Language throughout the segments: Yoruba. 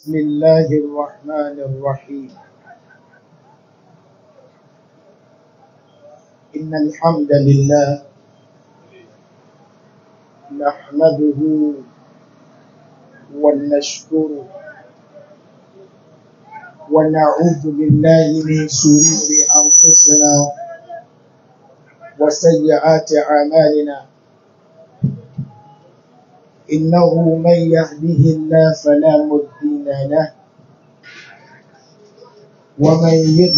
بسم الله الرحمن الرحيم إن الحمد لله نحمده ونشكره ونعوذ بالله من شرور أنفسنا وسيئات أعمالنا إنه من يهده الله فلا مضل له ومن يد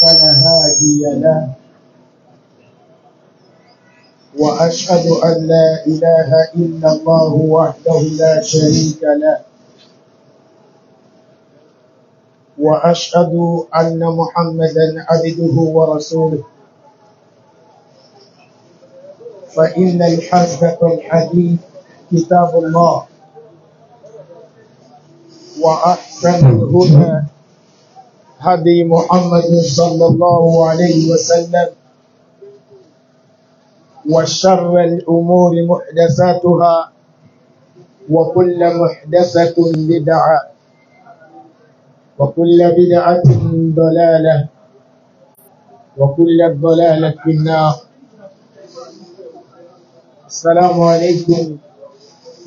فلا هادي له واشهد ان لا اله الا الله وحده لا شريك له واشهد ان محمدا عبده ورسوله فان الحدث الحديث كتاب الله وأحسن الهدى هدي محمد صلى الله عليه وسلم وشر الأمور محدثاتها وكل محدثة بدعة وكل بدعة ضلالة وكل الضلالة في النار السلام عليكم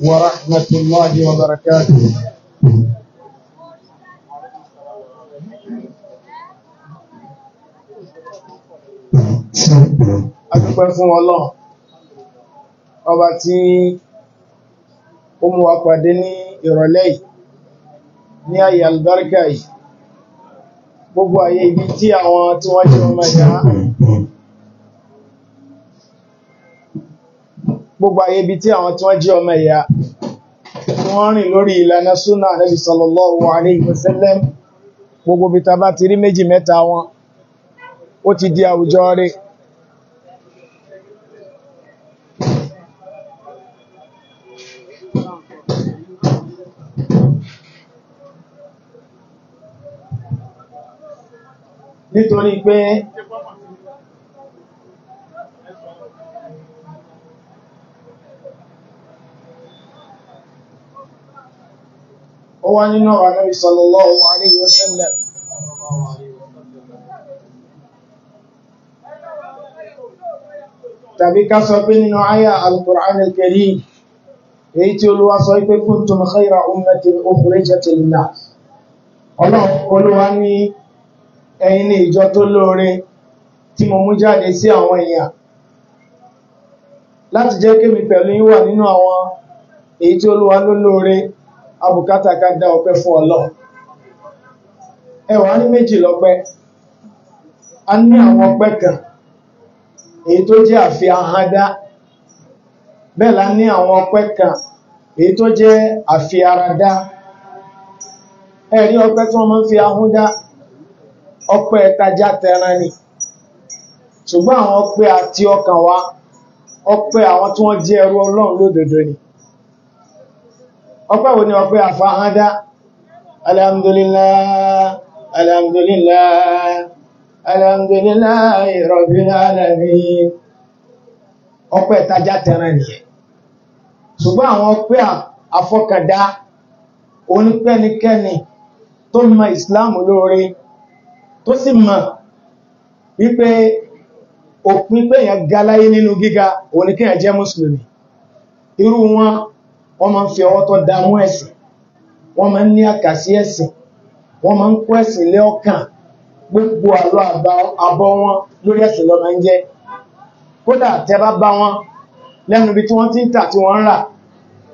ورحمة الله وبركاته adúpẹ́ fún ọlọ́run ọba tí ó mú wa pàdé ní ìrọ̀lẹ́ ní ayé albarka gbogbo ayé ibi tí àwọn tí wọ́n jẹ́ ọmọ ìyá gbogbo ibi tí àwọn tí wọ́n rìn lórí ìlànà súnà wà ní gbogbo bá ti rí méjì mẹ́ta wọn ó nítorí pé ó wá nínú ọ̀rọ̀ Ànábì sallallahu alayhi wa sallam tàbí ká sọ pé nínú àyà al-Qur'an al-Karim èyí tí Olúwa sọ pé kuntum khayra ummatin ukhrijat lin-nas ọlọ́run Olúwa ní ẹ̀yin ni ìjọ tó lóore tí mo mú jáde sí àwọn èèyàn láti jẹ́ mi pẹ̀lú yín nínú àwọn èyí tí olúwa ló lóore abùkátà ká dá ọpẹ́ fún ọlọ́ ẹwà ní méjì lọ́pẹ́ a ní àwọn ọpẹ́ kan èyí tó jẹ́ àfi ahádá bẹ́ẹ̀ la ní àwọn ọpẹ́ kan èyí tó jẹ́ àfi aradá ẹ̀rí ọpẹ́ tí wọ́n máa fi ọpẹ́ ẹtajá tẹran ni ṣùgbọ́n àwọn ọpẹ́ àti ọkàn wa ọpẹ́ àwọn tí wọ́n jẹ́ ẹrú Ọlọ́run lódodo ni ọpẹ́ wo ni ọpẹ́ àfahàndá alhamdulillah alhamdulillah alhamdulillah rabbil alamin ọpẹ́ ẹtajá tẹran nìyẹn ṣùgbọ́n àwọn ọpẹ́ àfọkàndá onípẹ́nikẹ́ni tó mọ ìsìláàmù lóore tó sì mọ̀ wípé òpin pé èyàn galáyé nínú gíga oníkíyàn jẹ́ mùsùlùmí irú wọn wọ́n máa ń fi ọwọ́ tó dámú ẹ̀sìn wọ́n máa ń ní àkàsí ẹ̀sìn wọ́n máa ń kó ẹ̀sìn lé ọkàn gbogbo àlọ́ àbọ̀ wọn lórí ẹ̀sìn lọ́nà ń jẹ́ kódà tẹ́ bá bá wọn lẹ́nu bí tí wọ́n ti ń tà tí wọ́n ń rà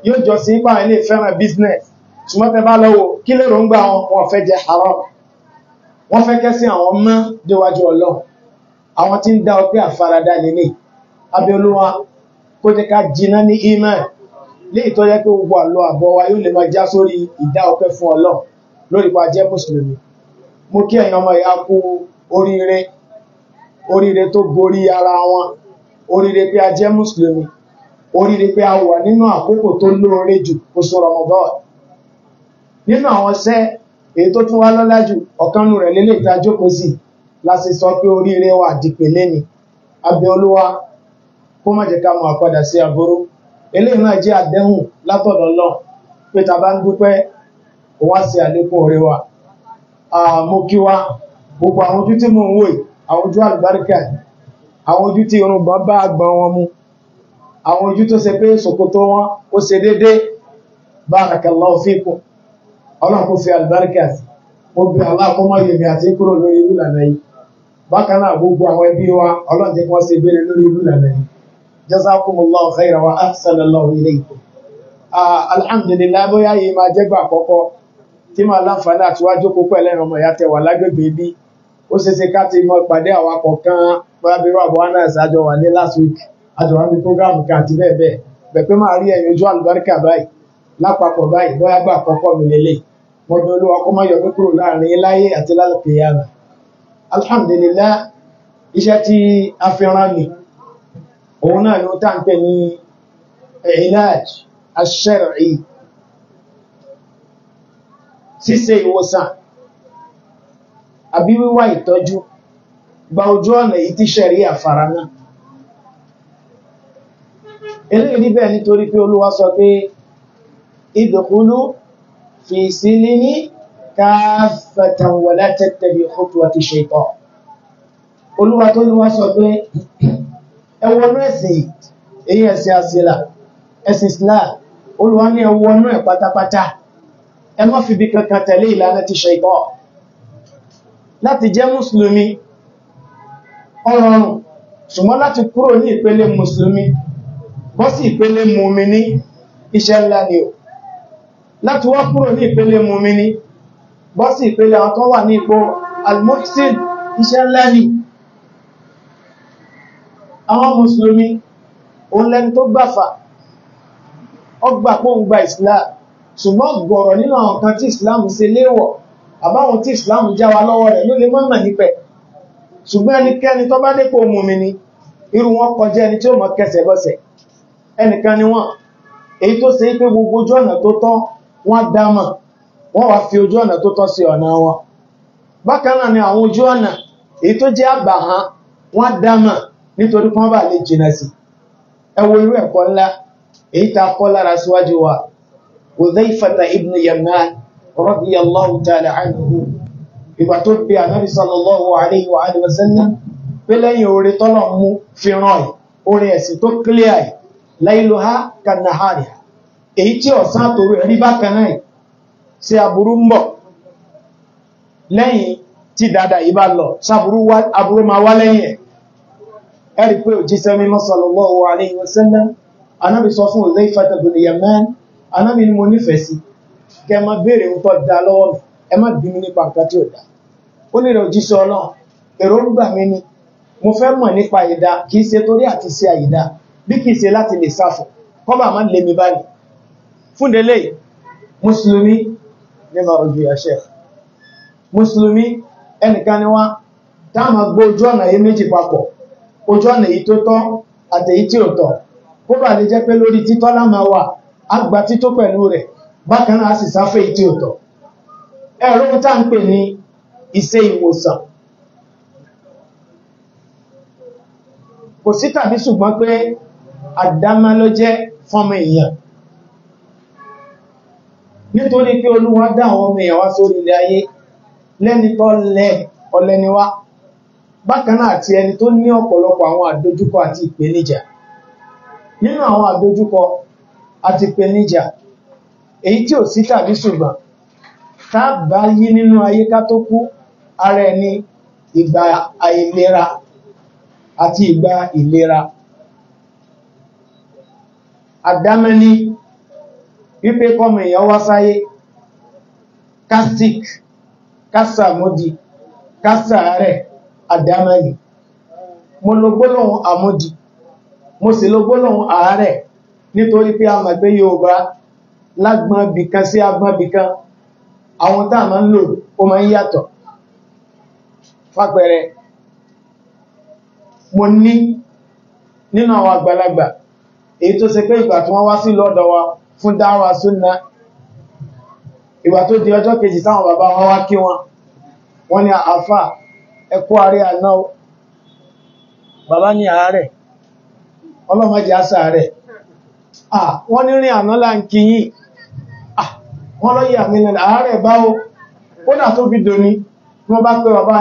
yóò jọ sí ipa ilé ìfẹ́ràn business ṣùgbọ́n tẹ́ bá lọ́wọ́ kí lérò ń gbà wọn wọn fẹ́ jẹ haram wọ́n fẹ́ kẹ́sí àwọn mọ́ déwájú ọlọ́run àwọn tí ń dá ọpẹ́ àfaradà nílé abẹ́olúwa kó jẹ́ ká jiná ní iman lé ìtọ́jẹ́ pé gbogbo àlọ àbọ̀ wa yóò lè máa já sórí ìdá ọpẹ́ fún ọlọ́run lórí pa jẹ́ mùsùlùmí mo kí ẹ̀yin ọmọ ìyá kú oríire oríire tó gorí ara wọn oríire pé a jẹ́ mùsùlùmí oríire pé a wà nínú àkókò tó lóore jù oṣù rọmọdọ́ọ̀ nínú àwọn sẹ́ẹ̀ èyí tó tún wá lọ́lá jù ọ̀kanú rẹ̀ lélẹ̀ ìtajókòó sí láti sọ pé oríire wa dìpele ni abẹ olúwa kó má jẹ́ ká mọ̀ àpadà sí aburú eléyìí náà jẹ́ àdéhùn látọ̀dọ̀ náà pé ta bá ń dúpẹ́ wá sí àlékún oore wa mo kí wa gbogbo àwọn ojú tí mo ń wòye àwọn ojú àlùbáríkà àwọn ojú tí irun gbọ́n bá gbọ́n wọn mu àwọn ojú tó ṣe pé ṣòkòtò wọn ó ṣe déédéé barakallahu fikum ọlọ́run kò fi àlùbáríkà sí mo bí aláàkọ́mọ́ yèmí àti kúrò lórí irú ìlànà yìí bákan náà gbogbo àwọn ẹbí wa ọlọ́run jẹ́ kí wọ́n ṣe béèrè lórí irú ìlànà yìí jazakumullahu khairan wa ahsanallahu ilaykum alhamdulillah bóyá yìí máa jẹ́gbà àkọ́kọ́ tí máa láǹfààní àti wá jókòó pẹ̀lẹ́ ọmọ ìyá tẹwà lágbègbè bí ó ṣe ṣe ká ti mọ ìpàdé àwọn akọ̀kan bọ́lábírú àbọ̀ wọn náà ṣáájọ ní last week àjọwà ní program kan àti bẹ́ẹ̀ bẹ́ẹ̀ bẹ̀ pé máa rí ẹ̀yìn ojú àlùbáríkà báyìí lápapọ̀ báyìí bóyá gbà àkọ́kọ́ mi lélẹ̀ mo dún olúwa kó má yọ mí kúrò láàrin láyé àti lálùkìyàmà alhamdulillah iṣẹ́ tí a fi rán mi òun náà ló tá ń pè ní ìlàj aṣẹ́rì ṣíṣe ìwòsàn àbí wíwá ìtọ́jú gba ojú ọ̀nà yìí tí ṣẹ̀rí àfara náà eléyìí níbẹ̀ nítorí pé olúwa sọ pé ìdòkúlù fi sílé ní káfẹ̀tàn wà látẹ̀tẹ̀lẹ̀ òkútù àti ṣètọ̀ olúwa tó lúwa sọ pé ẹwọnú ẹ̀sìn èyí ẹ̀sìn àṣìlá ẹ̀sìn islam olúwa ní ẹwọnú ẹ̀ pátápátá ẹ má fi bí kankan tẹ̀lé ìlànà ti ṣètọ̀ láti jẹ́ mùsùlùmí ọ̀rọ̀rùn ṣùgbọ́n láti kúrò ní ìpele mùsùlùmí bọ́ sí ìpele mùmíní iṣẹ́ ńlá ni o láti wá kúrò ní ìpele mùmíní bọ́ sí ìpele àwọn tó wà ní ipò al-muhsin iṣẹ́ ńlá àwọn mùsùlùmí òun tó gbàfà ọgbà ń gba islam ṣùgbọ́n gọ̀rọ̀ nínú àwọn kan tí islam ṣe léwọ̀ àbáwọn tí islam já wa lọ́wọ́ rẹ̀ ló lè mọ́mà nípẹ̀ ṣùgbọ́n ẹnikẹ́ni tó bá dépò mùmíní irú wọn kọjá ẹni tí ó mọ̀ kẹsẹ̀ bọ́sẹ̀ ẹnìkan ni èyí tó ṣe pé gbogbo ojú ọ̀nà tó tọ́ wọ́n dámọ̀ wọ́n wá fi ojú ọ̀nà tó tọ́ sí ọ̀nà wọn bákan náà ni àwọn ojú ọ̀nà èyí tó jẹ́ àbàhán wọ́n dámọ̀ nítorí pọ́n bà lè jìnà sí ẹ wo irú ẹ̀kọ́ ńlá èyí tá a kọ́ lára síwájú wa Hudhaifata ibn Yaman radiyallahu ta'ala anhu ìgbà tó bí ànábì sallallahu alayhi wa alihi wa sallam pé lẹ́yìn oore tọ́lọ̀ mú fi ràn ẹ̀ oore ẹ̀sìn tó clear ẹ̀ layluha kanahariha èyí tí ọ̀sán àtòrò ẹ̀rí bákan náà ṣe aburú ń bọ̀ lẹ́yìn tí dáadáa yìí bá lọ sáburú ma wá lẹ́yìn ẹ̀ ẹ̀rí pé òjíṣẹ́ mímọ́ sallallahu alayhi wa sallam anábì sọ fún Uzaifa bin Yaman anábì ni mo nífẹ̀ẹ́ sí kẹ ma béèrè ń tọ́ da lọ́wọ́ mi ẹ má bí mi nípa nǹkan tí lè mi báyìí fún délé mùsùlùmí ní marojú ẹ̀ṣẹ́ mùsùlùmí ẹnìkan ojú ọ̀nà yìí méjì papọ̀ ojú ọ̀nà yìí tó tọ́ àtẹ̀yí tí ò tọ́ bà lè jẹ́ pé lórí títọ́ láma wà á gba pẹ̀lú rẹ̀ bákan náà sì sáfẹ́ tí ò tọ́ ẹ̀rọ tá ń pè ní iṣẹ́ ìwòsàn nítorí pé olúwa dá àwọn ọmọ èèyàn wá sórí ilẹ̀ ayé lẹ́ni tó lẹ́ ọlẹ́niwá bákan náà àti ẹni tó ní ọ̀pọ̀lọpọ̀ àwọn àdójúkọ àti ìpèníjà nínú àwọn àdójúkọ àti ìpèníjà èyí tí ò sí tàbí ṣùgbọ́n tá bá yí nínú ayé ká tó kú ara ẹni ìgbà àìlera àti ìgbà ìlera àdámẹ́ni wípé kọmọ èèyàn wá sáyé castic kásàmódì kásàárẹ̀ àdámẹ́lì mo lo gbólóhùn àmódì mo sì lo gbólóhùn àárẹ̀ nítorí pé a mọ̀ pé Yorùbá lágbọn bìkan sí agbọn bìkan àwọn tá a máa ń lò ó máa ń yàtọ̀ fàpẹẹrẹ mo ní nínú àwọn àgbàlagbà èyí tó ṣe pé ìgbà tí wọ́n wá sí lọ́dọ̀ wa fún dáwà súnná ìwà tó di ọjọ́ kejì táwọn bàbá wọn wá kí wọn wọ́n ni àfà ẹkú àrí àná bàbá ní ààrẹ ọlọ́mọdé àṣà rẹ̀ wọ́n ní rìn àná là ń wọ́n lọ yà mí nà tó fi dòní wọ́n bá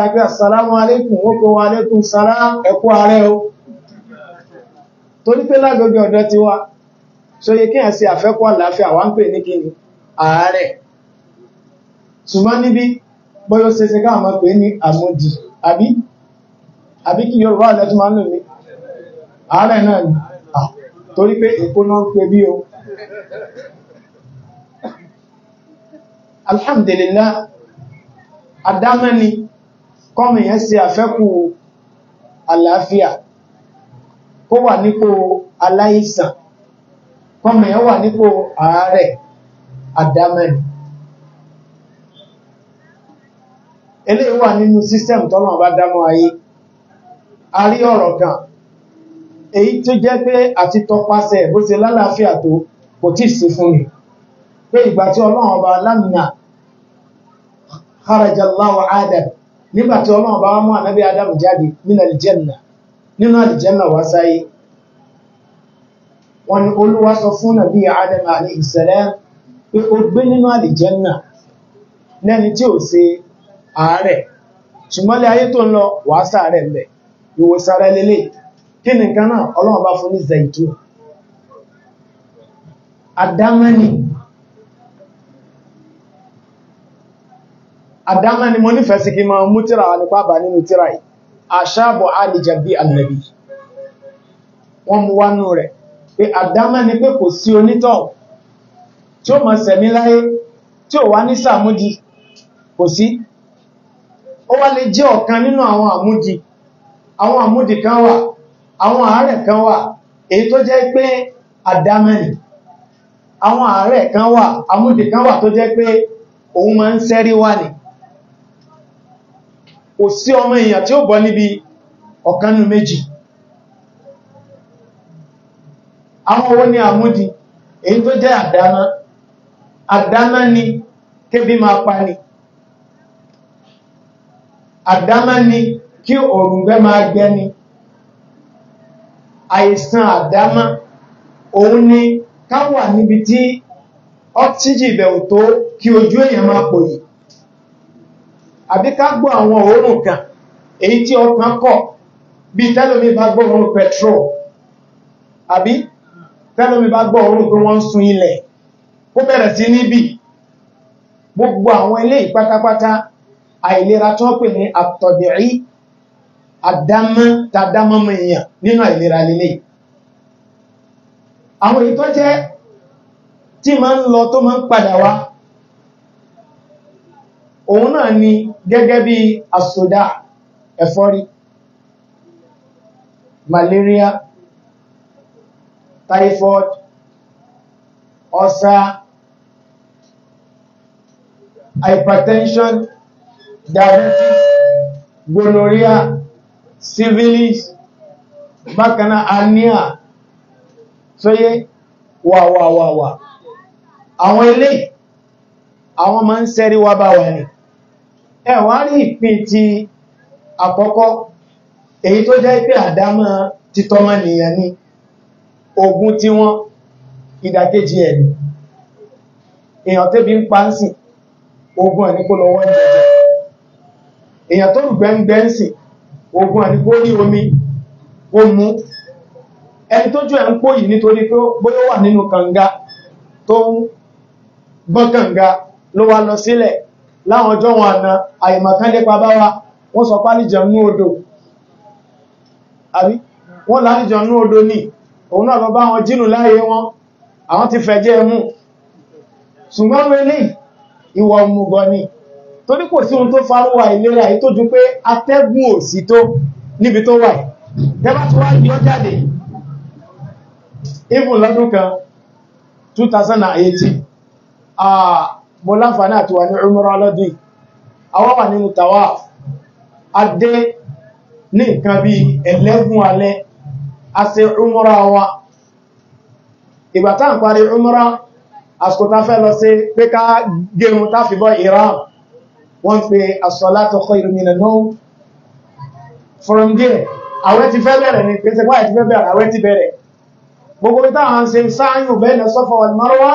ẹgbẹ́ ó kó wa ẹkú so yẹ kí àṣẹ àfẹ́kù àlàáfíà wá ń pè ní kíni àárẹ̀ ṣùgbọ́n níbi bọ́yọ́ ṣeṣe ká àmọ́ pé ní àmódì àbí àbí kí Yorùbá lẹ́tún máa ń lò ní àárẹ̀ náà ni torí pé èkó náà ń pè bí o alhamdulillah adámẹ́ni kọ́mù yẹn ṣe àfẹ́kù àlàáfíà kó wà nípò aláìsàn kọ́mọ̀ ẹ̀ wà nípò ààrẹ àdámẹ́ni eléyìí wà nínú system tọ́lọ̀ bá dámọ́ ayé a rí ọ̀rọ̀ kan èyí tó jẹ́ pé àti tọpasẹ̀ bó ṣe lálàáfíà tó kò tí sí fún mi pé ìgbà tí ọlọ́run ọba lámìnà kharajallahu adam nígbà tí ọlọ́run ọba mú ànábí adam jáde nínú àlìjẹ́nà wá sáyé wọ́n ní olúwa sọ fún nàbí adam alayhi salam pé ó gbé nínú àlìjẹ́nà lẹ́ni tí ò ṣe àárẹ̀ ṣùgbọ́nlẹ̀ ayé tó ń lọ wà sáàrẹ̀ mẹ́ ìwò sára lélẹ̀ kí ni nǹkan náà ọlọ́run bá fún ní zaitu adámẹ́ni adámẹ́ni mo nífẹ̀ẹ́ sí kí ma mú tíra wà nípa bà nínú tíra yìí àṣàbọ̀ alìjàbí alìjàbí wọ́n mú wánú rẹ̀ pé àdámá ni pé kò sí onítọ̀ tí ó máa sẹ̀mí láyé tí ó wá ní sàmúdí kò sí ó wá lè jẹ́ ọ̀kan nínú àwọn àmúdí àwọn àmúdí kan wà àwọn àárẹ̀ kan wà èyí tó jẹ́ pé àdámá ni àwọn àárẹ̀ kan wà àmúdí kan wà tó jẹ́ pé òun máa ń sẹ́rí wà ní kò sí ọmọ èèyàn tí ó bọ́ níbi ọ̀kanú méjì àwọn owó ní àmúdi èyí tó jẹ́ àdámá àdámá ni kébí máa pa ni àdámá ni kí òrùngbẹ́ máa gbẹ́ ni àìsàn àdámá òun ni ká wà níbi tí ọ́tíjì ìbẹ̀wò tó kí ojú èèyàn máa pò yìí àbí ká gbọ́ àwọn òórùn kan èyí tí ọkàn kọ̀ bí tẹ́lómi bá gbọ́ òórùn petrol àbí tẹ́lómi bá gbọ́ orú pé wọ́n ń sun ilẹ̀ ó bẹ̀rẹ̀ sí níbi gbogbo àwọn ilé ìpátápátá àìlera tó pè ní àtọ̀bẹ̀rí àdámọ́ tàdámọ́mọ́ èèyàn nínú àìlera lílé àwọn èyí jẹ́ tí ma ń lọ tó ma ń padà wá òun náà ni gẹ́gẹ́ bí àsòdá ẹ̀fọ́rí malaria typhoid ọ̀sà hypertension diabetes gonorrhea syphilis bákan náà hernia sóyé wàwàwàwà àwọn ilé àwọn máa ń sẹ́rí wá bá wà ní ẹ̀wà rí ìpín ti àkọ́kọ́ èyí tó jẹ́ pé àdámọ́ títọ́mọ́ nìyàn ni. Yani ogun tí wọ́n ìdàkejì ẹ̀ ni èèyàn tẹ́bi ń pa ń sìn ogun ẹ̀ ní kó lọ wọ́n jẹjẹ èèyàn tó rùgbẹ́ ń gbẹ́ ń sìn ogun ẹ̀ ní kó rí omi ó mú ẹni tó jù ẹ̀ ń pò yìí nítorí pé bóyá wà nínú kànga tó ń gbọ́n kànga ló wá lọ sílẹ̀ láwọn ọjọ́ wọn àna àìmọ̀kán bá wa wọ́n sọ pálíjọ nú odò àbí wọ́n lálíjọ nú odò ní òun náà lọ bá wọn jínú láyé wọn àwọn ti fẹ̀jẹ́ mú ṣùgbọ́n rẹ̀lẹ̀ ìwọ̀ ọmọgọ́ ni tó ní kò sí ohun tó farúwà ìlera tó ju pé atẹ́gùn ò sí tó níbi tó wà tẹ́bá tó wá yọ jáde even lọ́dún kan 2018 mo láǹfààní àti wà ní umrah lọ́dún àwọn wà nínú tawaf adé ní nǹkan bí 11 alẹ́ a ṣe umra wa ìgbà tá ń parí umra àsìkò tá fẹ́ lọ sí pé ká gẹrun tá fi bọ́ Iran wọ́n pe as-salatu khayrun minan nawm from there àwẹ̀ ti fẹ́ bẹ̀rẹ̀ ni pé sẹ́gbà ẹ̀ ti fẹ́ bẹ̀rẹ̀ àwẹ̀ ti bẹ̀rẹ̀ gbogbo ìta àwọn ṣe sáyìn òbẹ́lẹ̀ sọ́fọ̀ wal Marwa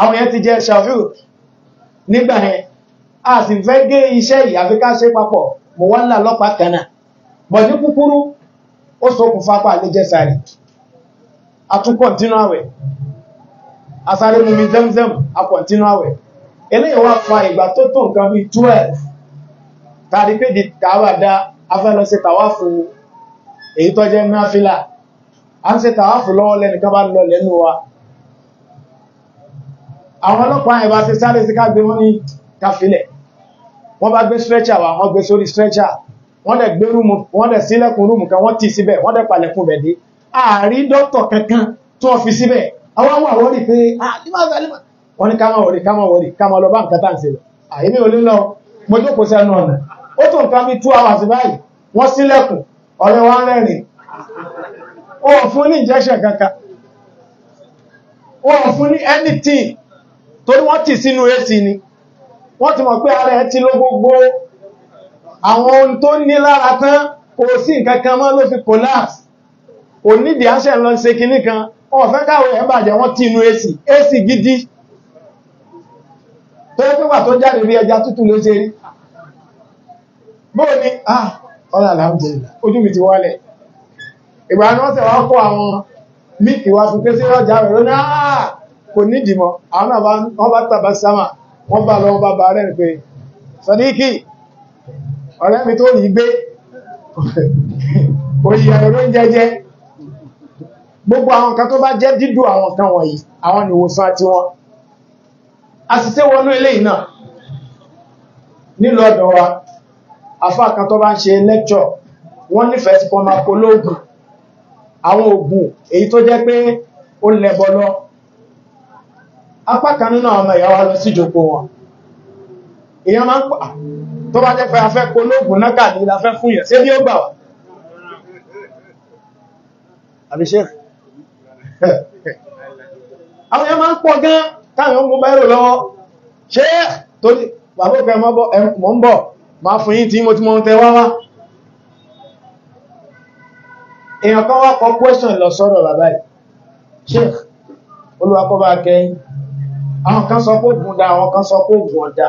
àwọn yẹn ti jẹ ṣàfíù ó sókùn fápá lè jẹ́ sàárì àtúnkọ̀ntínú àwẹ̀ asáré mú mi zemzem àkọ̀ntínú àwẹ̀ eléyìí wá fa ìgbà tó tó nǹkan bí 12 tàbí pé di tàwà dá afẹ́lọsẹ tàwà fún èyí tó jẹ́ náfílà a ń ṣe tàwà fún lọ́wọ́ lẹ́nìkan bá lọ lẹ́nu wa àwọn wọ́n bá gbé stretcher wa wọ́n gbé sórí stretcher wọ́n dẹ̀ gbé rúmù wọ́n dẹ̀ sílẹ̀kùn rúmù kan wọ́n ti síbẹ̀ wọ́n dẹ̀ palẹ̀kùn bẹ̀ dé ààrí dókítọ̀ kankan tó fi síbẹ̀ àwọn àwọn àwọ̀rí pé ah, wọ́n ní káwọn wọ̀rí káwọn wọ̀rí káwọn lọ bá nǹkan tá à ń ṣe lọ ti sínú AC ni wọ́n ti mọ̀ pé ara ẹ ti ló gbogbo àwọn ohun tó ní lára tán kò sí nǹkan kan mọ́ ló fi collapse onídìí àṣẹ lọ ṣe kinní kan wọ́n fẹ́ káwọ̀ ẹ̀ bàjẹ́ wọ́n ti inú èsì èsì gidi tó yẹ pípà tó jáde rí ẹja tútù ló ṣe rí bóò ni ah ọ̀rọ̀ alhamdulillah ojú mi ti wálẹ̀ ìgbà ni wọ́n tẹ̀ wọ́n kọ́ àwọn ní ìwà fún pé sí ọjà rẹ̀ ló náà ah, kò ní ìdìmọ̀ àwọn náà wọ́n bá tàbá sámà wọ́n bá lọ wọ́n bá bá rẹ̀ pé sọdíkì ọ̀rẹ́ mi tó rí gbé òyìyàn ló ń jẹjẹ gbogbo àwọn kan tó bá jẹ́ dídú àwọn kan wọ̀nyí àwọn nìwòsàn àti wọn a sì tẹ́ wọnú eléyìí náà nílò ọ̀dọ̀ wa afá kan tó bá ń ṣe lẹ́kṣọ̀ wọ́n nífẹ̀ẹ́ sí pọ́nmá polóògùn àwọn ògùn èyí tó jẹ́ pé ó lẹ́bọ lọ apá kan nínú àwọn ọmọ ìyá lọ sí ìjókòó wọn èyàn ah, máa ń pọ̀ tó bá jẹ́ fẹ́ afẹ́ polóògùn náà kàdé ìlàfẹ́ fún yẹ̀ sí ní ó gbà wà àbíṣẹ́ àwọn èyàn máa ń pọ̀ gan táwọn mú bẹ́rù lọ́wọ́ ṣe tó ní bàbá òkè mọ́ ń bọ̀ máa fún yín tí mo ti mọ́ ń tẹ question lọ sọ́rọ̀ bàbá yìí ṣe olúwakọ́ bá kẹ́yìn àwọn kan sọ pé ògùn dá àwọn kan sọ pé ògùn ọ̀dá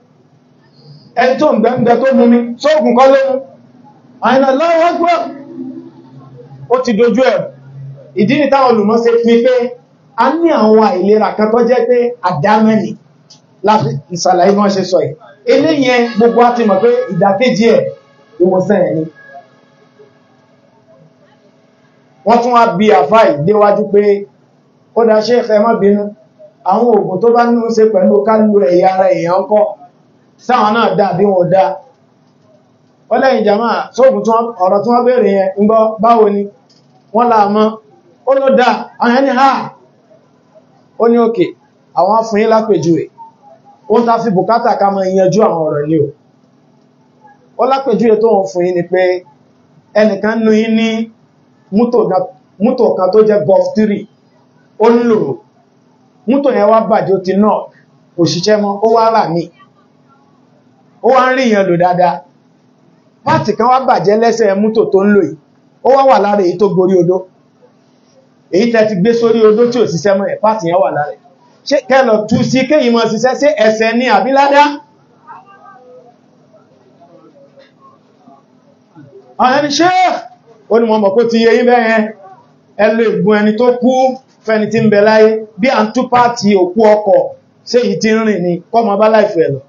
ẹni tó ń gbẹ́ngbẹ́ tó mú mi sóògùn kọ́ lóhun àìnà lọ́wọ́ gbọ́ ó ti dojú ẹ̀ ìdí ni táwọn olùmọ̀ ṣe fi pé a ní àwọn àìlera kan tó jẹ́ pé àdámẹ́ni láti ìsàlàyé wọ́n ṣe sọ ẹ̀ eléyẹn gbogbo á ti mọ̀ pé ìdàkejì ẹ̀ ìwòsàn ẹ̀ ni wọ́n tún wá bí àwọn oògùn tó bá nínú ṣe pẹ̀lú ká ẹ̀yà ara èèyàn kọ́ sáwọn náà dá bí wọn dá ó lẹ́yìn jama sóògùn ọ̀rọ̀ tí wọ́n bèèrè yẹn gbọ́ báwo ni wọ́n láàmọ́ ó ló dá àwọn ẹni ha ó ní òkè àwọn afúnyí lápèjúwe ó ń ta fi bùkátà ká mọ ìyanjú àwọn ọ̀rọ̀ ni o ó lápèjúwe tó fún yín ni pé ẹnìkan nu ní mútò kan tó jẹ́ golf 3 ó ń lò ó wá ń rí ìyàn lò dáadáa páàtì kan wá bàjẹ́ lẹ́sẹ̀ mútò tó ń lò yìí ó wá wà lára èyí tó gorí odó èyí tẹ́ ti gbé sórí odó tí ò ṣiṣẹ́ mọ́ ẹ̀ páàtì yẹn wà lára ṣé kẹlọ tú sí kéyìí mọ́ ṣiṣẹ́ sí ẹsẹ̀ ní àbíládá ọ̀rẹ́ni ṣe ó kó ti yẹ yí bẹ́yẹn ẹlò ìgbùn ẹni tó kú fẹni tí ń bẹ láyé bí à ń tú páàtì òkú ọkọ̀ ṣé èyí ti ń rìn ní kọ́mọ bá láìfẹ́ lọ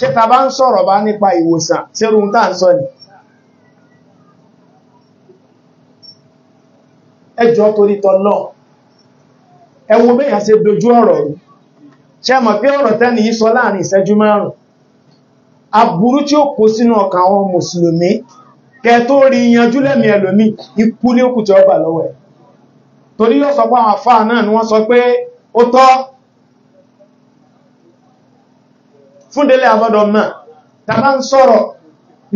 ṣe ta bá ń sọ̀rọ̀ bá nípa ìwòsàn ṣerun tá ń sọ ni ẹjọ́ torí tọ́lọ́ ẹwọ bẹ́yàn ṣe dojú ọ̀rọ̀ rú ṣe mọ̀ pé ọ̀rọ̀ tẹ́ni yí sọ láàrin ìṣẹ́jú márùn aburú tí ó kó sínú ọkàn àwọn mùsùlùmí kẹ tó rí yanjú lẹ́mí ẹlòmí ikú ní òkùtì ọgbà lọ́wọ́ ẹ̀ torí yóò sọ pé àwọn àfáà náà ni wọ́n sọ pé ó tọ́ fúndélé àgbọ́dọ̀ mọ̀ tàbá ń sọ̀rọ̀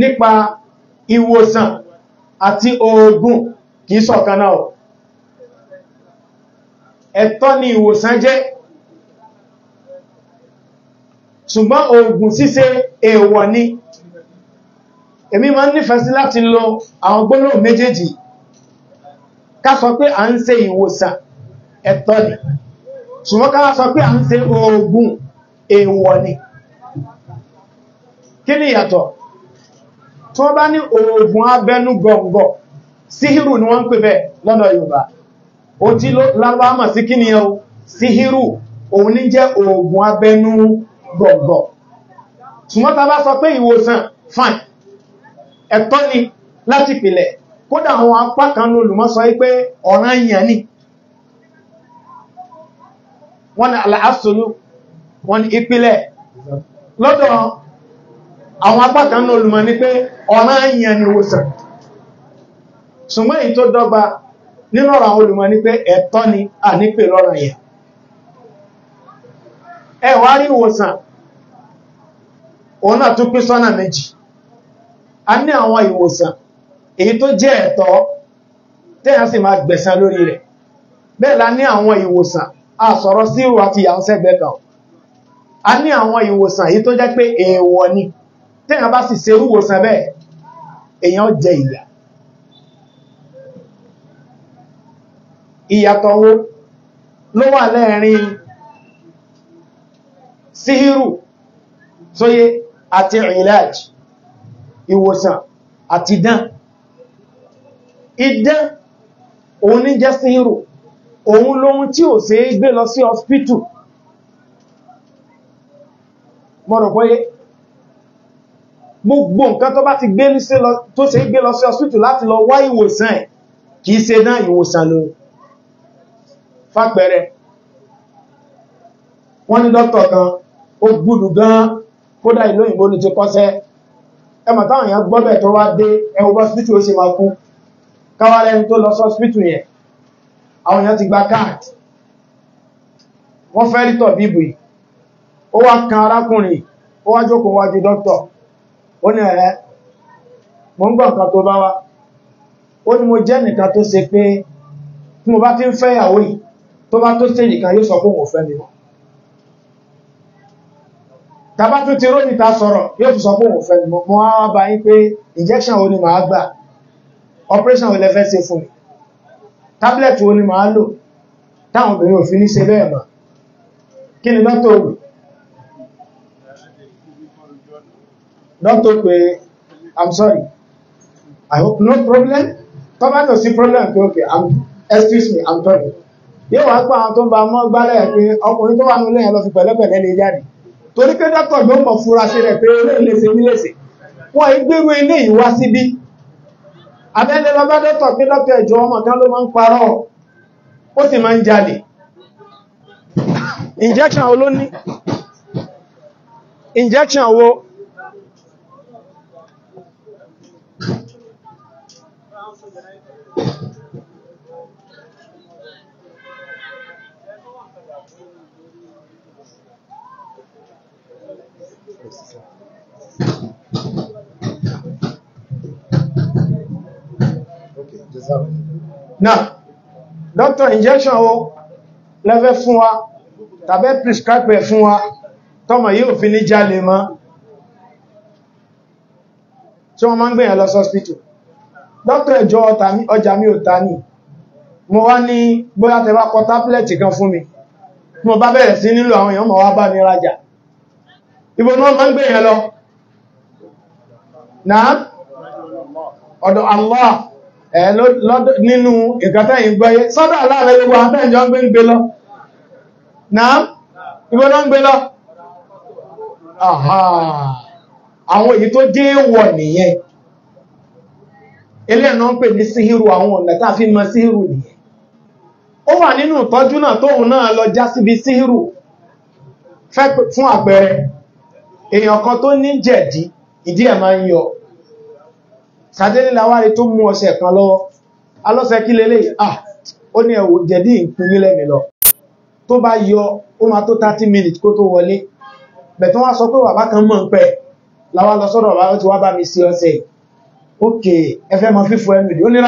nípa ìwòsàn àti oògùn kìí sọ̀kan náà ẹ̀tọ́ ni ìwòsàn jẹ́ ṣùgbọ́n oògùn ṣíṣe èèwọ̀ ni èmi máa ń nífẹ̀ẹ́ láti lo àwọn gbólóhùn méjèèjì ká sọ pé à ń ṣe ìwòsàn ẹ̀tọ́ ni ṣùgbọ́n ká sọ pé à ń ṣe oògùn èèwọ̀ ni. kí ni ìyàtọ̀ tó bá ní oògùn abẹ́nú gọ̀ǹgọ̀ síhírù ni wọ́n ń pè bẹ́ lọ́dọ̀ Yorùbá o tí lárúbámà sí kí ni ẹ síhírù òun ní jẹ́ oògùn abẹ́nú gọ̀ǹgọ̀ ṣùgbọ́n ta bá sọ pé ìwòsàn fine ẹ̀tọ́ ni láti pìlẹ̀ kódà àwọn apá kan ní olùmọ́sọ ọ̀ràn yàn ni wọ́n ni àlàáfíṣolú wọ́n ni ìpìlẹ̀ lọ́dọ̀ àwọn apákan ní olùmọ̀ ní pé ọ̀rán àyàn ni ìwòsàn ṣùgbọ́n èyí tó dọ́gba nínú ọ̀rọ̀ olùmọ̀ ní pé ẹ̀tọ́ ni a nípè lọ́rọ̀ yẹn ẹ wá rí ìwòsàn òun náà tún pín sọ́nà méjì a ní àwọn ìwòsàn èyí tó jẹ́ ẹ̀tọ́ tẹ́yàn sì máa gbẹ̀san lórí rẹ̀ bẹ́ẹ̀ la ní àwọn ìwòsàn a sọ̀rọ̀ sí ìrù àti ìyàwó sẹ́gbẹ̀ẹ́ kan a ní àwọn ìwòsàn èyí tó jẹ́ pé èèwọ̀ ni tẹ́yàn bá sì ṣerú wòsàn bẹ́ẹ̀ èyàn jẹ ìyà ìyàtọ̀ wo ló wà lẹ́rin síhírù sóyé àti ìlàj ìwòsàn àti dán idán òun ní jẹ́ síhírù òun lóhun tí ò ṣe é gbé lọ sí ọspítù mọ́rọ̀ pọ́yé gbogbo nǹkan tó bá ti gbé tó ṣe gbé lọ sí ọ̀sìtù láti lọ wá ìwòsàn ẹ̀ kìí ṣe náà ìwòsàn ló fàpẹẹrẹ wọ́n ní dókítà kan ó gbúdù gan kódà ìlú òyìnbó ní ti kọ́sẹ́ ẹmọ̀ táwọn èèyàn gbọ́bẹ̀ tó wá dé ẹwọ́ ọ̀sìtù ó ṣe máa kú káwàlẹ́ ẹni tó lọ sọ́sìtù yẹn àwọn èèyàn ti gba káàdì wọ́n fẹ́ rí tọ̀ bíbù ó wá kan arákùnrin ó wá jókòó wájú dókítà ó ní ẹ̀rẹ́ mo ń gbọ́ nǹkan tó bá wá ó ní mo jẹ́ nìkan tó ṣe pé tí mo bá ti ń fẹ́ ìyàwó yìí tó bá tó stage kan yóò sọ pé òun fẹ́ mi mọ́ tàbá tún ti rónì ta sọ̀rọ̀ yóò sọ pé òun fẹ́ mi mọ́ mo á bá yín pé injection wo ni màá gbà operation wo lẹ fẹ́ ṣe fún mi tablet wo ni màá lò táwọn obìnrin ò fi ní ṣe bẹ́ẹ̀ mọ́ kí ni dókítà òwì Don't talk pé I'm sorry. I hope no problem. Tó bá lọ sí problem pé okay I'm excuse me I'm sorry. Yóò wá pa àwọn tó ń ba mọ́ gbálẹ̀ pé ọkùnrin tó wà nílé yẹn lọ fi pẹ̀lẹ́pẹ̀lẹ́ lè jáde. Torí pé dọ́kítọ̀ ló mọ̀ fura sí rẹ̀ pé olóyìn lè ṣe mí lè ṣe. Wọ́n gbérú ilé yìí wá síbí. Abẹ́lẹ́ lọ bá dọ́kítọ̀ pé dọ́kítọ̀ ẹ̀jọ̀ ọmọ kan ló máa ń parọ́. Ó sì máa ń jalè. Injection wo ló ní? Injection wo? Now, doctor injection o lẹ́fẹ́ fún wa tàbẹ́ prescribe fún wa tọ́mọ yóò fi ní jálè mọ́ tí wọ́n máa ń gbìyàn lọ sọ́spítù doctor ẹjọ́ ọjà mi ò ta ní mo wá ní bóyá tẹ bá kọ tápílẹ̀tì kan fún mi mo bá bẹ̀rẹ̀ sí nílò àwọn èèyàn mọ̀ wá bá ní rajà ibo ni wọ́n máa ń gbìyàn lọ náà ọ̀dọ̀ Allah nínú ìkàtẹ́yìn gbọ́yé sọ́dọ̀ aláàrẹ gbogbo àtẹ́jọ ń gbé ń gbé lọ náà ìgbọ́nà ń gbé lọ àwọn èyí tó jẹ́ wọ nìyẹn ilé ẹ̀nà ń pè ní síhírù àwọn ọ̀nà fi mọ síhírù nìyẹn ó wà nínú ìtọ́jú náà lọ já síbi síhírù fún èèyàn kan tó ní jẹ̀dí ìdí ẹ̀ sàdédé láwárí tó mú ọṣẹ kan lọ́wọ́ alọ́sẹ̀ kí lélẹ̀ ah ó ní ẹ̀wò jẹ̀dí ìpínlẹ̀ mi lọ tó bá yọ ó máa tó 30 minutes kó tó wọlé bẹ̀tọ́ wá sọ pé bàbá kan mọ̀ ń pẹ́ láwá lọ sọ́dọ̀ bàbá tí wá bá mi sí ọṣẹ òkè ẹfẹ́ mọ fífọ ẹnu ìdí ó ní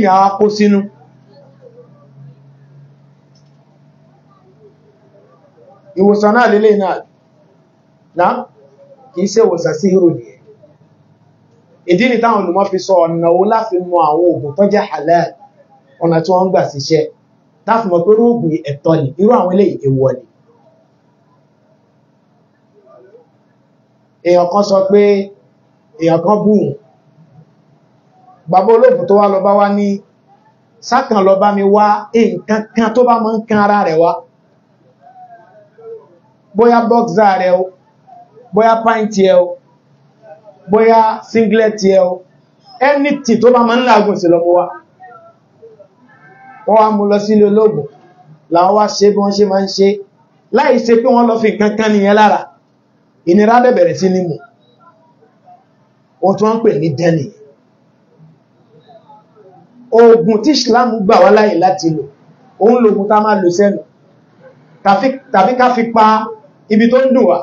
mi àwa kó sínú ìwòsàn náà lélẹ̀ náà náà kìí ṣe ìwòsàn sí hero ni ìdí ni táwọn olùmọ̀ fi sọ ọ̀nà wo láfi mọ àwọn oògùn tó jẹ́ halal ọ̀nà tí wọ́n ń gbà síṣẹ́ láti mọ̀ pé rúùgùn ẹ̀tọ́ ni irú àwọn eléyìí èèwọ̀ ni èèyàn kan sọ pé èèyàn kan bùn bàbá olóògùn tó wá lọ bá wá ní sákàn lọ bá mi wá nǹkan kan tó bá mọ́ ń kan ara rẹ̀ wá bóyá bọ́ksà rẹ o bóyá pàǹtì ẹ o bóyá singlet ẹ o ẹnìtì tó bá máa ń làágùn sí lọ́mọ wa wọ́n wá mú lọ sílé olóògùn làwọn wá ṣe bí wọ́n ṣe máa ń ṣe láì ṣe pé wọ́n lọ fi nǹkan kan nìyẹn lára ìnira dẹ̀ sí ní mú ohun tí wọ́n pè ní dẹ́nì oògùn tí Islam gbà wá láyè láti lò òun lòògùn tá máa lò sẹ́nu tàbí ká fi pa ibi tó ń dùn wá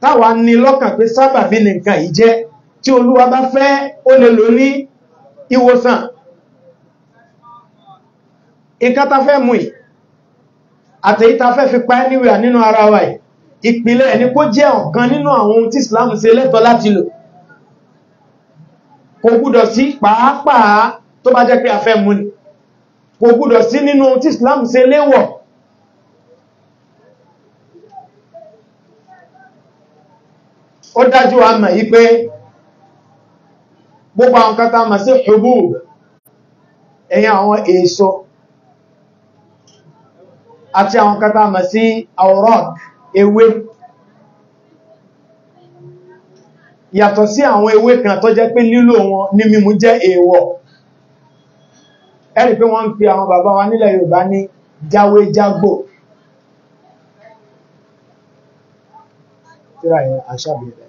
táwa ní lọ́kàn pé sábàbí ni nǹkan yìí jẹ́ tí olúwa bá fẹ́ ó lè lò ní ìwòsàn nǹkan ta fẹ́ mú yìí àtẹ̀yí ta fẹ́ fi pa ẹ́ níwẹ̀ nínú ara wa yìí ìpìlẹ̀ ẹni kó jẹ́ ọ̀kan nínú àwọn ohun tí Islam ṣe lẹ́tọ̀ọ́ láti lò kò gbúdọ̀ sí pàápàá tó bá jẹ́ pé a fẹ́ mú ni kò gbúdọ̀ sí nínú ohun tí Islam ṣe léwọ̀ ó dájú wa mọ̀ yí pé gbogbo àwọn kan tá mọ̀ sí ṣubú ẹ̀yìn àwọn èso àti àwọn kan tá mọ̀ sí aurok ewé yàtọ̀ sí àwọn ewé kan tó jẹ́ pé lílò wọn ní mímú jẹ́ èèwọ̀ ẹ̀rì pé wọ́n ń pe àwọn bàbá wa nílẹ̀ Yorùbá ní jáwé jágbò tíra ẹ̀ àṣàbẹ̀rẹ̀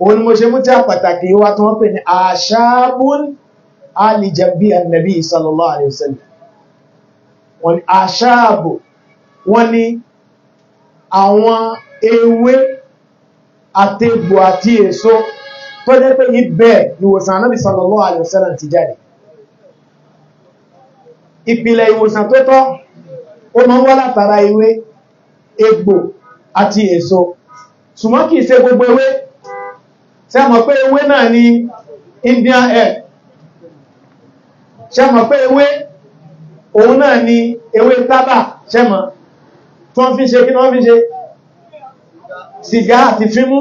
òun ni mo ṣe mú tí a pàtàkì wá tó wọ́n pè ní àṣàbùn alìjẹ̀bí ànàbí sallallahu alaihi wasallam wọ́n ni àṣàbù wọ́n ni àwọn ewé àtẹ̀gbò àti èso tó jẹ́ pé ibẹ̀ ìwòsàn ànàbí sallallahu alaihi ti jáde ìpìlẹ̀ ìwòsàn tó tọ́ ó máa ń látara ewé egbò àti èso ṣùgbọ́n kìí ṣe gbogbo ewé ṣé mọ̀ pé ewé náà ni Indian air ṣé mọ̀ pé ewé òun náà ni ewé tábà ṣé mọ̀ tó ń fi ṣe kí wọ́n fi ṣe sìgá àti fímú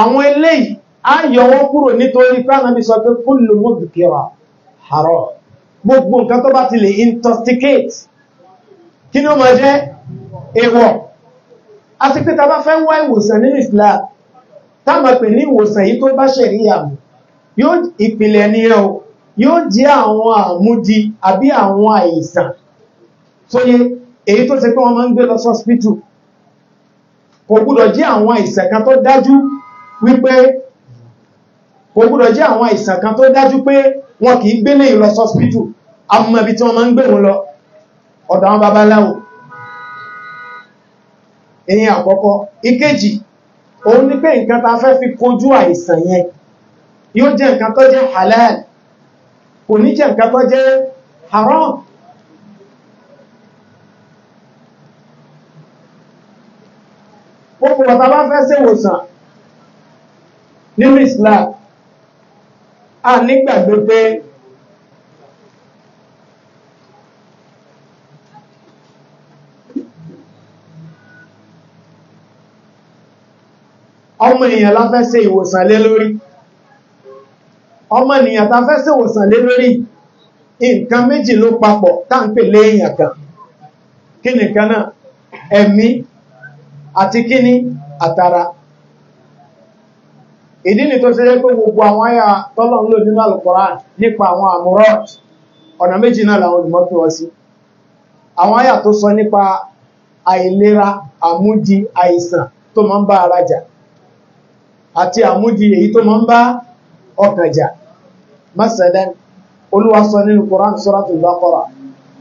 àwọn eléyìí á yọ wọ́n kúrò nítorí pánàbí sọ pé kullu mudhkira haram gbogbo nǹkan tó bá ti lè intoxicate kí ni ó máa jẹ́ èèwọ̀ àti pé ta bá fẹ́ wá ìwòsàn nínú Islam táàmà pè ní ìwòsàn yìí tó bá ṣẹ̀rí àmù yóò ìpìlẹ̀ nìyẹn o yóò jẹ́ àwọn àmúdi àbí àwọn àìsàn tó yẹ èyí tó ṣe pé wọ́n máa ń gbé lọ sọ́spítù kò gbúdọ̀ jẹ́ àwọn àìsàn kan tó dájú wípé kò gbúdọ̀ jẹ́ àwọn àìsàn kan tó dájú pé wọn kìí gbé lè lọ sọ́spítù amọ̀bí tí wọ́n máa ń gbé wọn lọ ọ̀dọ̀ àwọn babaláwo èyí àkọ́kọ́ ìkejì òun ni pé nǹkan ta fẹ́ fi kojú àìsàn yẹn yóò jẹ́ nǹkan tó jẹ́ halal kò ní jẹ́ nǹkan tó jẹ́ haram gbogbo bàtà bá fẹ́ ṣèwòsàn nínú Islam a nígbàgbé pé ọmọ èèyàn la fẹ́ ṣe ìwòsàn lé lórí ọmọ ènìyàn ta fẹ́ ṣe ìwòsàn lé lórí nǹkan méjì ló papọ̀ táǹpè lé èèyàn kan kí nìkan náà ẹ̀mí àti kíní àtara ìdí ni tó ṣe jẹ́ pé gbogbo àwọn àyà tọ́lọ̀ ń lò nínú Al-Qur'an nípa àwọn àmúrọ̀t ọ̀nà méjì náà làwọn olùmọ̀ fi wọ́n sí àwọn àyà tó sọ nípa àìlera àmúdi àìsàn tó máa ń bá ara jà àti àmúdi èyí tó máa ń bá ọkàn jà masalan olúwa sọ nínú Quran Suratul Baqara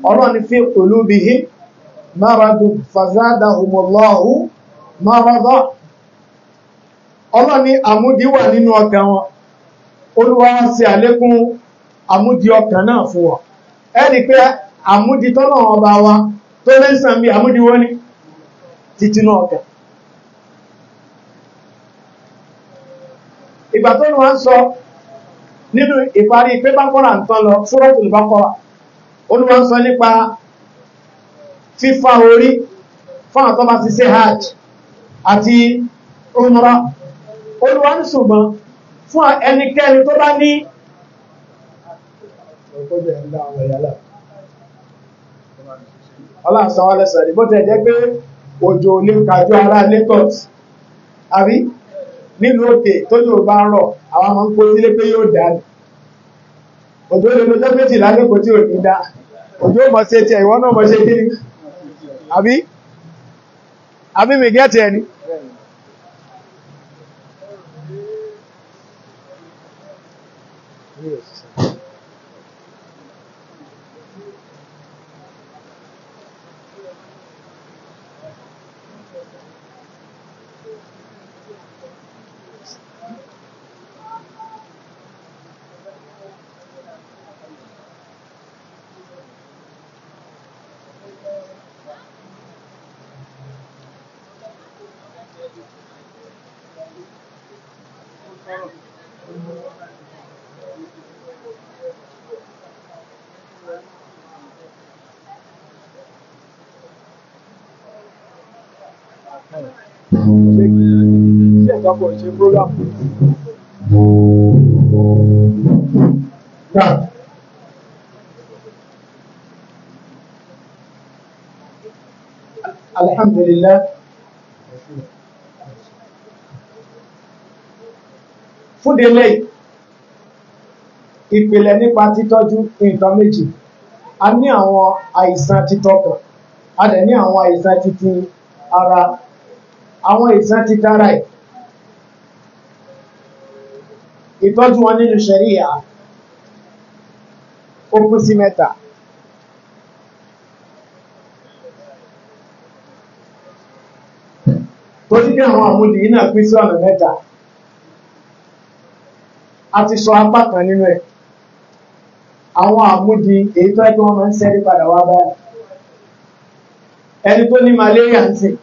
ọlọ́ni fi qulubihim maradun fazadahumullahu marada ọlọ́ni àmúdi wà nínú ọkàn wọn olúwa ṣe àlékún àmúdi náà fún wọn ẹni pé àmúdi tọ́lọ̀ ọba wa tó lẹ́sàn bí àmúdi wọ́n ní títí náà ìgbà tó ní wọ́n sọ nínú ìparí pé bákọ́rà nǹkan lọ ṣúrọ́tù bákọ́rà ó ní wọ́n sọ nípa fífá orí fún àtọ́ bá ti ṣe hajj àti umra ó ní wọ́n ṣùgbọ́n fún ẹnikẹ́ni tó bá ní ọlá àsánwálẹ́sàn ìbótẹ̀ jẹ́ pé òjò olè kàjú ara lẹ́tọ̀ọ̀tì àbí nílùú òkè tójú bá ń rọ̀ àwọn ọmọ ń kó sílé pé yóò dá ní òjò lè lọ́jọ́ méjìlá lẹ́kọ̀ọ́ tí ò ní dá òjò mọ̀ sí etí ẹ̀ ìwọ náà mọ̀ ṣe kí ni àbí mi gẹ́ẹ̀tì ẹni papọ̀ ṣe program. alhamdulillah. fún délé ìpìlẹ̀ nípa títọ́jú nǹkan méjì a ní àwọn àìsàn títọ́kàn a dẹ̀ ní àwọn àìsàn títí ara àwọn àìsàn títara ẹ̀ ìtọ́jú wọn nínú ṣẹ̀ríyà ó pín sí mẹ́ta tó ti bí àwọn àmúdì yìí náà pín sí ọ̀nà mẹ́ta a ti sọ apá kan nínú ẹ̀ àwọn àmúdì èyí tó ẹgbẹ́ wọn máa ń sẹ́rí padà wá báyìí ẹni tó ní malaria ń sìn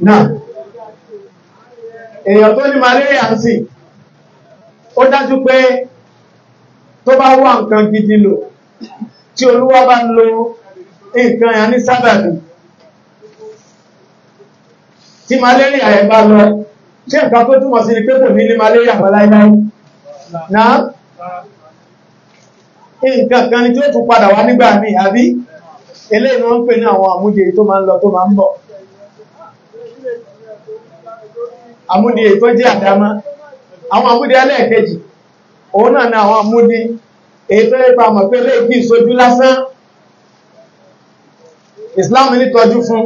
náà èèyàn tó ní malaria ń sìn ó dájú pé tó bá wá nǹkan gidi lò tí olúwa bá ń lo nǹkan yà ní sábàbí tí malaria ẹ̀ bá lọ tí nǹkan tó túmọ̀ sí ni pé kò ní ní malaria wà náà nǹkan kan ni tí ó tún padà wá nígbà míì àbí ilé ìwọ̀n ń pè ní àwọn àmúdíè tó máa ń lọ tó máa ń bọ̀ àmúdíè tó jẹ́ àdámá àwọn àmúdíè ẹlẹ́ẹ̀kejì òun náà ni àwọn àmúdíè èyí tó lè pa àmọ̀ pé lè kí ìsojú lásán Islam ní tọ́jú fún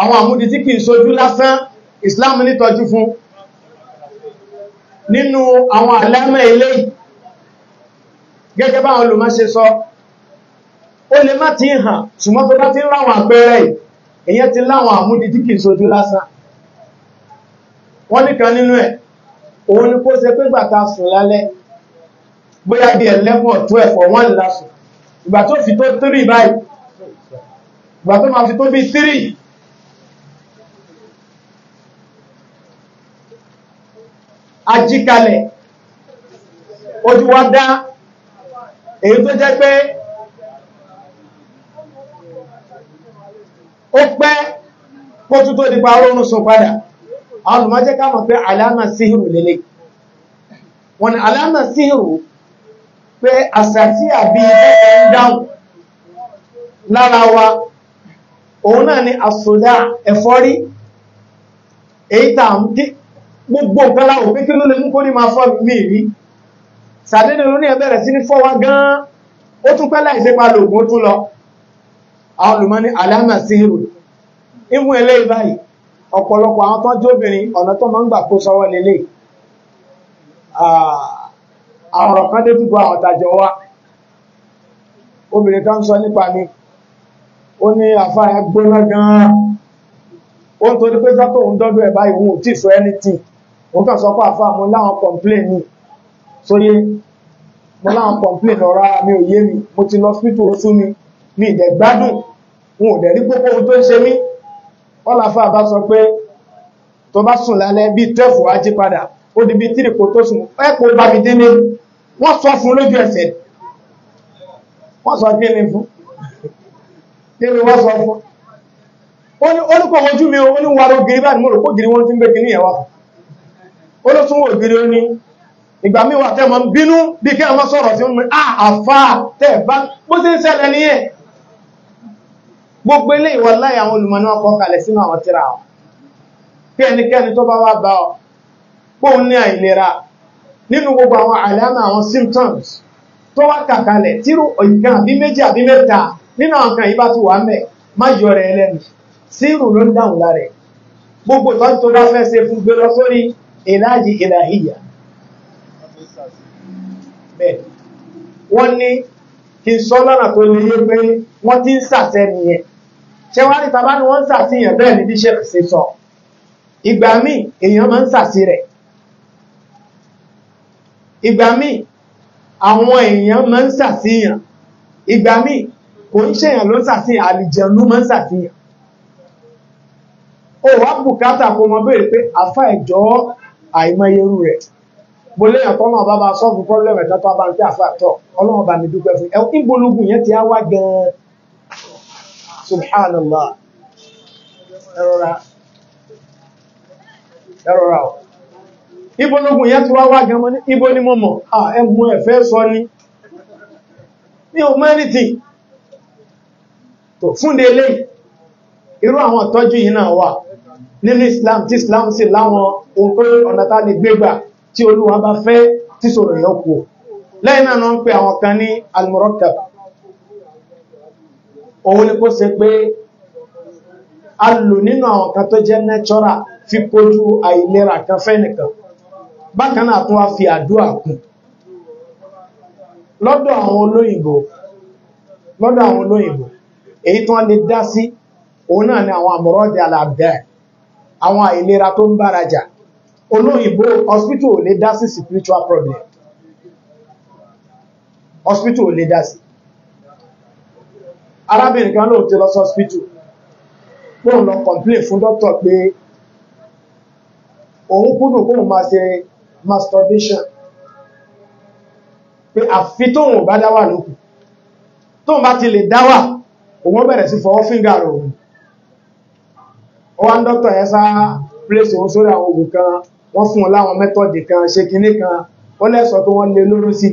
àwọn àmúdíè tí kì í sojú lásán Islam ní tọ́jú fún nínú àwọn àlámẹ́ ilé gẹ́gẹ́ báwọn olùmọ̀ ṣe sọ so, ó lè má ti hàn ṣùgbọ́n tó bá ti ń ráwọn àpẹẹrẹ èyàn ti láwọn àmúdi kìí sojú lásán wọ́n nìkan nínú ẹ̀ òun ni kó ṣe pé gbàta sùn lálẹ́ bóyá bí ẹ̀lẹ́fọ̀ tó ẹ̀fọ̀ wọ́n lè lásùn ìgbà tó fi tó tírì báyìí ìgbà tó máa fi tó bí tírì ajíkalẹ̀ ojú wa dá èyí tó jẹ́ pé ó pẹ́ kó tún tó nípa orónú sọ padà àwọn olùmọ́jẹ́ ká mọ̀ pé àlànà síhìrù lélẹ̀ wọ́n ni àlànà síhìrù pé àsàtí àbí ẹ̀ẹ́ ń dáhùn lára wa òun náà ni àsòdá ẹ̀fọ́rí èyí tà ń kí gbogbo nǹkan láwọ̀ pé kí ló lè mú kó ní máa fọ́ mi rí sàdédé ló ní ẹ̀bẹ̀rẹ̀ sí àwọn olùmọ́ ní aláàmà síhìrù ìmú eléyìí báyìí ọ̀pọ̀lọpọ̀ àwọn tó jóbìnrin ọ̀nà tó máa ń gbà kó sọ́wọ́ lélẹ̀ ah, àwọn ọ̀rọ̀ kan dé dúgbò àwọn tàjọ wa obìnrin kan sọ nípa mi ó ní àfáà gbóná gan-an ó ń torí pé jọ́tò òun dọ́dọ̀ ẹ̀ báyìí òun ò tí sọ ẹnìtì òun kàn sọ pé àfáà mo láwọn kọ̀ǹpléènì sóyé mo láwọn kọ̀ǹpléènì ọ̀rọ̀ ara mi ò yé mi mo ti lọ sípítù ó mi mi ìdẹ̀ gbádùn wọn ò dẹ̀ rí gbogbo ohun tó ń ṣe mí wọ́n láfà bá sọ pé tó bá sùn lálẹ́ bí tẹ́fù á jí padà ó di bí tírìkò tó sùn ẹ̀pọ̀ bá mi délé wọ́n sọ fún lójú ẹsẹ̀ wọ́n sọ kí ni fún kí ni wọ́n sọ fún ó ní olùkọ́ ojú mi ó ní wàrò gírí báyìí mo rò kó gírí wọn ti ń gbé kìíní ẹ̀wà ó ló tún wò gírí ó ní ìgbà míì wà tẹ́ mọ́ bínú bí kí a máa sọ̀rọ̀ sí wọn mú àfà tẹ́ bá bó ti ń ṣẹlẹ̀ nìyẹn gbogbo ilé ìwọ̀ láyé àwọn olùmọ̀nà ọkọ̀ kalẹ̀ sínú àwọn tíra wọn pé ẹnikẹ́ni tó bá wá bá ọ póun ní àìlera nínú gbogbo àwọn àlámà àwọn symptoms tó wá kàkalẹ̀ tírú ìkan àbí méjì àbí mẹ́ta nínú àwọn kan yìí bá ti wà mẹ́ má yọ rẹ̀ ẹlẹ́nu sírù ló ń dáhùn lára ẹ̀ gbogbo ìtọ́jú tó bá fẹ́ fún gbé lọ sórí ìlàjì ìlàhíyà wọ́n ní kí n sọ lọ́nà tó lè yé pé wọ́n ti ń sàṣẹ́ nìyẹn ṣẹwárí tàbá ni wọ́n ń sàṣìyàn bẹ́ẹ̀ ni bí sheikh ṣe sọ ìgbà míì èèyàn máa ń sàṣì rẹ̀ ìgbà míì àwọn èèyàn máa ń sàṣìyàn ìgbà míì kò ń ṣèyàn ló ń sàṣìyàn àlìjẹ̀nú máa ń sàṣìyàn ó wá bùkátà kó mọ béèrè pé àfá ẹ̀jọ́ àìmọyerú rẹ̀ mo léyàn tó náà bá bá sọ́ọ̀fù pọ́blẹ́mù ẹ̀dá tó àtọ̀ ọlọ́run bá mi dúpẹ́ fún ẹ̀ subhanallah ẹrọra ẹrọra ọ̀ ibo lókun yẹ́ tí wá wá gẹmọ́ ní ibo ni mọ́ mọ̀ ẹmù ẹ̀fẹ́ sọ ní ní humanity tó fún délé irú àwọn tọ́jú yìí náà wà nínú Islam tí Islam sì láwọn òpin ọ̀nàtà lè gbégbà tí Olúwa bá fẹ́ tí sọ̀rọ̀ yọ́kù lẹ́yìn náà ń pè àwọn kan ní al-murakkab òun ni kó ṣe pé a lò nínú àwọn kan tó jẹ́ nẹ́tọ́rà fi kojú àìlera kan fẹ́nìkan bákan náà tún wá fi àdúrà kún lọ́dọ̀ àwọn olóyìnbó lọ́dọ̀ àwọn olóyìnbó èyí tí wọ́n lè dá sí òun náà ni àwọn àmọ́rọ́dẹ̀ alàbẹ̀ àwọn àìlera tó ń bárajà olóyìnbó hospital ò lè dá sí spiritual problem hospital ò lè dá sí arábìnrin kan lóò ti lọ sọ́spítù lóò lọ complain fún dókítà pé òun kúrò kóò máa ṣe masturbation pé àfi tóun bá dáwà lókù tóun bá ti lè dáwà òun bẹ̀rẹ̀ sí fọwọ́ fíngà rẹ̀ òun ó wá ń dókítà yẹn sá pílẹ̀sì òun sórí àwọn ògùn kan wọ́n fún un láwọn mẹ́tọ̀dì kan ṣe kinní kan ó lẹ́sọ̀ tó wọ́n lé lóró sí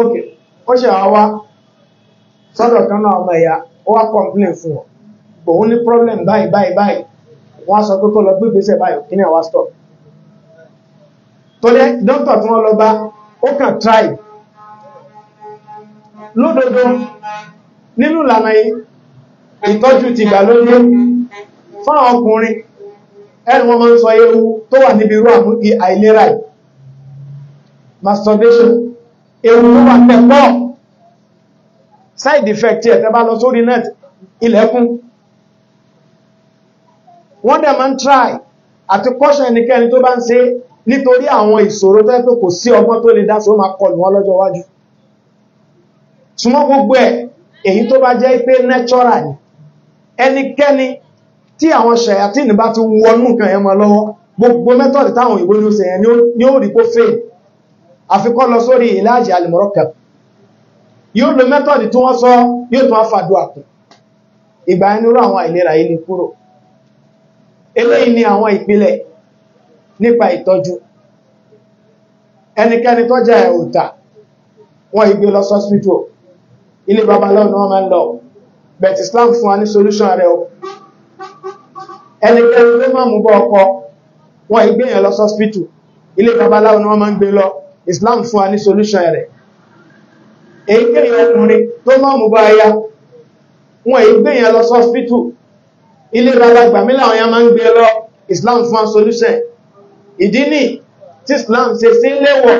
Okay ó ṣe àwa sọ́dọ̀ kan náà ọmọ ẹ̀yà ó wá complain fún ọ òun ní problem báyìí báyìí báyìí wọ́n sọ pé kó lọ gbé ìgbésẹ̀ báyìí kí ni àwa stop tó dé dókítà tí wọ́n lọ bá ó kàn try lódodo nínú ìlànà ìtọ́jú ti gbà lórí fún àwọn ọkùnrin ẹni wọ́n máa ń sọ ewu tó wà níbi irú àmúgi àìlera masturbation ewu tó wà tẹ́ pọ̀ side effect ẹ̀ tẹ́ bá lọ sórí net ilẹ̀kùn wọ́n dẹ̀ máa ń try àti caution ẹnikẹ́ni tó bá ń ṣe nítorí àwọn ìṣòro tó pé kò sí ọgbọ́n tó lè dá sí ó máa kọlù wọn lọ́jọ́ iwájú súnmọ́ gbogbo ẹ̀ èyí tó bá jẹ́ pé natural ni ẹnikẹ́ni tí àwọn ṣàyàtìn bá ti wọnú nǹkan yẹn lọ́wọ́ gbogbo mẹ́tọ̀dì àfikọ́ lọ sórí ìlàjì alìmọ̀rọ̀kẹ̀ yóò lo mẹ́tọ̀dì tí wọ́n sọ yóò tún àfàdù àkùn ìgbà ẹnurú àwọn àìlera ilé kúrò eléyìí ni àwọn ìpìlẹ̀ nípa ìtọ́jú ẹnikẹ́ni tó jẹ́ òta wọ́n ìgbé lọ sọ́sítò ilé babaláwo ni wọ́n máa ń lọ bet Islam fún wa ní solution rẹ̀ o ẹnikẹ́ni ló máa mú bọ́ ọkọ wọ́n ìgbé yẹn lọ sọ́sítò ilé babaláwo ni wọ́n máa ń gbé lọ Islam fún wa ní solution rẹ̀ èyíkéyàn ọkùnrin tó máa mú bá aya wọn èyí gbéyàn lọ sọ́spítù ilé ráràgbà mílà ọ̀yá máa ń gbé lọ Islam fún wa solution ìdí ni tí Islam ṣe sí léwọ̀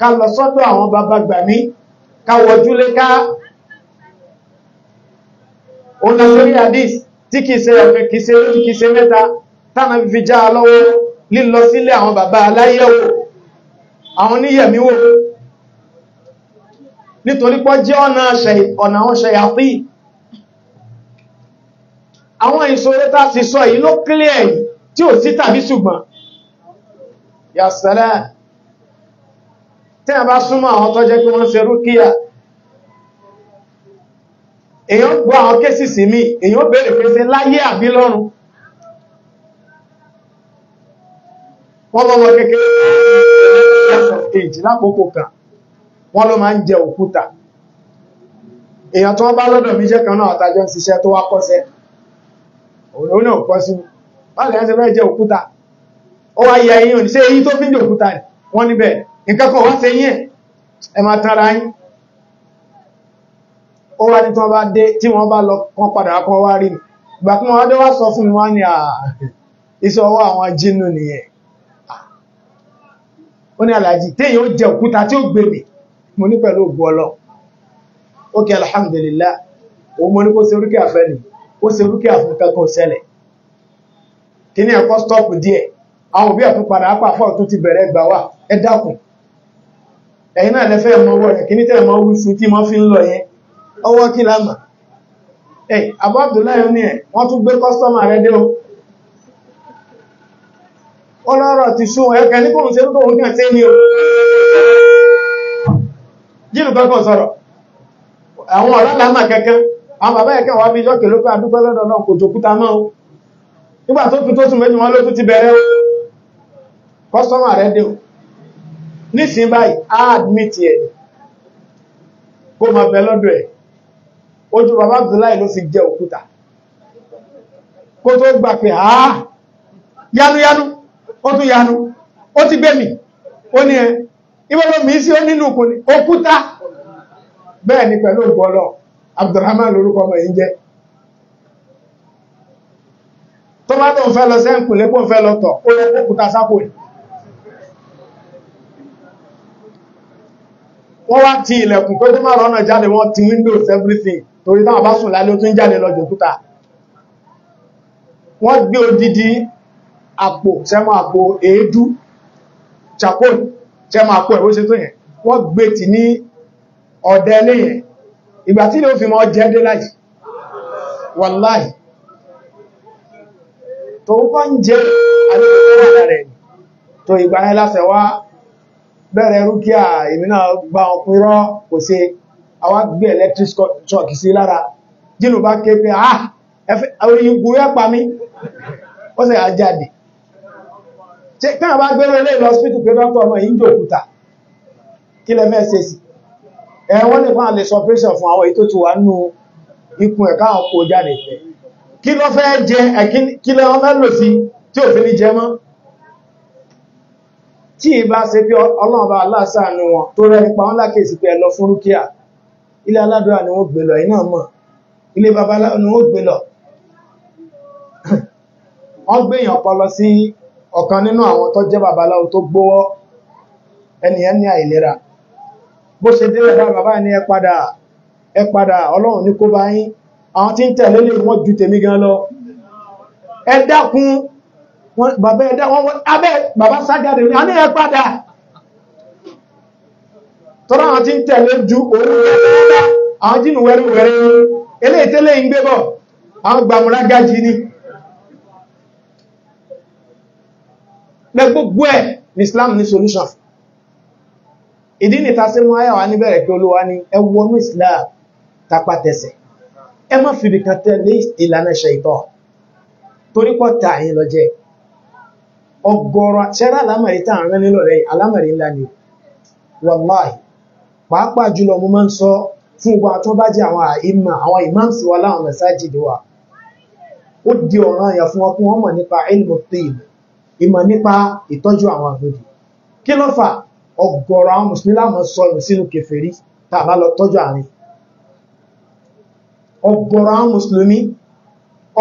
ká lọ sọ́dọ̀ àwọn bàbá gbàmí ká wọjúlé ká ọ̀nà lórí àdís tí kìí ọ̀fẹ́ kìí mẹ́ta tánà fi já lọ́wọ́ lílọ sílé àwọn bàbá aláyẹ̀wò àwọn oníyẹ̀mí wò nítorí pọ́ jẹ́ ọ̀nà ọ̀nà ọ̀ṣẹ̀ yàfí àwọn ìṣòro tá ti? sọ yìí ló kílẹ̀ yìí tí ò sí tàbí ṣùgbọ́n yàsẹ̀lẹ̀ tí a bá súnmọ́ àwọn tó jẹ́ pé wọ́n ṣe rúkíyà èyàn gbọ́ àwọn kéèsì sí mi èyàn bèèrè pèsè láyé àbí lọ́run wọ́n mọ́ mọ́ kékeré years of age lákòókò kan wọ́n ló máa ń jẹ òkúta èèyàn tó wọ́n bá lọ́dọ̀ mi jẹ́ kan náà àtàjọ ṣiṣẹ́ tó wá kọ́sẹ́ òun náà kọ́ sínú báyìí láti fẹ́ jẹ òkúta ó wá yẹ eyín òní ṣé eyín tó fi ń jẹ òkúta ni wọ́n níbẹ̀ nǹkan kan wá sẹ́yìn ẹ̀ ẹ máa tara yín ó wá ní tí wọ́n bá dé tí wọ́n bá lọ wọ́n padà wá kọ́ wá rí mi wọ́n dé wá sọ fún mi wá àà ìṣọwọ́ àwọn jínú nìyẹn ó ní aláàjì téèyàn ó jẹ òkúta tí ó gbé mi mo ní pẹ̀lú ògbó ọlọ ó kí alhamdulillah òun mo ní kó ṣe rúkìá fẹ́ni ó ṣe rúkìá fún kankan ṣẹlẹ̀ kí ní ẹ̀kọ́ stọ́ọ̀pù díẹ̀ àwọn òbí ẹ̀kún padà apá àpá ọ̀tún ti bẹ̀rẹ̀ gbà wá ẹ dákun ẹ̀yin náà lẹ́fẹ́ mọ ọwọ́ rẹ̀ kí ní tẹ́lẹ̀ mọ wí fún tí wọ́n fi ń lọ yẹn ọwọ́ kí lámà ẹ̀ àbọ̀ Abdullahi ní ẹ̀ wọ́n tún gbé kọ́sítọ́mà rẹ̀ dé o ọlọ́rọ̀ ti ṣó ẹgbẹ̀ ní kò ń ṣe tó ń kàn tí ní o jílù kọ́kọ́ sọ̀rọ̀ àwọn ọ̀rọ̀ lámà kẹ́kẹ́ àwọn bàbá ẹ̀kẹ́ wà bí jọ́kẹ̀ ló pé àdúgbẹ́ lọ́dọ̀ náà kò jòkúta mọ́ nígbà tó tún tó tún méjì wọn ló tún ti bẹ̀rẹ̀ kọ́sọ́mà rẹ̀ dé o nísìn báyìí á admit ẹ̀ ó tún yanu ó ti gbẹ̀mí ó ní ẹ ìwọ́n mi sí ó nínú òkú ni òkúta bẹ́ẹ̀ ni pẹ̀lú ògbọ́lọ̀ Abdulrahman lórúkọ ọmọ yìí jẹ́ tó bá tó ń fẹ́ lọ sẹ́ǹkù lé pọ́n fẹ́ lọ tọ̀ ó lọ òkúta sápò ẹ̀ wọ́n wá ti ilẹ̀kùn pé tó máa rọ́nà jáde wọ́n ti windows everything torí táwọn bá sùn lálẹ́ ó tún jáde lọ jòkúta wọ́n gbé odidi àpò sẹ́mọ̀ àpò èédú chapon sẹ́mọ̀ àpò ẹ̀wọ́ ṣe tó yẹn wọ́n gbé ti ní ọ̀dẹ ilé yẹn ìgbà tí ló fi mọ́ jẹ́ dé láì wàláì tó bá ń jẹ́ àdúgbò rẹ̀ tó ìgbà yẹn electric shock sí lára jínú bá ké pé ah orí ikú rẹ̀ pa ṣe káà bá gbẹ́rọ ilé ìlọ́sípítù pé dọ́kítọ̀ ọmọ yìí ń jòkúta kí lẹ fẹ́ ṣe sí ẹ wọ́n lè fún àlè sọpẹ́ṣọ̀ fún àwọn ètò tí wà nú ikùn ẹ̀ká ọkọ̀ jáde fẹ́ kí lọ fẹ́ jẹ kí lọ fẹ́ lò sí tí ò fi ní jẹ mọ́ tí ìbá ṣe bí ọlọ́ọ̀bá aláṣàánú wọn tó rẹ nípa ọ̀kan nínú àwọn tó jẹ́ babaláwo tó gbówọ́ ẹniyàn ní àìlera bó ṣe délẹ̀ bá bàbá ní ẹ padà ẹ padà ọlọ́run ní kó bá yín àwọn tí ń tẹ̀lé lè wọ́n ju tèmi gan lọ ẹ dákun bàbá ẹ dákun abẹ́ bàbá ságàdé ní àní bẹ gbogbo ẹ̀ ní Islam ní solution ìdí ni ta sí mú ayà wa níbẹ̀rẹ̀ pé olúwa ni ẹ wọnú Islam tapa tẹsẹ̀ ẹ má fi ibìkan tẹ̀lé ìlànà ṣẹ̀tọ́ torí pọ̀ ta àyín lọ jẹ́ ọgọ́rọ̀ ṣẹ́rá alámàrí tá à ń rán nílò rẹ̀ alámàrí ńlá ni wàláì pàápàá jùlọ mo máa ń sọ fún ìgbà tó bá jẹ́ àwọn àìmà àwọn ìmáàmù láwọn mẹ́sáàjì wa ó di ọ̀ràn àyà fún wọn kí nípa ilmu tèèmù ìmọ̀ nípa ìtọ́jú àwọn àgbègbè kí ló fà ọ̀gọ̀rọ̀ àwọn mùsùlùmí láwọn sọnù sínú kèfèrí tá a bá lọ tọ́jú àárín ọ̀gọ̀rọ̀ àwọn mùsùlùmí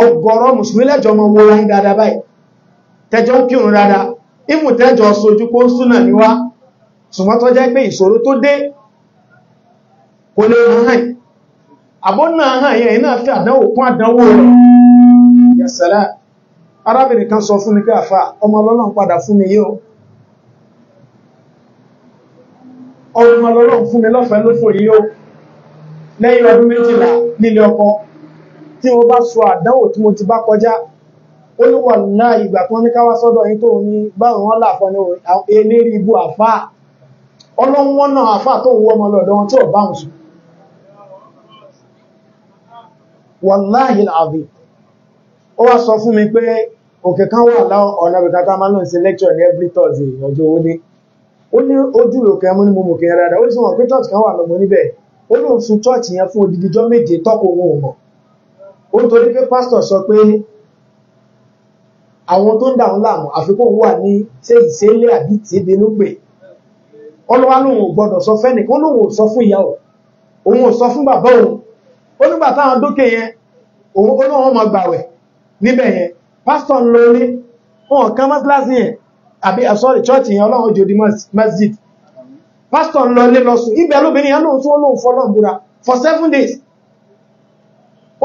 ọ̀gọ̀rọ̀ mùsùlùmí lẹ́jọ́ ọmọ wo láyé dáadáa báyìí tẹjọ́ ń kírun dáadáa ìmù tẹjọ́ sojú kó ń súnà ní wá ṣùgbọ́n tó jẹ́ pé ìṣòro tó dé kò lè hàn àbọ́nà hàn yẹn náà fi àdánwò kún àdánwò rẹ̀ yẹ̀sẹ̀lá arábìnrin kan sọ fún mi pé àfà ọmọ ọlọ́run padà fún mi yóò ọmọ ọlọ́run fún mi lọ́fẹ̀ẹ́ ló fò yóò lẹ́yìn ọdún méjìlá nílé ọkọ tí mo bá sọ àdánwò tí mo ti bá kọjá olúwà náà ìgbà tí ní káwá sọ́dọ̀ yín tó ní báwọn ibu àfà ọlọ́run wọn náà àfà tó wọ́ ọmọ lọ́dọ̀ wọn tí ò bá sùn wàláhìl ó wá sọ fún mi pé òkè kan wà láwọn ọ̀nà a máa lọ sí lecture ní every Thursday ọjọ́ owó ní ó ní ojú òkè mú ní mo mọ̀ kìí rárá ó sì mọ̀ pé church kan wà lọ́mọ níbẹ̀ ó lóun sun church yẹn fún odidi jọ́ méje tọ́kọ̀ òun ò mọ̀ ó nítorí pé pastor sọ pé àwọn tó ń dà ń láàmú àfikún wà ní ṣé ìṣẹ́lé àbí tìbí ló pè ọlọ́wà lòun ò gbọ́dọ̀ sọ fẹ́nìkan lòun ò sọ fún ìyá ò òun ò sọ fún bàbá òun ó nígbà táwọn dókè yẹn òun ó lóun ọmọ gbàwẹ̀ níbẹ̀ yẹn pásítọ̀ ń lọ ilé wọn kan mọ́síláṣí yẹn àbí sorry chọ́ọ̀tì yẹn ọlọ́run jòdì masjid Pastor ń lọ ilé lọ sùn ibẹ̀ lóbìnrin yẹn lóòótọ́ lóòó fọlọ́n búra for seven days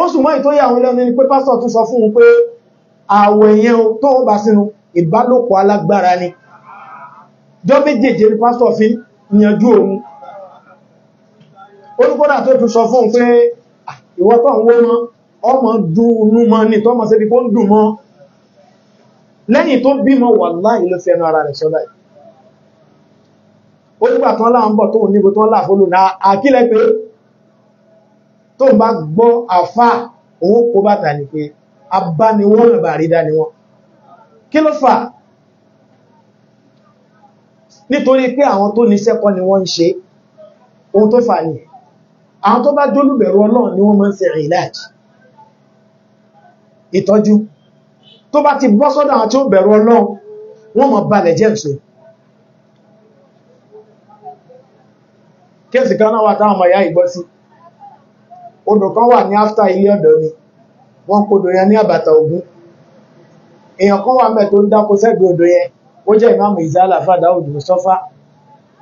ó sùn mọ́ ìtó yà wọn lẹ́nu ni pé pásítọ̀ tún sọ fún un pé àwọ̀ èèyàn tó ń bá sínú ìbálòpọ̀ alágbára ni jọ méjèèjì ní pásítọ̀ fi yanjú òun olùkọ́dà tó tún sọ fún un pé ah, ìwọ tó ń wó mọ́ ọmọ dùn ún mọ́ ní tọ́mọ̀ kó ń dùn mọ́ lẹ́yìn tó bímọ wà láì ló fẹ́nu ara rẹ̀ ṣọ́lá ẹ̀ ó nígbà tán láà ń bọ̀ tó níbo tán láà fólù náà àkílẹ̀ pé tó ń bá gbọ́ àfá òun kó bàtà ní pé abániwọ́n rẹ̀ bà rí dá ni wọ́n kí ló fà nítorí pé àwọn tó níṣẹ́ kọ́ ni wọ́n ń ṣe ohun tó fà ní àwọn tó bá jólùbẹ̀rù Ọlọ́run ni wọ́n máa ń ṣe ìlàjì ìtọ́jú tó bá ti bọ́ sọ́dọ̀ àwọn tí ó bẹ̀rù Ọlọ́run wọ́n mọ̀ balẹ̀ jẹ́ ǹsọ́ kéèsì kan náà wà táwọn ọmọ ìyá ìgbọ́ sí odò kan wà ní áfítà ilé ọ̀dọ̀ mi wọ́n kó yẹn ní àbàtà Ògún èèyàn kan wà mẹ́ tó ń dáko sẹ́gbẹ̀ẹ́ odò yẹn ó jẹ́ ìmáàmù ìzálà fàdá odò sọ́fà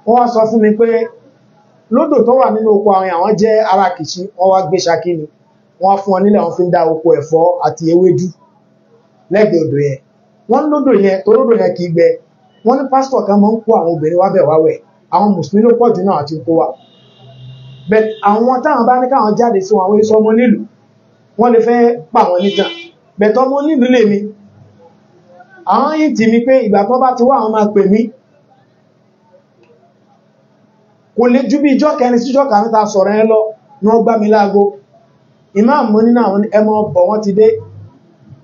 wọ́n wá sọ fún mi pé lódò tó wà nínú oko àwọn àwọn jẹ́ ara kìṣí wọ́n wá gbé ṣakí ni wọ́n fún ọ nílẹ̀ wọn fi ń dá oko ẹ̀fọ́ àti ewédú lẹ́gbẹ̀ẹ́ odò yẹn wọ́n lódò yẹn toródò yẹn kì í gbẹ wọ́n ní pásítọ̀ kan máa ń kó àwọn obìnrin wá bẹ̀ wá wẹ̀ àwọn mùsùlùmí ló pọ̀ jù náà àti kó wa bẹ́ẹ̀ àwọn táwọn bá ní káwọn jáde sí wọn àwọn iṣẹ́ ọmọ nílùú wọ́n lè fẹ́ pa wọn níjà bẹ́ẹ̀ tọ́mọ nílùú lè mi àwọn yìí tì mí pé ìgbà tó bá ti wá àwọn máa pè mí kò lè ju bí ìjọ kẹrin sí ìjọ kàrin ta sọ̀rọ̀ ẹ lọ ní wọ́n gbá mi láago ìmáàmù nínú àwọn ẹmọ ọ̀bọ̀ wọn ti dé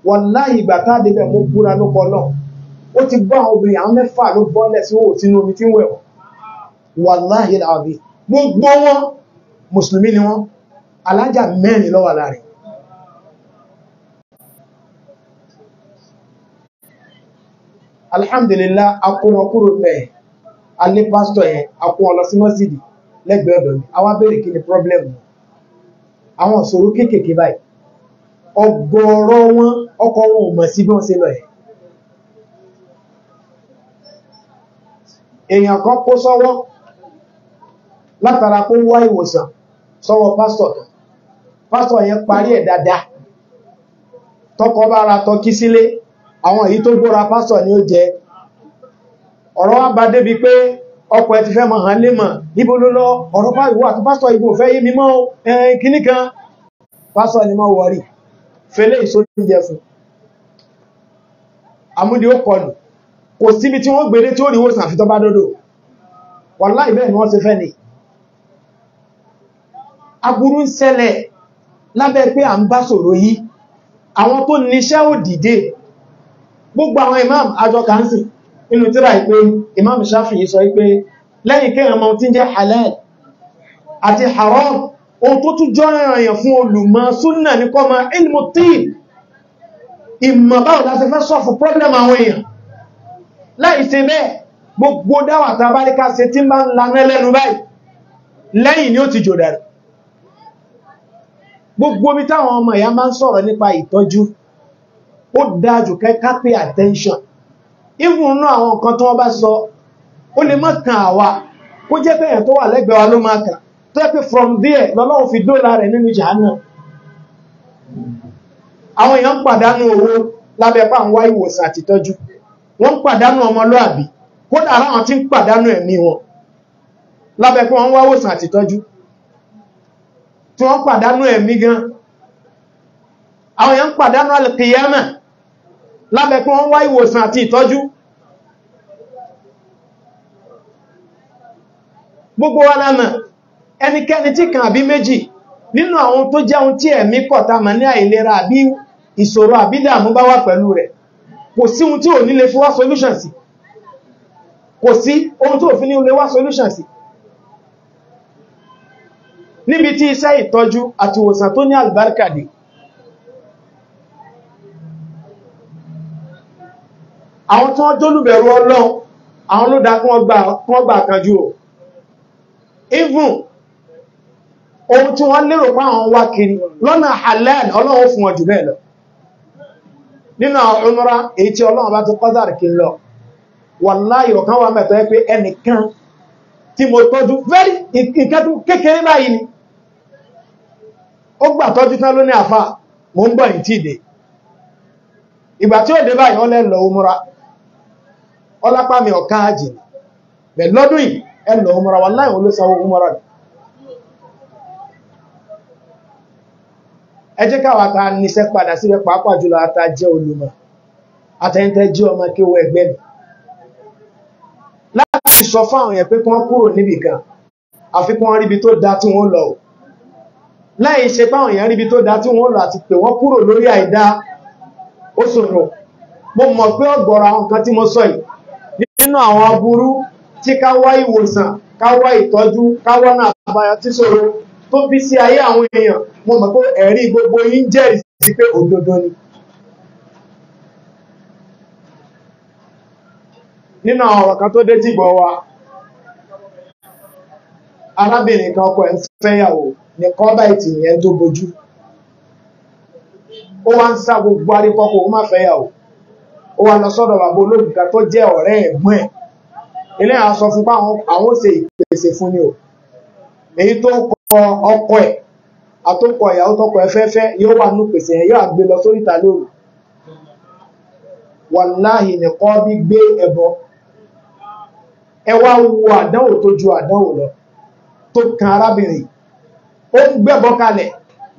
wàláhì ìgbà tá a débẹ̀ mo búra ló kọ náà ó ti gbọ́ àwọn obìnrin àwọn mẹ́fà ló bọ́lẹ̀ sí òòtí inú omi tí ń wẹ̀ wàláhì àbí gbogbo wọn mùsùlùmí ni wọn alájà mẹ́rin ló wà láàrin alhamdulillah akúnwọkúrò mẹ́ alé pásítọ̀ yẹn akún ọlọ sí mọ́sídì lẹ́gbẹ̀ẹ́ ọ̀dọ̀ mi àwọn abẹ́rẹ̀ kí ni problem àwọn ìṣòro kéékèèké báyìí ọgọ́rọ̀ wọn ọkọ̀ wọn ò mọ̀ sí bí wọ́n ṣe lọ ẹ̀ èèyàn kan kó sọ́wọ́ látara kó wá ìwòsàn sọ́wọ́ pásítọ̀ kan pásítọ̀ yẹn parí ẹ̀ dáadáa tọkọ bá ra tọkí sílé àwọn èyí tó gbóra pásítọ̀ ni ó jẹ ọ̀rọ̀ wá bá débi pé ọkọ ẹ ti fẹ́ mọ̀ hàn lé mọ̀ níbo ló lọ ọ̀rọ̀ bá ìwọ àti pásítọ̀ ìbò fẹ́ yé mi mọ́ ẹ̀ẹ́n kíníkan ni mọ́ wọ̀rí fẹ́lẹ́ ìsóúnjẹ fún amúdí ó kọlù kò síbi tí wọ́n gbèrè tí ó rí wòsàn àfitọ́ bá dọ́dọ̀ wàláì bẹ́ẹ̀ ni wọ́n ṣe fẹ́ ni aburú ń ṣẹlẹ̀ lábẹ́ pé à ń bá sọ̀rọ̀ yìí àwọn tó níṣẹ́ ò dìde gbogbo àwọn imam àjọ kàánsì inú tíra ìpé imam Shafi'i sọ pé lẹ́yìn kí ẹ̀mọ́ tí jẹ́ halal àti haram ohun tó tún jọ ẹ̀yàn fún olùmọ̀ súnnà ní kọ́mọ ilmu ìmọ̀ báwọn láti fẹ́ sọ́fù problem àwọn èèyàn láì ṣe bẹ́ẹ̀ gbogbo dáwà tàbálíká se tí máa ń lanẹ́ lẹ́nu báyìí lẹ́yìn ni ó ti jòdà rẹ̀ gbogbo bí táwọn ọmọ ìyá máa ń sọ̀rọ̀ nípa ìtọ́jú ó dájú kẹ́ká pay attention even náà àwọn nǹkan tó wọ́n bá sọ ó lè má kan àwa kó jẹ́ pé èèyàn tó wà lẹ́gbẹ̀ẹ́ wa ló máa kàn tó yẹ pé from there lọ́lọ́run fi dóòlà rẹ̀ nínú jahannam àwọn èèyàn ń pàdánù owó lábẹ́ pa ń wá ìwòsàn àtìtọ́jú wọ́n ń pàdánù ọmọlúàbí kódà láwọn tí ń pàdánù ẹ̀mí wọn lábẹ́ pé wọ́n wá ìwòsàn àtìtọ́jú tí wọ́n pàdánù ẹ̀mí gan àwọn èèyàn ń pàdánù alìkìyàmà lábẹ́ pé wọ́n wá ìwòsàn àti gbogbo wa lánà ẹnikẹ́ni tí kan àbí méjì nínú àwọn tó jẹ́ ohun tí ẹ̀mí kọ̀ta mọ̀ ní àìlera àbí ìṣòro àbídàmú bá wà pẹ̀lú rẹ̀ kò sí ohun tí ò ní lè fi wá solution sí kò sí ohun tí ò fi ní lè wá solution sí níbi tí iṣẹ́ ìtọ́jú àti ìwòsàn tó ní àlùbáríkà àwọn tí wọ́n jólùbẹ̀rù àwọn ló dá kún ọgbà àkànjú o even ohun tí wọ́n lérò pé àwọn wá kiri lọ́nà halal ọlọ́run fún wọn bẹ́ẹ̀ lọ nínú àwọn èyí tí ọlọ́run bá ti kí lọ wàláhì ọ̀kan wà mẹ́tọ̀ ẹ́ pé ẹnìkan tí mo tọ́jú very ìkẹ́tù kékeré báyìí ni ó gbà tọ́jú tán ló ní àfà mo ń bọ̀ ní tí ìdè ìgbà tí ó dé báyìí ọlẹ́ lọ ọlápá mi ẹ jẹ́ káwa ta níṣẹ́ padà síbẹ̀ pàápàá jùlọ ata jẹ́ olùmọ̀ àtẹ̀yìntẹ́ jẹ́ ọmọ kéwọ́ ẹgbẹ́ mi láti sọ fáwọn yẹn pé kí wọ́n kúrò níbì kan àfi kí wọ́n ríbi tó da tí wọ́n lọ láì ṣe fáwọn yẹn ríbi tó da tí wọ́n lọ àti pé wọ́n kúrò lórí àìdá ó ṣòro mo mọ̀ pé ọ̀gọ̀rọ̀ àwọn kan tí mo sọ yìí nínú àwọn aburú tí ká wá ìwòsàn ká wá ìtọ́jú ká wá náà àbáyọ tí ṣòro tó bí sí ayé àwọn èèyàn mo mọ̀ pé ẹ̀rí gbogbo yín jẹ́rìí sí pé òdodo ni. nínú àwọn ọ̀rọ̀ kan tó dé jìgbọ́ wa arábìnrin kan ọkọ ẹ̀ ń fẹ́yàwó ní kọ́bà ìtì yẹn tó bojú ó wá ń sá gbogbo arípọ́kọ̀ ó má fẹ́yàwó ó wá lọ sọ́dọ̀ bàbá olóògùnká tó jẹ́ ọ̀rẹ́ ẹ̀gbọ́n ẹ̀ ilé àwọn sọ fún pé àwọn ó ṣe ìpèsè fún ni o èyí tó ń kọ ọkọ ẹ̀ àtọkọ ìyàwó tọkọ ẹ̀ fẹ́fẹ́ yóò wà nù pèsè yẹn yóò àgbé lọ sóríta lóru wàláhì nìkan bí gbé ẹbọ ẹ wá wo àdánwò tó ju àdánwò lọ tó kan arábìnrin ó ń gbẹ́bọ kalẹ̀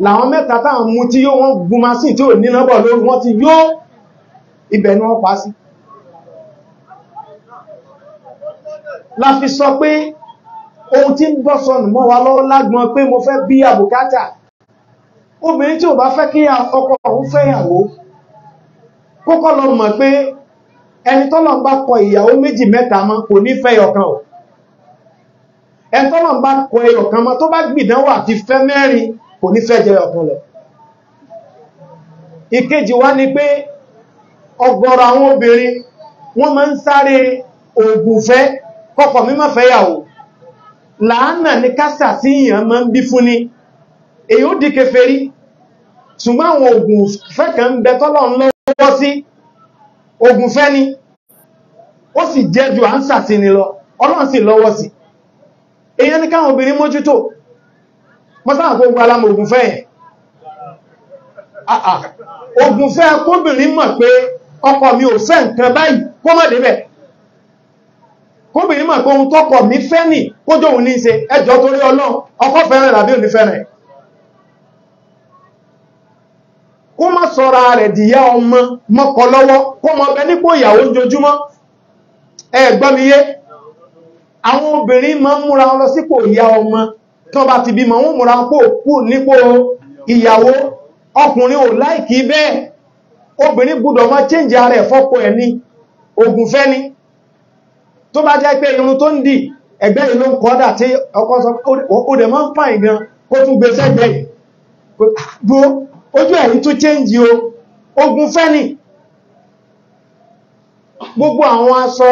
làwọn mẹ́ta táwọn mú tí yóò wọ́n gun masín tí ò níná bọ̀ lórí wọ́n ti yóò ibẹ̀ ni wọ́n pa sí la fi sọ pé ohun tí ń bọ́ sọnù mọ́ wa lọ́wọ́ lágbọn pé mo fẹ́ bí àbùkátà obìnrin tí ò bá fẹ́ kí ọkọ òun fẹ́yàwó kókọ́ lọ mọ̀ pé ẹni tọ́lọ̀ ń bá kọ ìyàwó méjì mẹ́ta mọ́ kò ní fẹ́ ọ̀kan ò ẹni tọ́lọ̀ ń bá kọ ẹyọ̀kan mọ́ tó bá gbìdánwò àti fẹ́ mẹ́rin kò ní fẹ́ jẹ ọ̀kan lọ ìkejì wá ni pé ọ̀gọ̀rọ̀ àwọn obìnrin wọ́n máa ń sáré ògùnfẹ́ kọkọ mímọ̀ fẹ́yàwó láánà ní kásà sí ìyàn máa ń bí fún ní èyí ó di kèfèrí ṣùgbọ́n àwọn ogun fẹ́ ń bẹ tọ́lọ̀ ń lọ́wọ́ sí ogun fẹ́ ni ó sì jẹ́ ju à ń sàsí ni lọ ọlọ́run sì lọ́wọ́ sí èyí ní káwọn obìnrin mójútó mọ́sáà kó gba alámọ̀ ogun fẹ́ yẹn ogun fẹ́ kóbìnrin mọ̀ pé ọkọ mi ò fẹ́ nǹkan báyìí kó mọ̀ débẹ̀ kóbìnrin mọ̀ pé ohun tọ́kọ mi fẹ́ nì kójọ òun ní ṣe ẹjọ́ torí ọlọ́run ọkọ fẹ́rẹ̀ ràbí òní fẹ́rẹ̀ kó má sọ́ra rẹ̀ dìyà ọmọ mọ́kọ lọ́wọ́ kó mọ bẹ nípò ìyàwó jojúmọ́ ẹ gbọ́ mi yé àwọn obìnrin máa ń múra lọ sípò ìyá ọmọ tí wọ́n bá ti bímọ wọ́n múra kó kú nípò ìyàwó ọkùnrin ò láìkí bẹ́ẹ̀ obìnrin gbọ́dọ̀ máa change ara ẹ̀ fọ́kọ ẹ̀ ní ògùnfẹ́ ni tó bá jẹ́ pé irun tó ń dì ẹgbẹ́ ìlú ń kọ́dà tí ọkọ sọ ó dẹ̀ máa ń fà kó tún ah, o ogun gbogbo àwọn aṣọ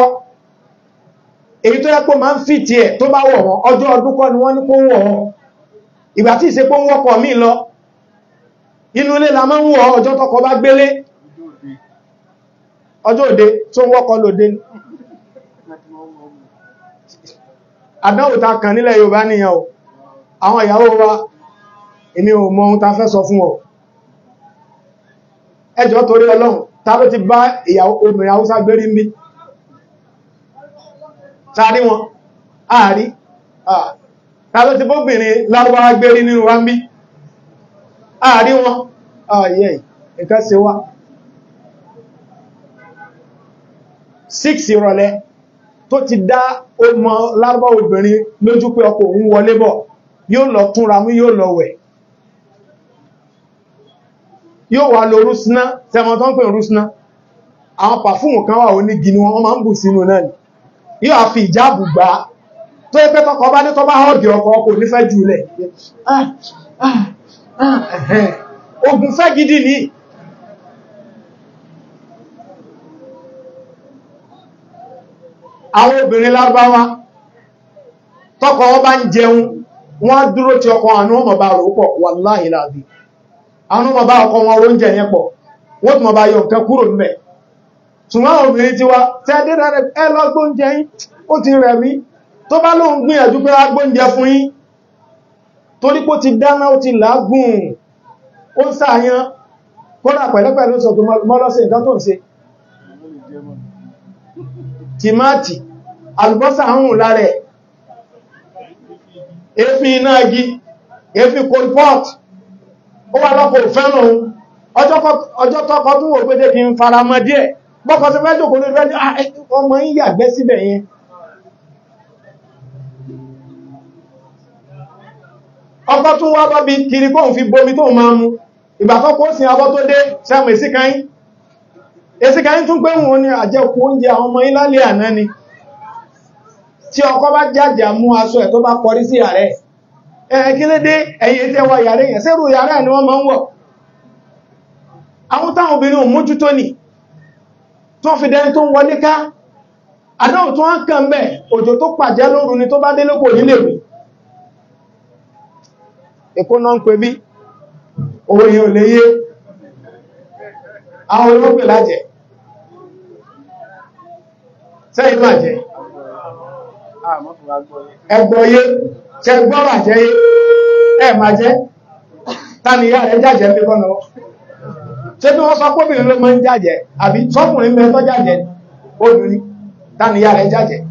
èyí tó yẹ máa ń fìtì ẹ̀ tó bá wọ̀ ọjọ́ ọdún kọ́ ni wọ́n lọ inú ilé la máa ń wọ̀ ọjọ́ tọkọ bá gbélé ọjọ́ òde tó ń àdáwòta kan nílẹ̀ Yorùbá nìyàn o àwọn ìyàwó wa èmi ò mọ ohun ta fẹ́ sọ fún ọ ẹjọ́ torí Ọlọ́run ta ló ti bá ìyàwó obìnrin Haúsá gbérí ń bí sáàrí wọn ààrí ta ló ti bóbìnrin Lárúbáwá gbérí nínú wa ń ààrí wọn ààyè nǹkan ṣe 6 ìrọ̀lẹ́ tó ti dá ọmọ lárúbá obìnrin lójú pé ọkọ òun wọlé bọ̀ yóò lọ túnra mú yóò lọ wẹ̀ yóò wà lọ rúsná tẹmọ tó ń pè rúsná àwọn pàfúùmù kan wà onígi ni wọ́n máa ń bù sínú náà ni yóò a fi ìjáàbù gbá tó yẹ pé bá ní tọ́ bá họ́ọ̀dì ọkọ ọkọ nífẹ̀ẹ́ jùlẹ̀ ah, ah, ah, ogun fẹ́ gidi ni àwọn obìnrin lárúbáwá tọ́kọ wọn bá ń jẹun wọ́n dúró ti ọkọ àánú ọmọ bá rò pọ̀ wàláhì láàbí àánú ọmọ bá ọkọ wọn oúnjẹ yẹn pọ̀ wọ́n tún ọba yọ nǹkan kúrò níbẹ̀ ṣùgbọ́n àwọn obìnrin ti wá tẹ́ dé rẹ̀ ẹ lọ gbóúnjẹ yín ó ti rẹ̀ mí tó bá lóun gbìyànjú pé a tìmáàtì àlùbọ́sà hùn lárẹ̀ èéfín iná igi èéfín kolport ó wà lọ́kọ̀ fẹ́ràn ohun ọjọ́ tọ́kọ tún wò pété kí n fara mọ́ díẹ̀ bọ́kọ̀ sí fẹ́ jòkó lórí rẹ́jọ́ ah, ọmọ yìí yàgbẹ́ síbẹ̀ yẹn ọkọ̀ tún wá bá bí kiri kóhùn fi bomi tó máa mú ìgbà tọ́kọ́ sí abọ́ tó dé sẹ́mù ìsíkányí èsì ká ń tún pé wọn ni àjẹkù oúnjẹ àwọn ọmọ ilálẹ̀ àná ni tí ọkọ bá jáde àmú aṣọ ẹ̀ tó bá kọrí sí ààrẹ ẹ̀ kí ló dé ẹ̀yìn tẹ́ wọ yàrá yẹn sẹ́rù yàrá ni wọ́n máa ń wọ̀ àwọn táwọn obìnrin ò mójútó ni tó fi dẹni tó ń wọlé ká àdáhùn tó ń kàn bẹ̀ òjò tó pàjá lóru ni tó bá dé lóko nílé rẹ̀ èkó náà ń pè bí owó yìí ò léyé àwọn olóògbè lájẹ̀ẹ́ sẹ́yìn máa jẹ́ ẹgbọ́yé ṣe gbọ́rọ̀ àjẹ́ yé ẹ máa jẹ́ tániyà rẹ̀ jàjẹ́ ní kọ́nà ṣe bí wọ́n sọ pọ́bìnrin ló máa ń jàjẹ́ àbí tọ́kùnrin mẹ́tọ́ jàjẹ́ obìnrin tániyà rẹ̀ jàjẹ́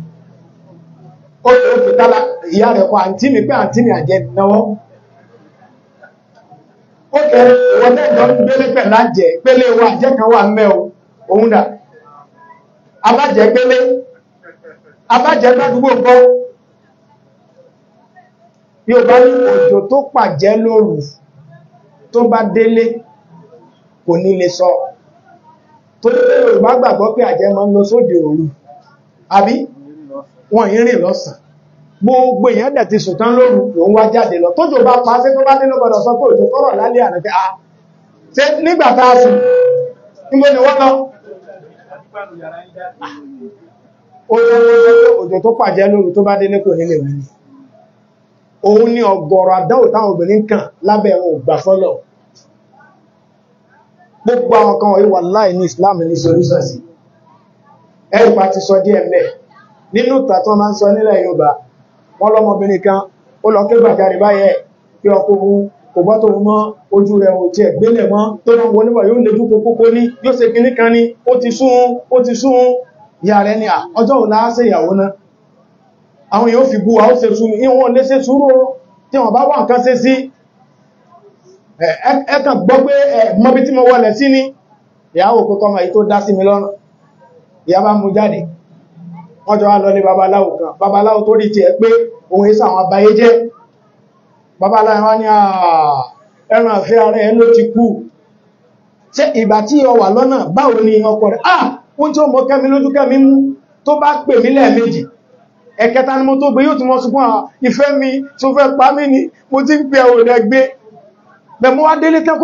ìyá rẹ̀ kọ àǹtí mi pé àǹtí mi àjẹ́ náwọ́ ó kẹrẹ ìwọ́n tẹ́ ìjọ ń gbélé pẹ̀lá jẹ́ pélé wa àjẹ́ kan wà mẹ́ o òun dà abájẹgbélé abájẹgbádùgbò gbọ́ bí o bá ní òjò tó pàjẹ́ lóru tó bá délé kò ní lè sọ tó ní lè bá gbàgbọ́ pé àjẹ́ máa ń lọ sóde òru àbí wọ́n yí rìn lọ́sàn gbogbo èèyàn dẹ̀ ti sùtán lóru òun wá jáde lọ tójò bá pa sí tó bá délé gbọ́dọ̀ sọ pé òjò tọ́rọ̀ lálẹ́ àná pé a ah, ṣe nígbà tá a sùn níbo ni wọ́n lọ Ah. òjò tó pàjẹ́ lóru tó bá dé ní kò nílé wí òun ni ọ̀gọ̀rọ̀ àdánwò táwọn obìnrin kàn lábẹ́ ẹ̀wọ̀n ògbà fọ́lọ̀ gbogbo àwọn kan wọ̀nyí wà láì ní Islam ní solúsọ̀ sí ẹ̀rùpa ti sọ díẹ̀ mẹ́ nínú tàtọ́ máa ń sọ nílẹ̀ Yorùbá wọ́n lọ́mọbìnrin kan ó lọ kébàkàrí báyẹ̀ kí ọkọ̀ kò bọ́ tó mọ́ ojú rẹ̀ ò tí ẹ̀gbélẹ̀ mọ́ tó wọ́n wọ́n níbà yóò lejú pópópó ní yóò ṣe kìrí kan ní ó ti súnun ó ti súnun ìyá rẹ̀ ni ọjọ́ òláásẹ̀ ìyàwó náà àwọn yóò fi bú wa ó ṣe súnmi ìwọ̀n lé ṣe súrò tí wọ́n bá wà nǹkan ṣe sí ẹ̀kàn gbọ́ pé mọ́bí tí mo wọlẹ̀ sí ní ìyàwó jẹ́ babaláwa ní ah, ẹran àfẹ́ ara ẹ̀ ló ti kú ṣé ìgbà tí ọ lọ́nà báwo ni ọkọ rẹ̀ ah ohun tí ó mọ kẹ́mi lójú kẹ́mi mú tó bá pè mí lẹ́ẹ̀mejì ẹ̀kẹta ni mo tó gbé yóò tún mọ́ sunkún àwọn ìfẹ́ mi tí ó fẹ́ pa mí ni mo ti ń pẹ òrẹ̀ gbé bẹ̀ mo wá délé tán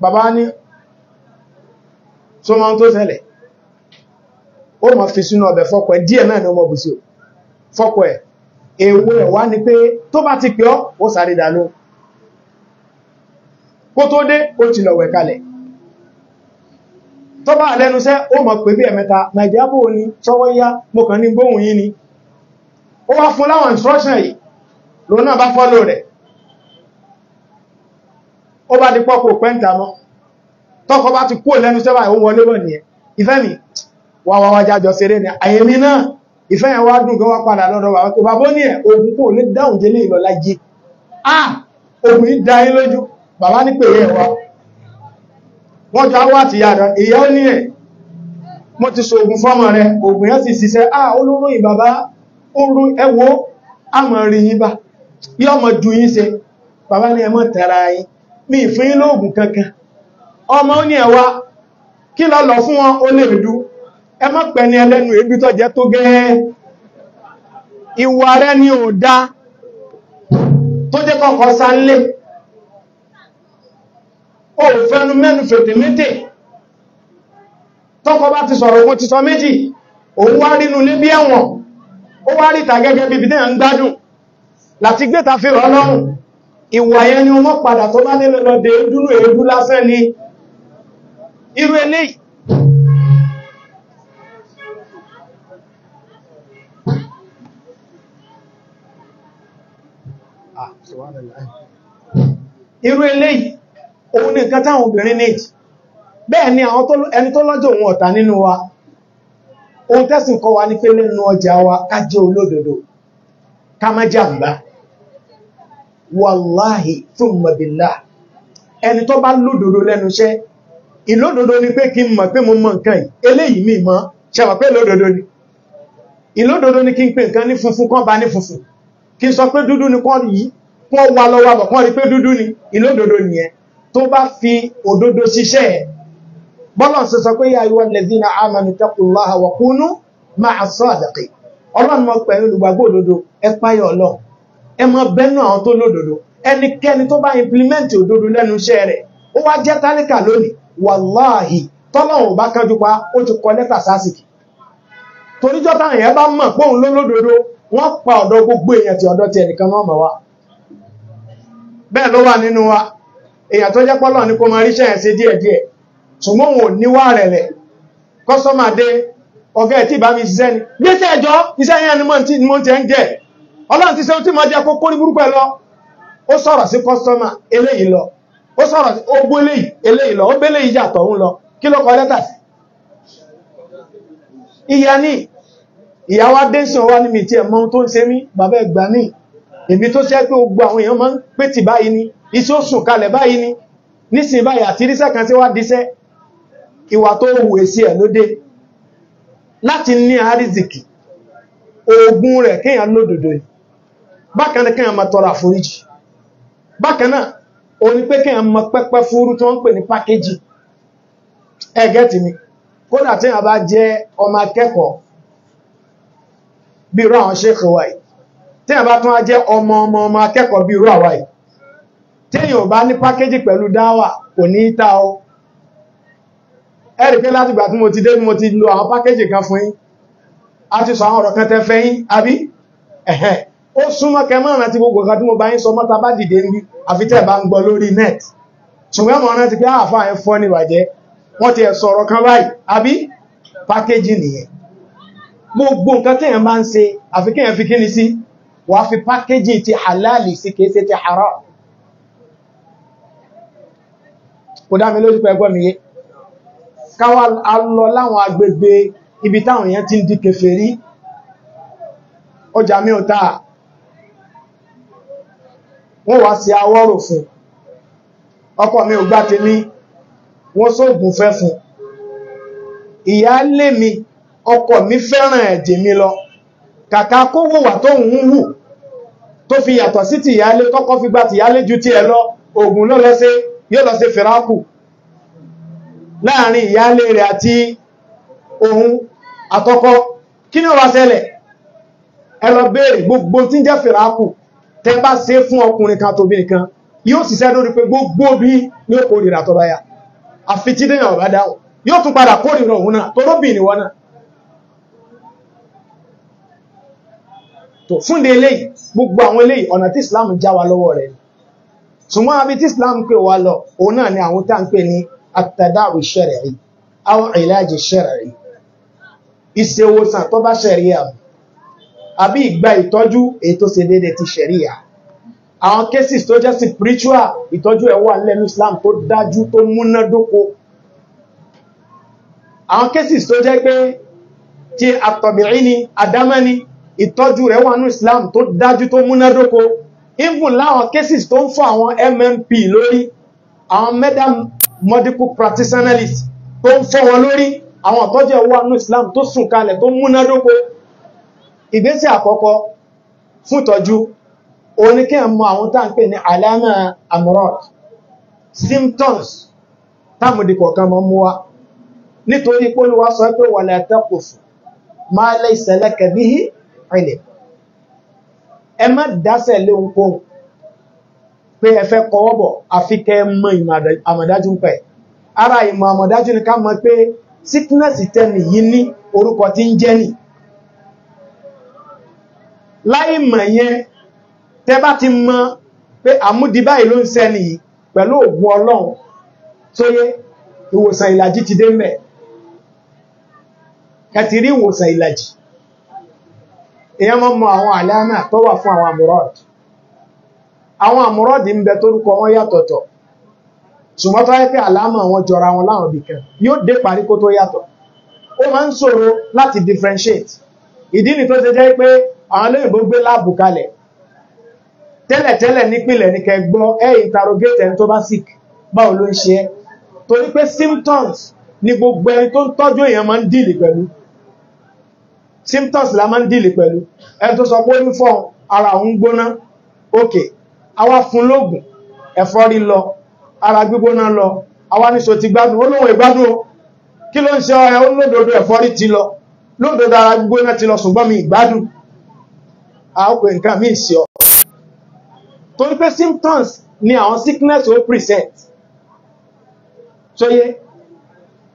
bàbá ní tó máa ń tó ṣẹlẹ̀ ó máa fi sínú ọbẹ̀ fọ́kọ ẹ̀ díẹ̀ náà ni ọmọ bùsí o fọ́kọ ẹ̀ èwo ẹ̀ wá ni pé tó bá ti pẹ́ ọ́ ó sáré dà lóhùn kó tó dé ó ti lọ kalẹ̀ tó bá ó mọ̀ pé bí ẹ̀mẹ́ta nàìjíríà bò ní sọ́wọ́ yá mo kàn ní gbóhùn yín ni ó wá fún láwọn instruction yìí lòun náà bá fọ́lò rẹ̀ ó bá di pọ́kò pẹ́ǹtà mọ́ tọ́kọ bá ti kúrò lẹ́nu sẹ́wà ìwọ́n wọlé ni. nìyẹn ìfẹ́ mi wà wà wájá jọ ṣeré ni àyèmí náà ìfẹ́ yẹn wá dùn gọ́wọ́ padà lọ́dọ̀ wà tó bàbá ní ẹ̀ ogun kò lè dáhùn jẹ́ ní ìlọ́lá yé ah ogun yìí da yín lójú bàbá ní pèrè ẹ̀ wá wọ́n jọ awọ́ àti yàrá ìyá ó ní ẹ̀ mo ti so ogun fọ́mọ rẹ ogun yẹn sì ṣiṣẹ́ ah olóróyìn bàbá orun ẹwọ́ àmọ́ rí yín bá yọ́ mọ̀ ju yín ṣe bàbá ní ẹ mọ̀ tẹ́ra yín mi fún yín lóògùn kankan ọmọ ó ní ẹwà kí lọ lọ fún wọn ó lè rìdú ẹ má pẹ̀ ní ẹlẹ́nu ibi tó jẹ́ tó gẹ́ ìwà rẹ ni ò dá tó jẹ́ kọ́kọ́ sánlé ó fẹ́nu mẹ́nu fètè méjì tọ́kọ bá ti sọ̀rọ̀ ogun ti sọ méjì òun wá rínú lé bí ẹ̀wọ̀n ó wá ríta gẹ́gẹ́ bíbi tẹ́yàn ń gbádùn láti gbé ta fi rọ́ lọ́rùn ìwà yẹn ni wọ́n padà tó bá nílẹ̀ lọ dé dúró èébú lásán ni irú eléyìí ah, irú eléyìí òun ni nǹkan táwọn obìnrin ní bẹ́ẹ̀ ni àwọn ẹni tó lọ́jọ́ òun ọ̀tá nínú wa ohun tẹ́sìn wa ní pé lẹ́nu ọjà wa ká jẹ́ olódodo ká má jàmbá wàláhì thumma billah ẹni tó bá lódodo lẹ́nu iṣẹ́ ìlódodo ni pé kí n mọ̀ pé mo mọ̀ nǹkan yìí eléyìí mi mọ̀ ṣẹwà pé lódodo ni ìlódodo ni kí n pè nǹkan ní funfun kán bá ní funfun kí n sọ pé dúdú ni kán yìí kán wà lọ́wọ́ àbọ̀ kán rí pé dúdú ni ìlódodo nìyẹn tó bá fi òdodo ṣiṣẹ́ ẹ̀ bọ́lọ̀ ṣe sọ pé yáyíwá lẹ́dínà amanu taqullaha wa kunu ma'as-sadiqin ọlọ́run mọ̀ pẹ̀lú olùgbàgbọ́ òdodo ẹ páyọ̀ ọlọ́run ẹ mọ bẹ́nu àwọn tó lódodo ẹnikẹ́ni tó bá implement òdodo lẹ́nu iṣẹ́ rẹ̀ ó wá jẹ́ tálíkà lónìí wàláhì tọ́lọ́run bá kánjú pa ó ti kọ lẹ́tà sásìkì toríjọ́ táwọn èèyàn bá mọ̀ póun ló lódodo wọ́n pa ọ̀dọ̀ gbogbo èèyàn ti ọ̀dọ̀ ti ẹnìkan náà mọ̀ wá bẹ́ẹ̀ ló wà nínú wa èèyàn tó jẹ́ pọ́lọ́ ní kó máa ríṣẹ́ ẹ̀ sí díẹ̀díẹ̀ ṣùgbọ́n òun ò níwá rẹ̀ rẹ̀ kọ́sọ́mà dé ọ̀gá ẹ̀ tí ìbá mi ṣiṣẹ́ ni gbéṣẹ́ ẹjọ́ iṣẹ́ yẹn ni mo ti ń jẹ́ ọlọ́run ti ṣe tí máa jẹ́ kó kórí burúkú ẹ lọ ó sọ̀rọ̀ sí kọ́sọ́mà eléyìí lọ ó sọ̀rọ̀ sí ó gbó eléyìí eléyìí lọ ó gbé eléyìí yàtọ̀ òun lọ kí ló kọ lẹ́tà sí ìyá ní ìyàwó adéṣin ọwá ní mi ni iṣẹ́ ó sùn kalẹ̀ báyìí ni nísìn báyìí àti irísẹ́ kan tí wá díṣẹ́ ìwà tó rẹ̀ kéèyàn lódòdó yìí bákan náà kẹ́yàn máa tọrọ àforíjì bákan náà o ní pé kẹ́yàn máa pẹ́pẹ́ fúrú tó ń pè ní pákéjì ẹgẹ́ mi kódà tí a bá jẹ́ ọmọ akẹ́kọ̀ọ́ bí irú àwọn ṣéèkì wa yìí tí a bá tún á jẹ́ ọmọ ọmọ ọmọ akẹ́kọ̀ọ́ bí irú àwa yìí tí èyàn bá ní pákéjì pẹ̀lú dáwà kò ní ta o ẹ̀rì pé láti gbà tí mo ti dé mo ti lo àwọn pákéjì kan fún yín a ti sọ àwọn ọ̀rọ̀ kan tẹ́ fẹ́ yín àbí ẹ̀hẹ́ ó súnmọ́ kẹmọ́ràn àti gbogbo ọ̀gá tí mo bá ń sọ mọ́ta bá dìde ń bí àfitẹ́ bá ń gbọ́ lórí net ṣùgbọ́n mọ̀ rántí pé ah, àfà ẹ̀ fọ́ ní ìbàjẹ́ wọ́n ti ẹ̀ sọ̀rọ̀ kan báyìí àbí pákéjì nìyẹn gbogbo nǹkan tẹ́yàn bá ń ṣe àfikẹ́yàn fi kíni sí wà fi pákéjì ti halali sí kìí ṣe ti haram kò dá ọjà mi ò táà wọ́n wá sí awọ́rò fún ọkọ mi ò gbá tèmi wọ́n sóògùn fẹ́ fún ìyáálé mi ọkọ mi fẹ́ràn ẹ̀jẹ̀ mi lọ kàkà kó wùwà tó ń wù tó fi yàtọ̀ sí ti ìyáálé kọ́kọ́ fi gba ti ìyáálé ju ti ẹ̀ lọ ògùn ló lọ sí yóò lọ sí fìrákù láàrin ìyáálé rẹ̀ àti ohun àtọkọ kí ni ó wá ṣẹlẹ̀ ẹ lọ béèrè gbogbo tí ń jẹ́ fìrákù tẹ́ bá ṣe fún ọkùnrin kan tóbi nìkan yóò ṣiṣẹ́ lórí pé gbogbo bí ní ó kórìíra tó bá yá àfi tí dèyàn ọ̀bá dáhùn yóò tún padà kórìíra òun náà tólóbì ní wọ́n náà tó fún eléyìí gbogbo àwọn eléyìí ọ̀nà tí Islam já wa lọ́wọ́ rẹ̀ ṣùgbọ́n àbí tí Islam pè wá lọ òun náà ni àwọn tá ń pè ní àtàdáwì ṣẹ̀rẹ̀ rí àwọn ìlàjì ṣẹ̀rẹ̀ rí ìṣèwòsàn tó bá ṣẹ̀rí àwọn àbí ìgbà ìtọ́jú ètò ṣe déédé ti ṣẹ̀ríyà àwọn cases tó jẹ́ spiritual ìtọ́jú ẹ̀ wà lẹ́nu Islam tó dájú tó múnádóko àwọn cases tó jẹ́ pé ti àtọ̀bìrí ni àdámẹ́ ni ìtọ́jú rẹ̀ wà ní Islam tó dájú tó múnádóko even láwọn cases tó ń fọ́ àwọn MMP lórí àwọn medical medical practitioners tó ń fọ́ wọn lórí àwọn ìtọ́jú ẹ̀ wà ní Islam tó sùn kalẹ̀ tó múnádóko ìgbésẹ̀ àkọ́kọ́ fún ìtọ́jú oníkẹ́ mọ àwọn tá ń pè ní alama amurad symptoms táàmùdì kọ̀ọ̀kan mọ́ mú wa nítorí pólúwá sọ pé wà látẹ́kùsù máa lẹ́ ìsẹ̀lẹ́kẹ̀ bí i rìnlẹ̀ ẹ má dásẹ̀ lé ohunkóhun pé ẹ fẹ́ kọwọ́bọ̀ àfi kẹ́ mọ àmọ̀dájú ń pẹ̀ ara ìmọ̀ àmọ̀dájú ni ká mọ̀ pé sickness tẹ́ni yìí ní orúkọ tí ń jẹ́ nìí láì mọ̀ yẹn tẹ́ bá ti mọ̀ pé àmúdi báyìí ló ń sẹ́ni yìí pẹ̀lú òògùn ọlọ́run tó yẹ ìwòsàn ìlàjì ti dé mẹ́ ẹ ti rí ìwòsàn ìlàjì èèyàn mọ́ mọ àwọn àlànà tó wà fún àwọn àmúrọ́ọ̀dì àwọn àmúrọ́ọ̀dì ń bẹ tórúkọ wọn yàtọ̀tọ̀ ṣùgbọ́n tó yẹ pé àlámà wọn jọra wọn láwọn ibì kan yóò dé parí kó tó yàtọ̀ ó máa ń ṣòro láti differentiate ìdí ni tó ṣe jẹ́ pé àwọn olóyìnbó gbé láàbù kalẹ̀ tẹ́lẹ̀tẹ́lẹ̀ nípìnlẹ̀ ní kẹgbọ́ ẹ interrogate ẹni tó bá sick báwo ló ń ṣe ẹ́ torí pé symptoms ni gbogbo ẹni tó ń tọ́jú èèyàn máa ń dìlì pẹ̀lú symptoms la máa ń dìlì pẹ̀lú ẹni tó sọ pé ó ní fọ́n ara òun gbóná òkè àwa fún lóògùn ẹ̀fọ́rí lọ ara gbígbóná lọ àwa ní so ti gbádùn ó lóun ìgbádùn o kí ló ń ṣe ọ ẹ ó lódodo ẹ̀fọ́rí ti lọ lódodo ara gbígbóná ti lọ ṣùgbọ́n mi ìgbádùn àápè nǹkan míì sí ọ torí pé symptoms ni àwọn sickness wey present sóyé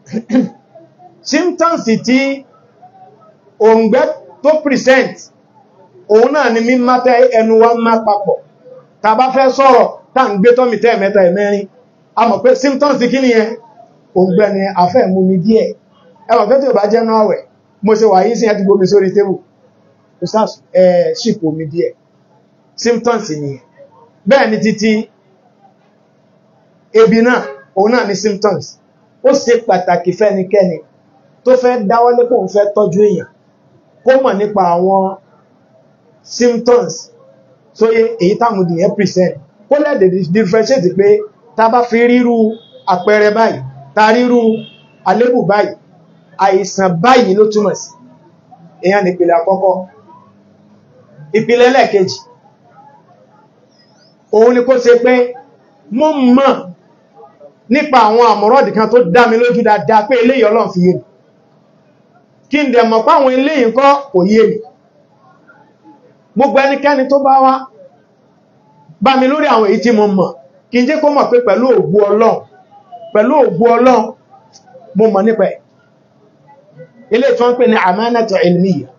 symptoms tí òǹgbẹ́ tó present òun náà ni mímá tẹ ẹnu wa má papọ̀ tá bá fẹ́ sọ̀rọ̀ tá ń gbé tọ́mì tẹ́ mẹ́ta ẹ̀mẹ́rin a mọ̀ pé symptoms kí ni yẹn òǹgbẹ́ ni afẹ́ mú mi díẹ̀ ẹ mọ̀ tí ò bá jẹ́ náà wẹ̀ mo ṣe wà yí sí ẹ ti gbomi sórí tébù Ustaz ẹ ṣìpò mi díẹ̀ symptoms nìyẹn bẹ́ẹ̀ ni títí ebi náà òun náà ni symptoms ó ṣe pàtàkì fẹ́nikẹ́ni tó fẹ́ dáwọ́lé kóun fẹ́ tọ́jú èèyàn kó mọ̀ nípa àwọn symptoms tó yẹ èyí táwọn ènìyàn present kó lẹ́dẹ̀ differentiate pé tá bá fi ríru àpẹẹrẹ báyìí ta ríru àlébù báyìí àìsàn báyìí ló túmọ̀ sí èèyàn nípìnlẹ̀ àkọ́kọ́ ìpìlẹ̀ lẹ́ẹ̀kejì òun ni kó ṣe pé mo mọ̀ nípa àwọn àmọ̀rọ̀dì kan tó dá mi lójú dáadáa pé eléyìí Ọlọ́run fi yé mi kí n dẹ̀ mọ̀ páwọn eléyìí kọ́ kò yé mi gbogbo ẹnikẹ́ni tó bá wá bá mi lórí àwọn èyí tí mo mọ̀ kí n jẹ́ kó mọ̀ pé pẹ̀lú ògbú Ọlọ́run pẹ̀lú ògbú Ọlọ́run mo mọ̀ nípa ilé tí wọ́n pè ní àmánàtọ̀ ilmiya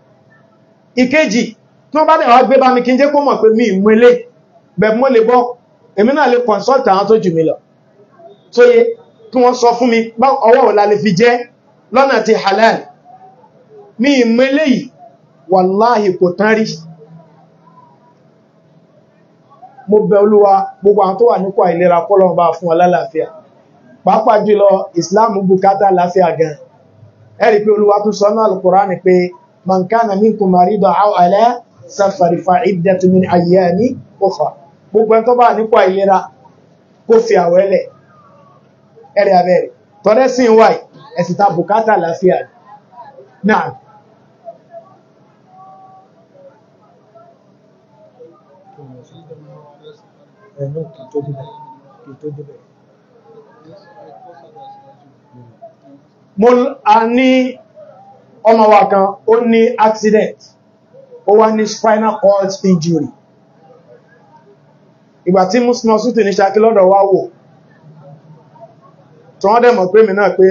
ìkejì tí wọ́n bá dẹ̀ wá gbé bá mi kí n jẹ́ kó mọ̀ pé mi ìmú ilé bẹ̀bù mo lè bọ́ èmi náà lè consult àwọn tó jù mí lọ tó yẹ kí wọ́n sọ fún mi ọwọ́ ọ̀la lè fi jẹ́ lọ́nà ti halal mi ìmú ilé yìí wàláhì kò tán rí mo bẹ olúwa gbogbo àwọn tó wà nípò àìlera kọ́lọ́run bá fún wọn pàápàá jùlọ islam bùkátà láfíà gan ẹ pé olúwa tún sọ náà al-Qur'ani pé man kana minkum aw ala safari fa'iddatu min ayyami ukhra gbogbo ẹni tó bá nípò àìlera kó fi àwẹ́lẹ̀ ẹ̀rẹ̀ abẹ́rẹ̀ tọ́lẹ́sìn wáyé ẹ̀sìn ta bùkátà láfíà náà mo a ní ọmọ wa kan ó ní accident ó wá ní spinal cord injury ìgbà tí muslim hospital ní ṣakí lọ́dọ̀ wá wò tí wọ́n dẹ̀ mọ̀ pé mi náà pé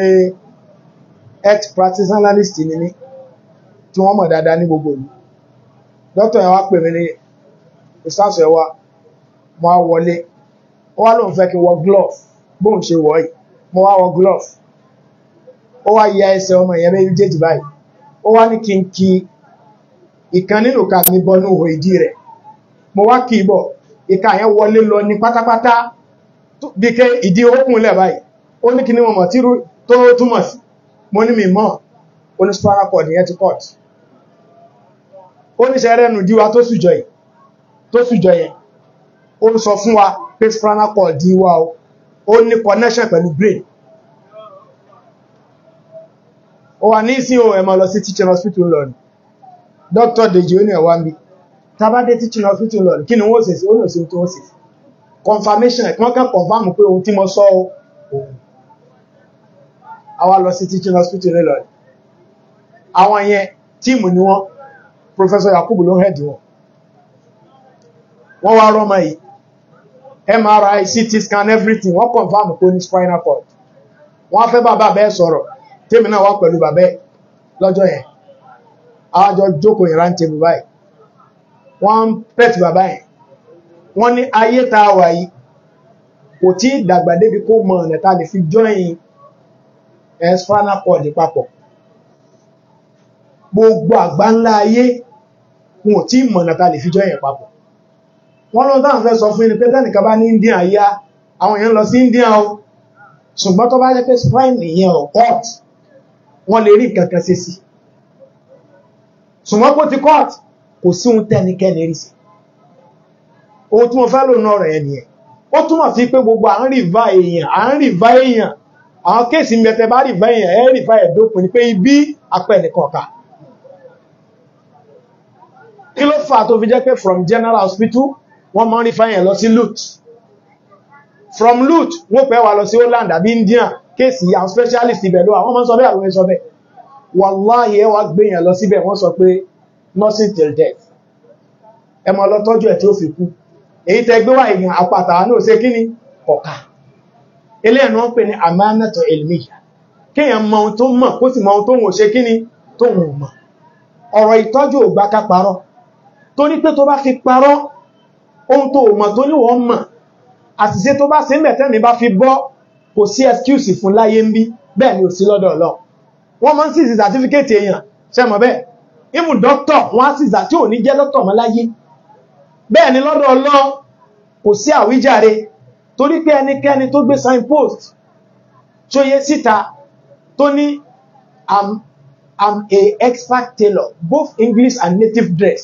ex practice analyst ni mí tí wọ́n mọ̀ dáadáa ní gbogbo ìlú dókítà yẹn wá pè mí ní ìsáàsọ̀ ẹ̀wà mo á wọlé ó wá lóun fẹ́ kí n wọ glove bóun ṣe wọ̀ yìí mo wá wọ glove ó wá ya ẹsẹ̀ ọmọ ìyẹn méjèèjì báyìí ó wá ní kí n kí ìkan nínú ka mi bọnú ihò ìdí rẹ̀ mo wá kì í ìka yẹn wọlé lọ ní pátápátá bí ké ìdí ókùnlẹ̀ báyìí ó ní kí ni mo mọ̀ tí tó túmọ̀ sí mo ní mi mọ̀ ó ní spinal cord yẹn ti cord ó ní sẹ́rẹ́ nù díwa tó sùjọ yìí tó sùjọ yẹn ó ń sọ fún wa pé spinal cord díwa o ó ní connection pẹ̀lú brain ó wà ní ìsìn o ẹ máa lọ sí teaching hospital lọ́nìí Doctor deji ó ní ẹ̀wà ń bí tabade teaching hospital lọ kí ni wọ́n ṣe sí ó ní òsì tó ṣe confirmation ẹ̀ wọ́n kàn confirm pé ohun tí mo sọ ọ́ àwa lọ sí teaching hospital lọ àwọn yẹn tíìmù ni wọ́n professor yakubu ló head wọn wọ́n wá rọ́mọ yìí MRI CT scan everything wọ́n confirm pé ó ní spinal cord wọ́n á fẹ́ bàbá bẹ́ẹ̀ sọ̀rọ̀ tèmi náà wá pẹ̀lú bàbá lọ́jọ́ yẹn àwájọ jókòó ìran tèbù báyìí wọ́n ń pẹ̀tì bàbá yẹn wọ́n ní ayé tá a wà yìí kò tí dàgbà débi kó mọ ọ̀nà tá a lè fi jọ́yìn spinal cord papọ̀ gbogbo àgbá ayé wọn ò tí mọ ọ̀nà lè fi jọ́yìn papọ̀ wọ́n lọ táwọn fẹ́ sọ fún yín pé tẹ́nìkan bá ní India yá àwọn èèyàn lọ sí India o ṣùgbọ́n tó bá jẹ́ pé spine ìyẹn ọ̀ cut wọ́n lè rí nǹkan kan ṣe sí i ṣùgbọ́n kó ti court kò sí ohun tẹ́nikẹ́ni rí sí ohun tí wọ́n fẹ́ lò náà rẹ̀ nìyẹn ó túmọ̀ sí pé gbogbo à ń rìvá èèyàn à ń rìvá èèyàn àwọn kéèsì mẹ́tẹ́ bá rìvá èèyàn ẹ̀ rìvá ẹ̀ ni pé ibi apẹ́ nìkan ọ̀ka kí ló fà tó fi jẹ́ pé from general hospital wọ́n máa ń rí fáyẹn lọ sí lute from loot wọ́n pẹ́ wà lọ sí holland àbí india kéèsì àwọn specialist ibẹ̀ ló wà wọ́n sọ bẹ́ẹ̀ àwọn ẹ̀ sọ bẹ́ẹ̀ wàláyé ẹ wá gbéyàn lọ síbẹ̀ wọ́n sọ pé nursing till death ẹ máa lọ tọ́jú ẹ̀ tí ó fi kú èyí tẹ́ gbé wá èèyàn àpàtà náà ṣe kí ni ọ̀ka eléyàn náà ń pè ní amánàtọ̀ elmiya kéèyàn mọ ohun tó mọ̀ kó sì mọ ohun tóun ò ṣe kí ni tóun ò mọ̀ ọ̀rọ̀ ìtọ́jú ò gbà ká parọ́ torí pé tó bá fi parọ́ ohun tó mọ̀ tó ní wọ́n mọ̀ àṣìṣe tó bá ṣe ń bẹ̀tẹ́ mi bá fi bọ́ kò sí excuse fún láyé ń bí bẹ́ẹ̀ ni ò sí lọ́dọ̀ Ọlọ́run wọ́n máa ń sí certificate èèyàn sẹ́mọ̀ bẹ́ẹ̀ even doctor wọ́n á sì zà tí ò ní jẹ́ doctor mọ́ láyé bẹ́ẹ̀ ni lọ́dọ̀ Ọlọ́run kò sí àwíjàre torí pé ẹnikẹ́ni tó gbé signpost tó yẹ síta tó ní am a expert tailor both English and native dress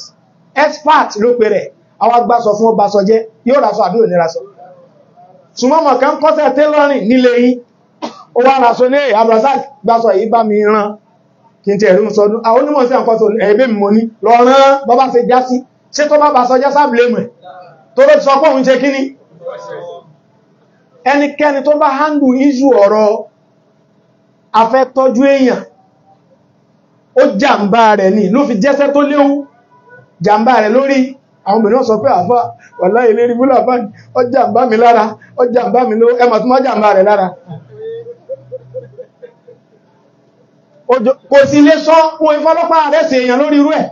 expert ló pe rẹ̀ àwọn agbásọ fún ọba sọ jẹ́ yóò rásọ àbí ò ní rásọ ṣùgbọ́n mọ̀kàn kọ́sẹ̀ tailoring nílé yìí ó wá ra sọ ní ẹ̀yà Abdulrasaq gbásọ yìí bá mi rán kí n tẹ̀ rí sọdún àwọn onímọ̀ sí àkọ́ tó ẹ̀ẹ́bẹ̀ mi mo ní lọ rán bọ́bá ṣe já sí ṣé tó bá bá sọ já sábìlẹ̀mù ẹ̀ tó ló ti sọ pé òun ṣe kíní ẹnikẹ́ni tó bá handle ní àwọn obìnrin sọ pé àfá wà láyé lérí búlà báyìí ó jàmbá mi lára ó jàmbá mi ló ẹmà tó má jàmbá rẹ̀ lára kò sí lé sọ wo ìfọ́lọ́pàá rẹ̀ sí èèyàn lórí irú ẹ̀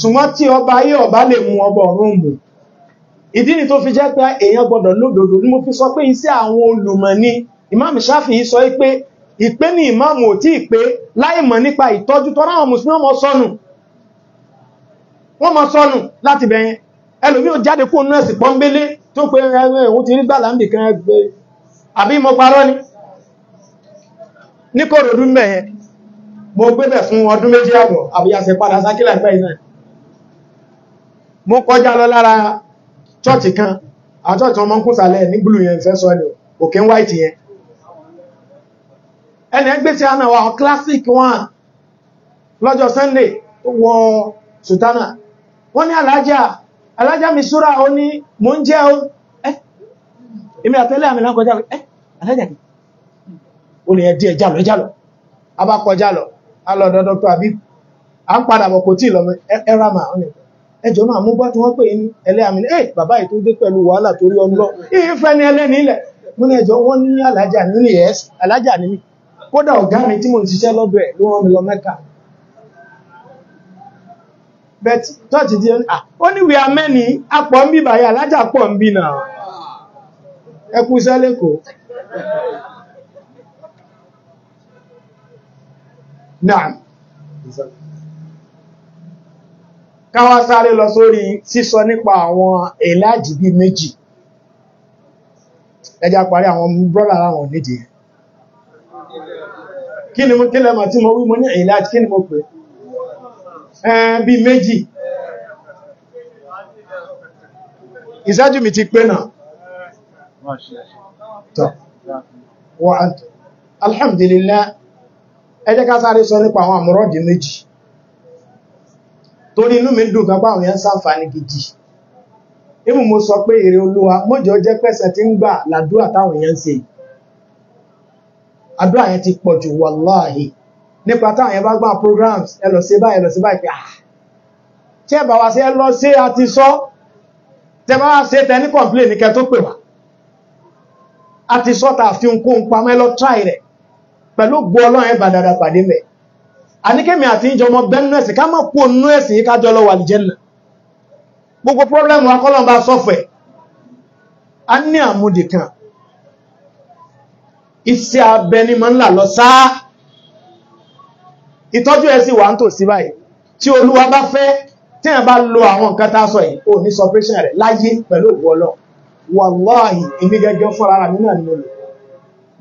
ṣùgbọ́n tí ọba ayé ọba lè mú ọba ọ̀run mú ìdí ni tó fi jẹ́ pé èèyàn gbọ́dọ̀ lódodo ni mo fi sọ pé iṣẹ́ àwọn olùmọ̀ ni ìmáàmù Ṣáfi'í sọ pé ìpé ni ìmáàmù ò tí ìpé láìmọ̀ nípa ìtọ́jú tọ́rọ àwọn mùsùlùmí ọmọ sọnù wọ́n mọ sọnù láti bẹ̀yẹn ẹlòmí ò jáde kó nọ́ọ̀sì pọ́ńbélé tó pé ẹ̀rẹ́ òun ti rí gbàlá ń bì kan ẹgbẹ́ àbí mo parọ́ ni ní Kòròdú mẹ́yẹn mo gbébẹ̀ fún ọdún méjì àbọ̀ àbúyàsẹ̀ padà sákílà ìpẹ́ iná mo kọjá lọ lára chọ́ọ̀tì kan àtọ́ọ̀tì ọmọ kúsàlẹ̀ ní blue yẹn fẹ́ sọ ni òkè ń white yẹn ẹni ẹgbẹ́sẹ̀ àná wa classic one lọ́jọ́ Sunday tó wọ sultana wọ́n ní alájá alájá mi súra ó ní mò ń jẹ́ ó ẹ́ olè yẹn díẹ̀ jálọ jálọ a bá kọjá lọ a dr ń padà bọ̀ kò tí ì lọ ẹra mà ọ́n ẹjọ́ máa mú bá tí wọ́n pè ní ẹlẹ́àmì ní ẹ̀ bàbá yìí tó dé pẹ̀lú wàhálà ọmọ ni ẹlẹ́ni ilẹ̀ mú ní ẹjọ́ wọ́n ní alájà nílé ẹ̀ẹ́s alájà ní mi kódà ọ̀gá mi tí mo ti ṣiṣẹ́ lọ́dọ̀ ẹ̀ ló rán mi lọ نعم. káwá sáré lọ sórí sísọ nípa àwọn èláàjì bí méjì ẹjá parí àwọn brọ́dà láwọn nídìí kí ni mo kílẹ̀ mà tí mo wí mo ní èláàjì kí ni mo pè bí méjì ìṣẹ́jú mi ti pé náà alhamdulillah ẹ ká sáré sọ nípa àwọn méjì torí inú mi ń dùn kan àwọn yẹn gidi mo sọ pé èrè olúwa mọ́jọ jẹ́ pẹ́sẹ̀ tí ń gbà làdúrà táwọn èèyàn ń àdúrà yẹn ti pọ̀ jù wàláhì nípa táwọn yẹn bá programs ẹ lọ báyìí lọ báyìí pé a ah, sọ tẹ bá wá tẹ ní sọ tà fi pẹ̀lú gbọ́ ọlọ́run ẹ̀ bàdàdà pàdé mẹ́ àníkẹ́mi àti ìjọmọ bẹ́nu ẹ̀sìn ká mọ̀ kú ònú ẹ̀sìn yìí kájọ lọ́wọ́ àlìjẹ́nà gbogbo pọ́blẹ́mù akọ́lọ́n bá sọ́fẹ̀ a ní àmúdì kan iṣẹ́ abẹ ni mọ́ ńlá lọ sáá ìtọ́jú ẹ̀ sì wà ń tò sí báyìí tí olúwa bá fẹ́ tí a bá lo àwọn nǹkan tá a sọ yìí ò ní sọpẹ́ṣẹ̀ rẹ̀ láyé pẹ̀lú òwú ọlọ́run wàláhì èmi fọ́ra ara mi náà ni mo lò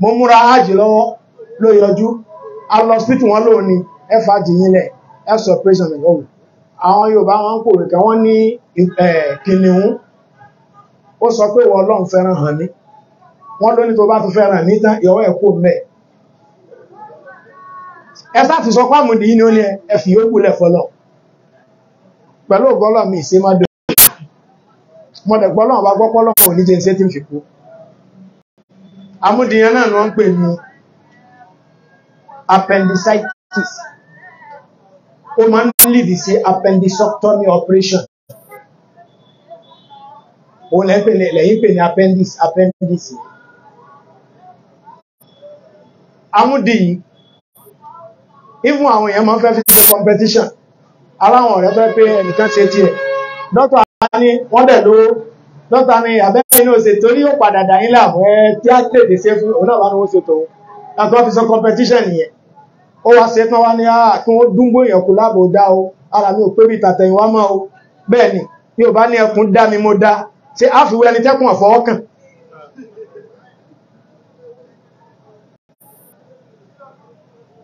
mo múra ájì lọ́wọ́ ló yọjú a lọ hospital wọn lóò ní ẹfà jìyìnlẹ̀ ẹfà operation ọ̀hún àwọn Yorùbá wọn ń pò rẹ̀ wọ́n ní kìnìún ó sọ pé wọ́n Ọlọ́run fẹ́ràn hàn ní wọ́n ló ní tó bá tún fẹ́ràn ní tán ìyọwọ́ ẹ̀kọ́ mẹ́ ẹ sá ti sọ pàmùdì yìí ni ó ní ẹ fi yóò gbúlẹ̀ fọlọ́ pẹ̀lú ògbọ́lọ̀ mi ìṣe má dò mọ̀dẹ̀ gbọ́lọ̀ wá gbọ́pọ́lọ̀ kò ní jẹ́ ìṣe tí ń fi kú àmúdìyàn náà ni wọ́n ń pè ní appendicitis ó máa ń lìdí sí appendicectomy operation òun lẹ́yìn pè ní appendix appendix amúdí yìí even àwọn èèyàn máa ń fẹ́ competition ara àwọn ọ̀rẹ́ fẹ́ pé ẹnìkan ṣe tiẹ̀ dọ́tọ̀ àbá ní wọ́n do? lówó dọ́tọ̀ ní àbẹ́rẹ́ inú ọ̀sẹ̀ torí ó padà dà yín láàmú ẹ tí á tètè ṣe fún òun náà bá àti wọ́n fi sọ competition yẹn ó wá ṣe tán wá ní àà ah, kí wọ́n dúngbò èèyàn kú láàbò dá o ara mi ò pé bí tàtẹ̀yìnwá mọ́ o bẹ́ẹ̀ ni yóò bá ní ẹkùn dá mi mo dá ṣe àfiwé ẹni tẹ́kùn àfọwọ́kàn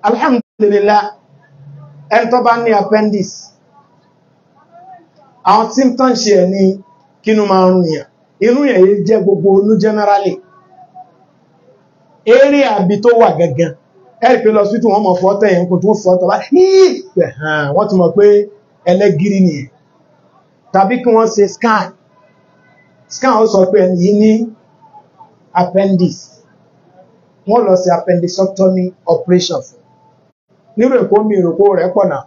alhamdulillah ẹni tó bá ní appendix àwọn symptoms ẹ̀ ní kínú máa ń rùn yàn inú yẹn jẹ́ gbogbo onú generally eré àbí tó wà gangan ẹ̀rì pé lọ sí tún wọ́n mọ̀ fọ́tẹ̀ yẹn kò tún fọ́tọ̀ bá yíìpẹ̀ hàn wọ́n ti mọ̀ pé ẹlẹ́gìrì nìyẹn tàbí kí wọ́n ṣe scan scan ó sọ pé ẹni ní appendix wọ́n lọ sí appendicectomy operation fún nírò èkó mi ìròkó rẹ̀ pọ̀ náà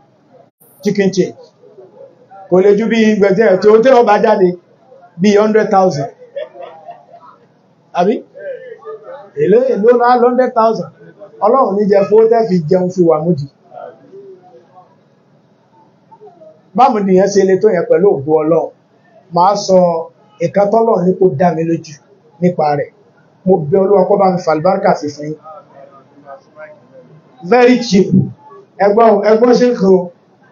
chicken change kò lè ju bí gbẹ̀dẹ̀ tí ó tẹ́ ọba jáde bí 100,000 àbí èlé èló náà hundred thousand ọlọ́run ní jẹ fún tẹ́ fi jẹun fi wà múdì báwo ni yẹn ṣe lè tó yẹn pẹ̀lú ògbó ọlọ́run máa sọ ìkan tọ́lọ̀ ní kó dá mi lójú nípa rẹ̀ mo bẹ̀ olúwa kó bá mi fàlùbáríkà sí fún very cheap ẹgbọ́n ẹgbọ́n ṣe kò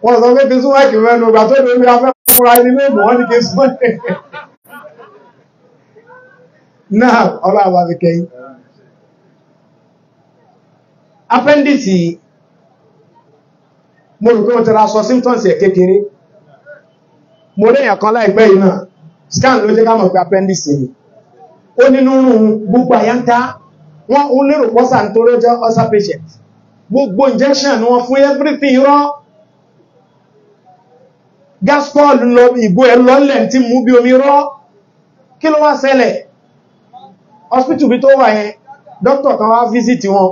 wọ́n sọ pé kí n súnmọ́ kì mẹ́nu ìgbà tó lórí afẹ́ fúnra ẹni lóògùn wọ́n ní kí n súnmọ́ náà ọlọ́run wa fi kẹ́yìn appendicitis yìí mo rò pé wọ́n ti ra sọ symptoms ẹ̀ kékeré mo réyàn kan láìpẹ́ yìí náà scan ló jẹ́ ká mọ̀ pé appendicitis yìí ó nínú rún gbogbo àyántá wọ́n ń lérò pọ́sà nítorí jẹ́ ulcer patient gbogbo injection ni wọ́n fún everything rọ́ gaspol lọ ìgò ẹ̀ lọ́lẹ̀ tí mú bí omi rọ́ kí ló wá ṣẹlẹ̀ hospital bí tó wà yẹn doctor kan wá visit wọn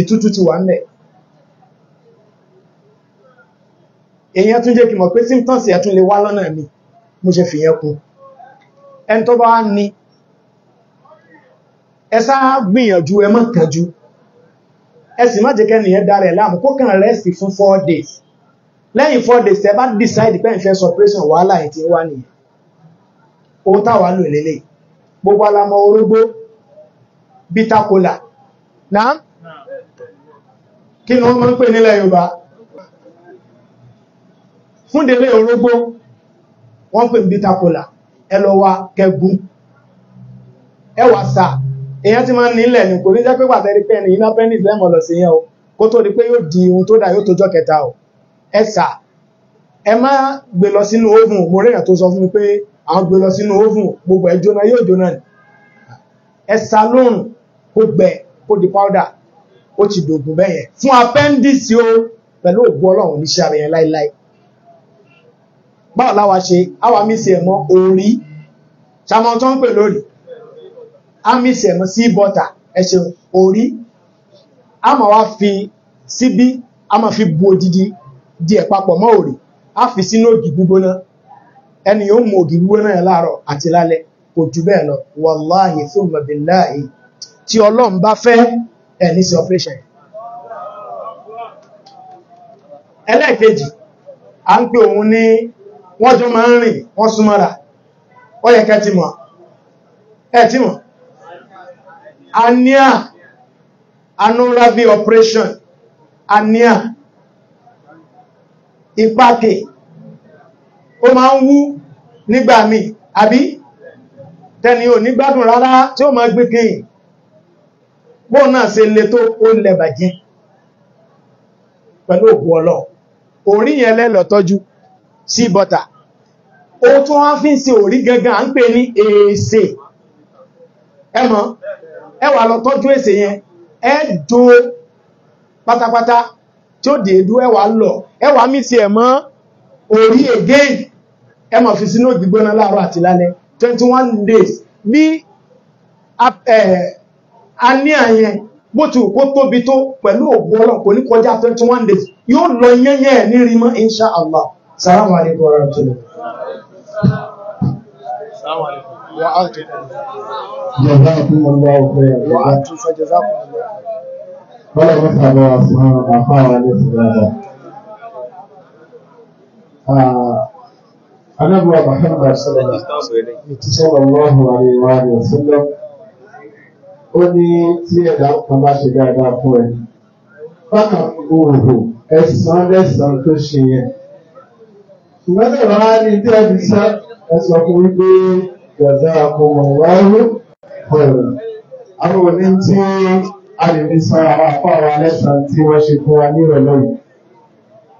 ètútù ti wà ńlẹ̀ èyàn tún jẹ́ kí mọ̀ pé symptoms yà tún lè wá lọ́nà mi mo ṣe fi yẹn kún ẹni tó bá ní ẹ sá gbìyànjú ẹ má kánjú ẹ sì má jẹ́ kẹ́ nìyẹn darẹ̀ láàmú kó kàn rest fún 4 days lẹ́yìn 4 days ẹ bá decide pé ìfẹ́ suppression wàhálà ẹ̀ ti wá nìyẹn ohun táwa lò lélẹ̀ gbogbo alamọ orógbó bitter cola náà kí ni wọ́n mọ́ ń pè nílẹ̀ Yorùbá fún délé orógbó wọ́n pè ń bí takola ẹlọ́wà kẹgún ẹwà sà èyàn ti máa ń nílẹ̀ ní kò ní jẹ́ pé pàtẹ́ rí pẹ́ẹ̀nì iná pẹ́ẹ̀nì lẹ́mọ̀ lọ sí yẹn o kó tó di pé yóò di ohun tó dà yóò tó jọ kẹta o ẹ sà ẹ má gbé lọ sínú oven mo réyàn tó sọ fún mi pé àwọn gbé lọ sínú oven gbogbo ẹ jóná yóò jóná ẹ sà lóòrùn kó gbẹ kó di powder ó ti dògùn bẹ́yẹn fún apẹ́ndìsì o pẹ̀lú ògùn ọlọ́run oníṣẹ́ ara yẹn láíláí báwo láwa ṣe àwa mísì ẹ̀mọ́ orí ṣàmọ́ tó ń pè lórí a mísì ẹ̀mọ́ sí bọ́tà ẹ̀ṣẹ̀ orí a máa wá fi síbí a máa fi bu odidi díẹ̀ papọ̀ mọ́ orí a fi sínú ògì gbígbóná ẹni yóò mú ògì gbígbóná yẹn láàárọ̀ àti lálẹ́ kò jù bẹ́ẹ̀ lọ wàláhì fún mọ̀bìláhì tí ọlọ́run bá fẹ́ ẹ̀ ní sí operation ẹlẹ́ẹ̀kejì a ń pè òun ní wọ́n jọ máa ń rìn wọ́n súnmọ́ra ó yẹ kẹ́ ti mọ̀ ẹ̀ operation Ania. ìpàkè ó máa ń wú nígbà míì àbí tẹni ò ní gbádùn rárá tí ó máa gbé kéyìn bóun náà ṣe le tó ó lẹ bàjẹ́ pẹ̀lú òkú ọlọ́ orí yẹn lẹ́lọ tọ́jú sí bọ́tà ó tún wá fi ń ṣe orí gangan à ń pè ní èsè ẹmọ́ ẹwà lọ tọ́jú èsè yẹn ẹjọ pátápátá tí ó dèédú ẹwà lọ ẹwà mí sí ẹ̀mọ́ orí again ẹmọ̀ fi sínú ògbígbóná láàárọ̀ àti lálẹ́ 21 days bí a ní àyẹn bó ti òkó tóbi tó pẹ̀lú ògbó ọlọ́ kò ní kọjá 21 days yóò lọ yẹ́yẹ́ ẹ̀ ní rí mọ́ insha Allah salamu alaikum ah, wa rahmatullah Bọ́lá mọ́ta lọ àfihàn ọmọ fáwọn ní ìfìdádà. Anábúwa Muhammad sallallahu alaihi wa sallam ó ní tí ẹ̀dá kan bá ṣe dáadáa fún ẹ bákan òhò ẹ̀sán lẹ́sàn tó ṣe yẹn ṣùgbọ́n tí ìwà ní tí ẹbí sá ẹ̀sán fún wípé gbàdá àkọmọ̀ wáyé pẹ̀lú àwọn òní tí a lè fi san àwọn apá wa lẹ́sàn tí wọ́n ṣe fún wa ní ìrọ̀lẹ́ yìí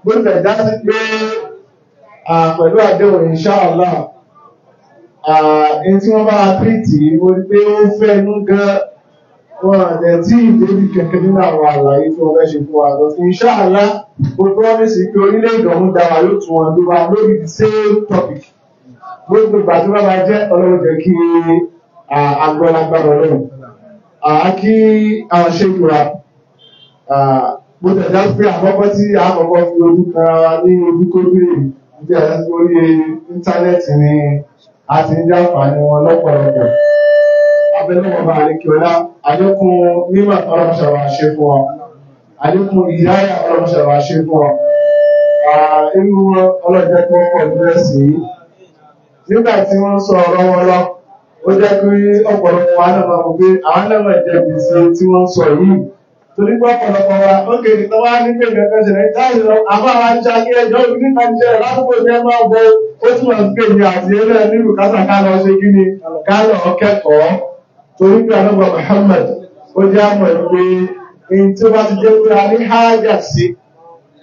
bó tilẹ̀ dá sí pé pẹ̀lú àdéhùn inshallah ẹni tí wọ́n bá tírìtì ó rí pé ó fẹ́ nú gan-an wọn àdẹ̀ tí ìdébì kẹ̀kẹ́ nínú àwọn àlàyé tí wọ́n fẹ́ ṣe fún wa lọ sí iṣẹ́ àlá mo promise pé orílẹ̀-èdè ọ̀hún da wa yóò tún wọn ló wa lórí the same topic gbogbo ìgbà tí wọ́n bá jẹ́ ọlọ́run jẹ́ kí agbọ́lágbára ọlọ́run àákí àwọn ṣèkúra mo tẹ̀dá pé àkọ́kọ́ tí àkọ́kọ́ fi ojú kan a ti ń jàǹfààní wọn lọ́pọ̀lọpọ̀ abẹ́lẹ́wọ̀n bá àríkìọ́lá àlékún mímọ̀ ọlọ́mọṣàwà ṣe fún ọ àlékún ìyáyà ọlọ́mọṣàwà ṣe fún ọ irú ọlọ́jẹ́ tó pọ̀ lẹ́sì yìí nígbà tí wọ́n sọ ọ̀rọ̀ wọn lọ ó jẹ́ pé ọ̀pọ̀lọpọ̀ wa náà mọ̀ pé àwọn náà mọ̀ jẹ́ gbèsè tí wọ́n sọ yìí torí pé ọ̀pọ̀lọpọ̀ wa ó kéde tó wá ní pé ìgbẹ́kẹ̀ ṣẹlẹ̀ táyì lọ àmọ́ àwọn ajá kí ẹjọ́ ìlú nípa jẹ́ lásìkò ní máa bọ ó túmọ̀ sí pé ìyá àti ẹlẹ́ẹ̀ nílùú kásà ṣe kí ni ká lọ torí pé àlọ́gbà Muhammad ó jẹ́ àmọ̀ ìwé in tí ó bá ti jẹ́ pé a ní hájà sí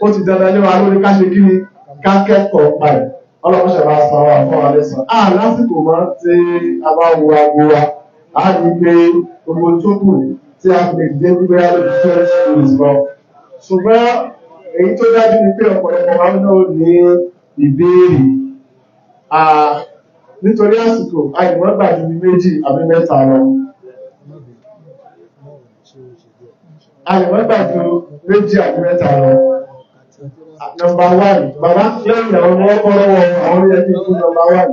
ó ti dandan ní lórí ká kí ni ká kẹ́kọ̀ọ́ pa ẹ̀ ọlọ́run ṣẹ̀bá san wa fún wa lẹ́sàn-án. a lásìkò máa ń tí a bá wo aago wa a ní pé gbogbo tó kù tí a lè dé gbígbé alójú twenty minutes lọ. ṣùgbọ́n èyí tó dájú ni pé ọ̀pọ̀lọpọ̀ wa náà ní ìbéèrè nítorí àsìkò àìmọ́gbà níbi méjì àbí mẹ́ta lọ àìmọ́gbà ju méjì àbí mẹ́ta lọ nọmba wáìn bàbá lẹ́yìn àwọn ọmọ ọkọ̀rọ̀wọ̀ àwọn yẹ kí n fún nọmba wáìn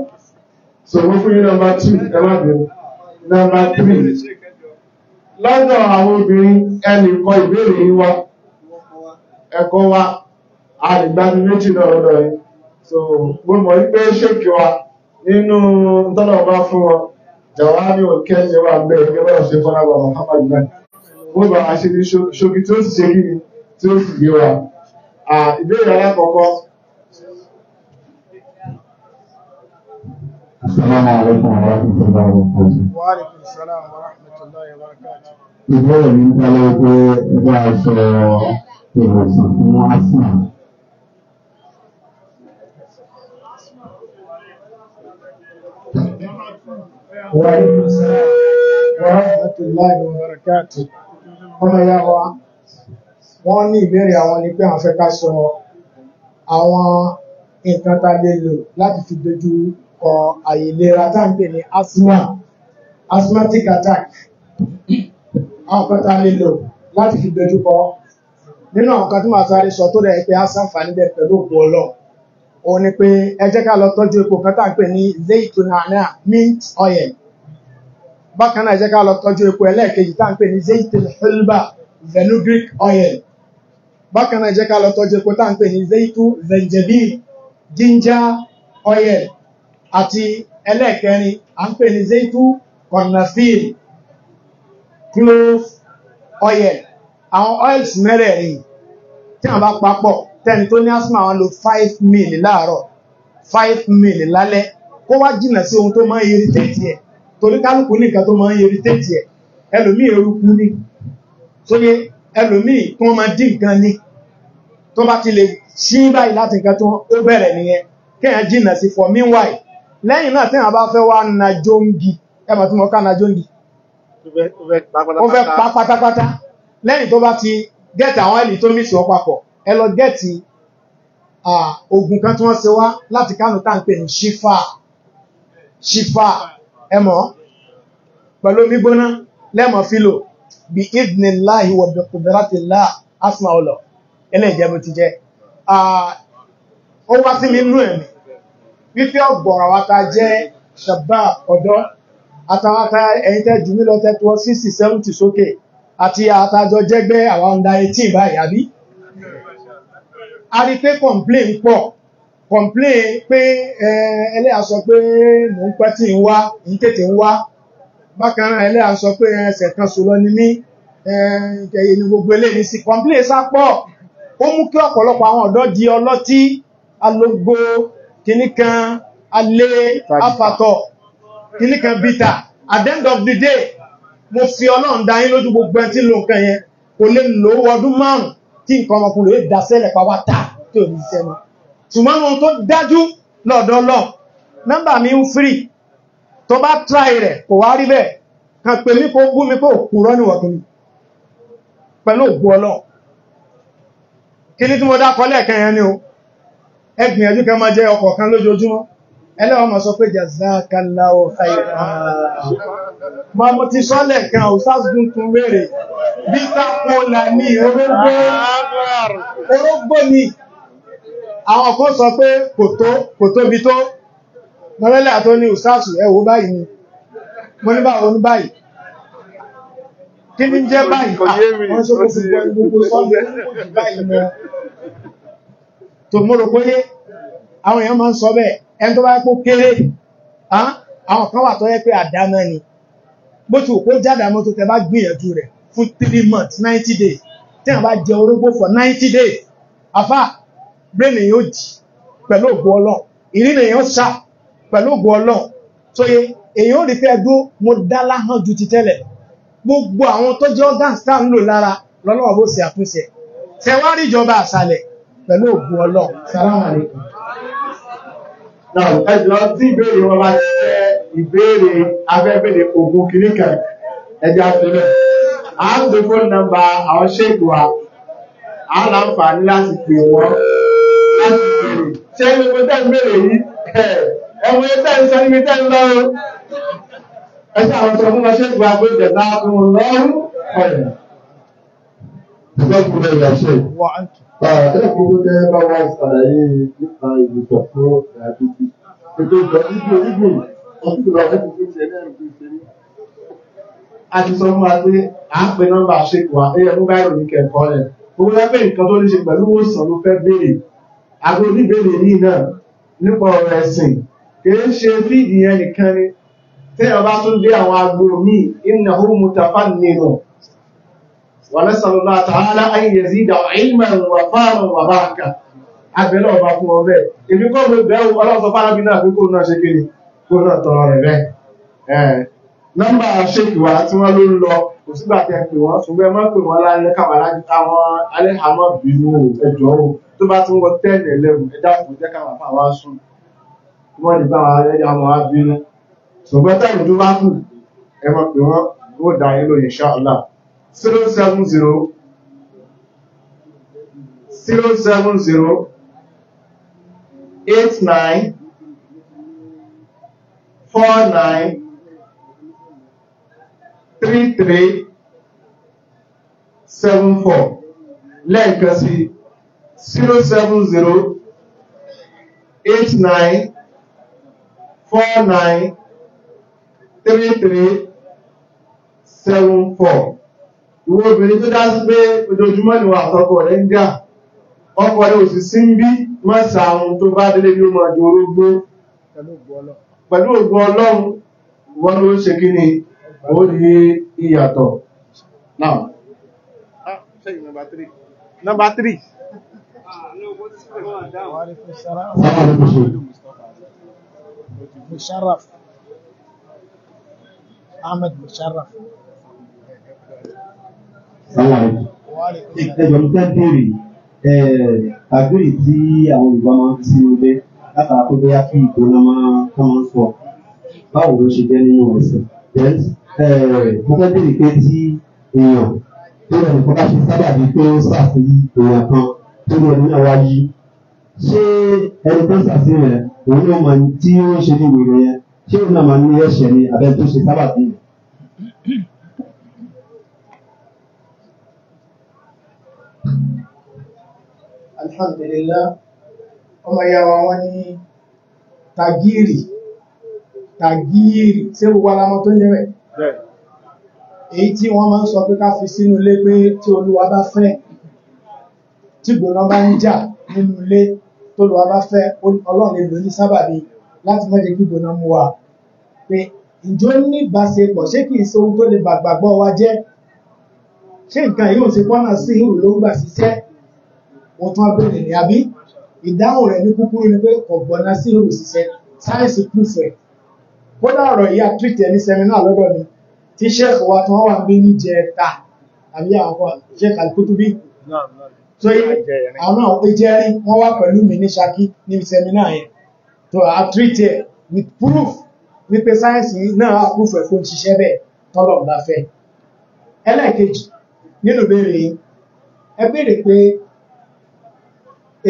sọ̀rọ̀ fún yín nọmba tù ẹ má bẹ̀rù nọmba tírì lọ́dọ̀ àwọn obìnrin ẹnì kọ ìbéèrè yín wá ẹ̀kọ́ wa àrìgbani méjì náà lọ́dọ̀ yín so mo mọ̀ wípé ṣèkí wa nínú tọ́lọ̀ bá fún ọ jàwá ní òkè ní wà bẹ́ẹ̀ gẹ́gẹ́ bá ṣe fọ́nà wà Muhammad náà ó bá a ṣe ní ṣókí tí ó sì ṣe kí ni tí ó sì yé wa ìbéèrè alákọ̀ọ́kọ́. Assalamu alaikum wa rahmatullahi wa barakatuh. Wa alaikum salam wa rahmatullahi wa Ìbéèrè mi ń tẹ́lẹ̀ pé ẹgbẹ́ àṣọ ìwòsàn fún àṣìyàn. وعليكم السلام ورحمة الله وبركاته ọmọ ìyá wa wọ́n ní ìbéèrè àwọn ni pé àwọn fẹ́ ká sọ àwọn nǹkan tá lè lò láti fi dojú kọ àìlera tá ń pè ní asthma asthmatic attack àwọn kan tá lè lò láti fi dojú kọ nínú àwọn kan tí màá sáré sọ tó rẹ̀ pé a ṣàǹfààní bẹ̀ pẹ̀lú òkú ọlọ́run òun ni pé ẹ jẹ́ ká lọ tọ́jú epo kan tá ń pè ní zeytunana mint oil bákan náà ẹ jẹ́ ká lọ tọ́jú epo ẹlẹ́ẹ̀kejì tá ń pè ní zeytun hulba fenugreek oil bákan náà ẹ jẹ́ ká lọ tọ́jú epo tá à ń pè ní zeytun zenjabil ginger oil àti ẹlẹ́ẹ̀kẹrin à ń pè ní zeytun cornafil clove oil àwọn oils mẹ́rẹ̀ẹ̀rin tí wọ́n bá papọ̀ tẹ́ni tó ní asthma wọn lo five mil láàárọ̀ five mil lálẹ́ kó wá jìnnà sí ohun tó máa ń irritate ẹ̀ torí kálukú ní nǹkan tó máa ń irritate ẹ̀ ẹlòmíì eruku ní sóyè ẹlòmíì tó máa dín nǹkan ní tó bá ti lè ṣí báyìí láti nǹkan tó ó bẹ̀rẹ̀ nìyẹn kéèyàn jìnnà sí for meanwhile lẹ́yìn náà téèyàn bá fẹ́ wá na jóńgì ẹ mọ̀ tí mo ká na jóńgì ó fẹ́ pa pátápátá lẹ́yìn tó bá ti gẹ́tà àwọn ẹ̀lì tó mìsì ọ papọ̀ ẹ lọ gẹ́ẹ̀tì oògùn kan tí wọ́n ṣe wá láti Kánò tá à ń pè ní ṣífà ṣífà ẹ pẹ̀lú omi lẹ́mọ̀ fílò bí idnillahi wa bi qudratillah asma ọlọ̀ ilé ìjẹ́bù ti jẹ́ ó wá sí mi nú ẹ̀mí wípé ọ̀gbọ̀rọ̀ àwátá jẹ́ ṣàbá ọ̀dọ́ àtàwátá ẹ̀yìn tẹ́ jù mí lọ tẹ́ tó 60 70 sókè àti àtàjọ jẹ́gbẹ́ àwọn ọ̀ndà 18 báyìí àbí a rí pé complain pọ̀ complain pé ẹlẹ́yà sọ pé mò ń pẹ́ tí ń wá ń tètè ń wá bákan náà ẹlẹ́yà sọ pé ẹsẹ̀ kan sọ lọ ni mí ẹ̀yẹ ni gbogbo eléyìí sí complain sá pọ̀ ó mú kí ọ̀pọ̀lọpọ̀ àwọn ọ̀dọ́ di ọlọ́tí alógbó kìníkan alé afàtọ̀ kìníkan bítà at the end of the day mo fi ọlọ́run dá yín lójú gbogbo ẹ̀ tí lò nǹkan yẹn kò lè lò ó ọdún márùn-ún tí nǹkan ọmọkùnrin lè dá sẹ́lẹ̀ pa wá tà tó ní iṣẹ́ mọ́ ṣùgbọ́n ohun tó dájú lọ́dọ̀ lọ nọ́mbà mi ń fírì tó bá try rẹ̀ kò wá rí bẹ́ẹ̀ kan pè mí kó bú mi kó kúrọ́ níwọ̀n kìíní pẹ̀lú ògbó ọlọ́ kí ní tí mo dákọ lẹ́ẹ̀kan yẹn ni o ẹ gbìyànjú kẹ́ máa jẹ ọkọ̀ kan lójoojúmọ́ ẹlẹ́wọ̀n máa sọ pé jazakallahu khairan ma mo ti sọ́lẹ̀ kan òsásgún tún mẹ́rẹ̀ bí sápọ́lá ní orógbó orógbó ni àwọn kan sọ pé kò tó kò tóbi tó mọ́lẹ́lẹ́ àtọ́ ní òsásù ẹwọ báyìí ni mo ní báwọn ní báyìí kí ní jẹ́ báyìí ah, wọ́n ṣe kò fún gbogbo sọ́lẹ̀ tó mọ́rò pé àwọn èèyàn máa ń sọ bẹ́ẹ̀ ẹni tó bó ti wù kó jáde àmọ́ tó tẹ bá gbìyànjú rẹ̀ fún three months ninety days tí wọ́n bá jẹ orógbó for ninety days àfà brain yóò jì pẹ̀lú ògbó ọlọ́run ìrìnà èèyàn sá pẹ̀lú ògbó ọlọ́run tó yẹ èèyàn rí fẹ́ dó mo dá láhàn ju ti tẹ́lẹ̀ gbogbo àwọn tó jẹ́ organs tá à ń lò lára lọ́lọ́wọ́ bó ṣe àtúnṣe ṣe wá rí ìjọba àṣàlẹ̀ pẹ̀lú ògbó ọlọ́run sálámà lẹ́kọ̀ọ́. náà ẹ̀jọ̀ ìbéèrè wọn bá ti fẹ́ ìbéèrè afẹ́bẹ̀rẹ̀ ogun kìríkà ẹja sílẹ̀. A ń tó fóònù nọ́mbà àwọn ṣéèkù wa, a ń láǹfààní láti pè wọ́n láti bèrè. Ṣé gbogbo tẹ́ ń bèrè yìí? Ẹ̀wọ̀n yẹn tẹ́ ń sọ níbi tẹ́ ń lọ. Ẹ ṣe àwọn sọ fún wọn ṣéèkù wa pé jẹ̀dá tó ń lọ́rùn ọ̀yàn. Ìjọba ìgbà ṣe. Ẹ̀ẹ́dẹ́gbẹ̀rún tẹ́ bá wá ìsàlàyé nípa ìbùsọ̀ fún ìdàgbàsókè. Ètò ìgbà ìgbò ìgbò a ti sọ fún wa pé à ń pe nọ́mbà ṣèkù wa ẹ̀yẹ mú báyìí ní kẹ̀kọ́ rẹ̀ owó lábẹ́ nǹkan tó ní ṣe pẹ̀lú òsàn ló fẹ́ béèrè àgbo oníbèrè yìí náà nípa ọ̀rọ̀ ẹ̀sìn kìí ṣe fíìdì yẹn nìkan ni téèyàn bá tún dé àwọn agbo míì iná ó mú tafa nínú wà lẹ́sàn-án lọ́la tààlà ayẹyẹ sí ìdá ìmọ̀ wà fáàrùn wà bá kó náà tọrọ rẹ̀ bẹ́ẹ̀ nọ́mbà ṣéèkì wa tí wọ́n ló ń lọ kò sígbà tẹ́ pè wọ́n ṣùgbọ́n ẹ má pè wọ́n lálẹ́ káwọn àwọn alẹ́ àmọ́ bínú ẹjọ́ o tó bá tún wọ ten eleven ẹ dákun jẹ́ káwọn àfa wa sùn wọ́n lè bá wọn lẹ́yìn àwọn wa bínú ṣùgbọ́n táyì tó bá kù ẹ má pè wọ́n ó dà yín lóye ṣáàlà zero seven zero zero seven zero eight nine four nine three three seven four lẹ́ẹ̀kan sí zero seven zero eight nine four nine three three seven four ìwọ obìnrin tó dá sí pé ojoojúmọ́ ni wà àtọkọ rẹ̀ ń jà ọkọ rẹ̀ ò sì sí ń bí mọ́sàn-án tó bá délé ní ó máa di orógbó pẹ̀lú ògbọ́ ọlọ́run wọ́n ló ṣe kí ni ó rí ìyàtọ̀ náà ah, number three Musharraf Ahmed Musharraf Ẹgbẹ̀rún tẹ́ bèèrè àgbèrè tí àwọn Yorùbá máa ń fi sí ilé látara pé bóyá kí ìgbóná máa ń sọ báwo ló ṣe jẹ́ nínú ẹ̀sìn mo fẹ́ bèrè pé tí èèyàn tó rẹ̀ nǹkan bá ṣe sábà bíi pé ó ṣàfihàn èèyàn kan tó rẹ̀ nínú wa yí ṣé ẹni tó ń ṣàfihàn rẹ̀ òun náà máa tí ó ń ṣe ní ìwé rẹ̀ yẹn ṣé òun náà máa ní ẹ̀ṣẹ̀ ni abẹ́ tó ṣe sábà bíi. alhamdulillah ọmọ ìyá wa wọ́n ní tagiri tagiri tí ó wà lámọ́ tó jẹ́ rẹ̀ èyí tí wọ́n máa ń sọ pé ká fi sínú ilé pé tí olúwa bá fẹ́ tí gbóná bá ń jà nínú ilé tó lọ́wọ́ bá fẹ́ ọlọ́run lè lò ní sábàbí láti má jẹ́ kí gbóná mú wa pé ìjọ ní ìbáṣepọ̀ ṣé kìí ṣe ohun tó lè bàgbàgbọ́ wa jẹ́ ṣé nǹkan yìí ṣe pọ́nà sí ìrù ló ń gbà ṣiṣẹ́ wọ́n tún á ní àbí ìdáhùn rẹ̀ ní kúkúrú ni pé ọ̀gbọ̀n Nasiru òṣìṣẹ́ sáyẹ́ǹsì púfẹ̀ kódà ọ̀rọ̀ yìí àtúntì ẹni sẹ́mínà lọ́dọ̀ mi tí sheikh wa tí wọ́n wà ní ní jẹta àbí àwọn sheikh al-Kutubi tó yí àwọn ìjẹrin wọ́n wá pẹ̀lú mi ní Ṣakí ní sẹ́mínà yẹn tó àtúntì ẹ̀ with proof wípé sáyẹ́ǹsì náà àpúfẹ̀ fún ṣiṣẹ́ bẹ́ẹ̀ tọ́lọ̀ bá fẹ́ ẹlẹ́ẹ̀kejì nínú béèrè yìí ẹ béèrè pé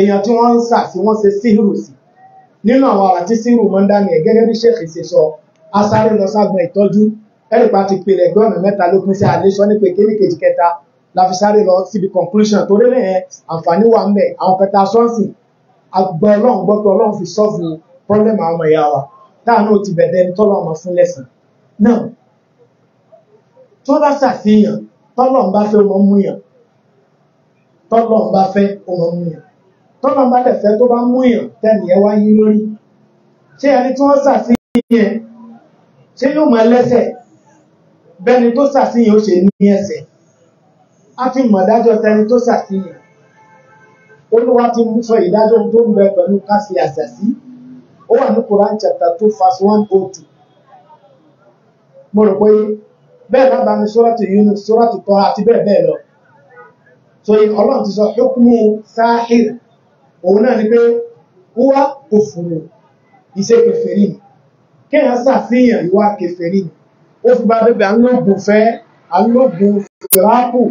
èèyàn tí wọ́n ń sà sí wọ́n ṣe síhìrù sí nínú àwọn àrà tí síhìrù máa ń dá nìyẹn gẹ́gẹ́ bí ṣèkì ṣe sọ asáré lọ ságbọn ìtọ́jú ẹ̀rìpá ti pèrè ẹgbẹ́ ọ̀nà mẹ́ta ló pín sí àdéṣọ́ ní pé kéwì kejì kẹta la sáré lọ síbi conclusion torí lẹ́yìn àǹfààní wà ń bẹ àwọn kẹta sọ́ọ̀sì àgbà ọlọ́run gbọ́ pé ọlọ́run fi sọ́ọ̀fù pọ́blẹ́mù àwọn ọmọ ìyá wa táàánú ti bẹ̀dẹ̀ ní tọ́lọ́ ọmọ fún lẹ́sìn náà tó bá ṣàfihàn tọ́lọ́ ń bá fẹ́ ọmọ mú yàn tọ́lọ́ ń bá fẹ́ ọmọ mú yàn tọ́lọ̀ bá dẹ̀ fẹ́ tó bá mú èèyàn tẹ́nì ẹ wá yí lórí ṣé ẹni tí wọ́n sàṣìyàn ṣé yóò mọ ẹlẹ́sẹ̀ bẹ́ni tó sàṣìyàn ó ṣe ní ẹsẹ̀ á ti mọ̀ dájọ́ tẹni tó sàṣìyàn olúwa ti mú sọ ìdájọ́ tó ń bẹ pẹ̀lú káṣí àṣàṣì ó wà ní Quran chapter two verse one oh two mo rò pé bẹ́ẹ̀ bá bá ní sóràtù Yunus sóràtù Taha àti bẹ́ẹ̀ bẹ́ẹ̀ lọ so ọlọ́run ti sọ hukumu sáhìrì òun náà ni pé wúwá kò fòrò iṣẹ́ kèfèrí ni kéèyàn ṣàfihàn ìwà kèfèrí ni ó fi bá bẹ́bẹ̀ alógun fẹ́ alógun fẹ́ráàpù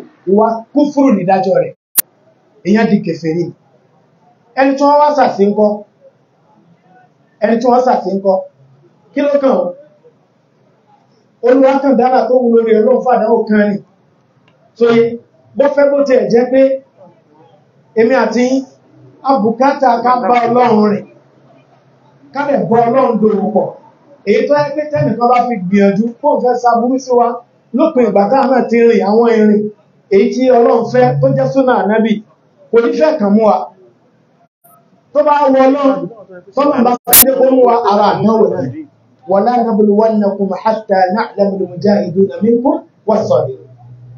nídájọ́ rẹ̀ èèyàn di kèfèrí ni ẹni tí wọ́n wá ṣàfihàn ẹni tí wọ́n ṣàfihàn kí ló kàn olùwákan dára tó wù lórí ọlọ́run fàdánwò kan ni tó yẹ bó fẹ́ bó tiẹ̀ jẹ́ pé èmi àti yín abùkátà ká bá ọlọ́run rìn ká lè bọ́ ọlọ́run dòwò pọ̀ èyí tó yẹ pé tẹ́nìkan bá fi gbìyànjú kó fẹ́ saburú sí wa lópin ìgbà táwọn náà ti rìn àwọn ìrìn èyí tí ọlọ́run fẹ́ tó jẹ́ súnà ànábì kò ní fẹ́ kàn mú wa tó bá wọ ọlọ́run tọ́lá bá fẹ́ dé kó mú wa ara àdánwò yìí wala nabluwannakum hatta na'lamul mujahidina minkum was-sabirin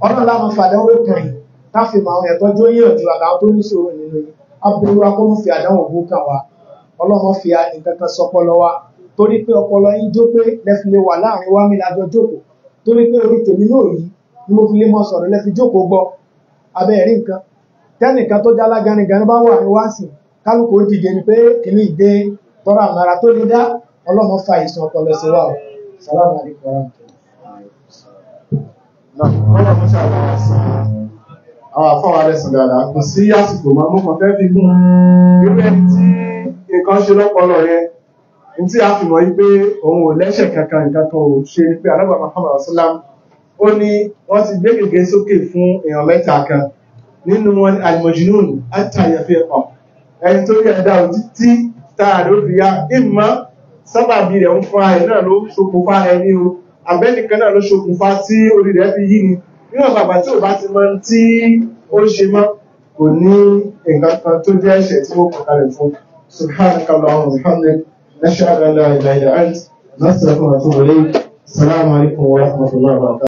ọlọ́run láwọn fàdánwò kàn yìí ká àwọn ẹ̀tọ́jú yíyànjú àtàwọn tó ní ṣòro nínú yìí abẹ́rúwa kó fi àdánwò bú kàn wá ọlọ́run fi nǹkan kan sọpọlọ wa torí pé ọpọlọ yín jó pé lẹ́fìlẹ̀ wà láàrin wá mi lájọ jókòó torí pé orí tèmi náà yìí ni mo fi lè mọ sọ̀rọ̀ lẹ́fi jókòó gbọ́ abẹ́ ẹ̀rí nǹkan tẹ́nìkan tó jálá ganigani bá wà ní wáàsì kálukú ó dìde ni pé kìíní ìdè tọ́ra àmàrà tó ní dá ọlọ́run fa ìsàn ọpọlọ sí wa o sàlámù àríkọ̀ọ́rọ̀ nǹkan àwọn afọ́wà lẹ́sùn dáadáa kò sí àsìkò máa mú kan fẹ́ fi kún irú ẹni tí nǹkan ṣe lọ́pọlọ yẹn ní tí a fi mọ̀ yí pé òun ò lẹ́ṣẹ̀ kankan nǹkan kan ò ṣe ni pé alábàá Muhammad rasulam ó ní wọ́n ti gbé gègé sókè fún èèyàn mẹ́ta kan nínú wọn ni alimọ̀jìnún àtàyẹ̀fẹ́ ọ̀ ẹni tó yẹ dá ojú tí tára ló fi ya ìmọ̀ sábàbí rẹ̀ ń fún ara ẹ̀ náà ló ṣokùnfà ẹni o àbẹ́nìkan náà ló ṣokùnfà tí orí rẹ̀ fi yí ni níwọ̀n bàbá tí ò bá ti mọ tí ó ṣe mọ́ kò ní nǹkan kan tó jẹ́ ẹ̀ṣẹ̀ tí ó kọ̀ kalẹ̀ fún subhanaka Allahumma wa bihamdik nashhadu an la ilaha illa ant nastaghfiruka wa natubu ilayk assalamu alaykum wa rahmatullahi wa barakatuh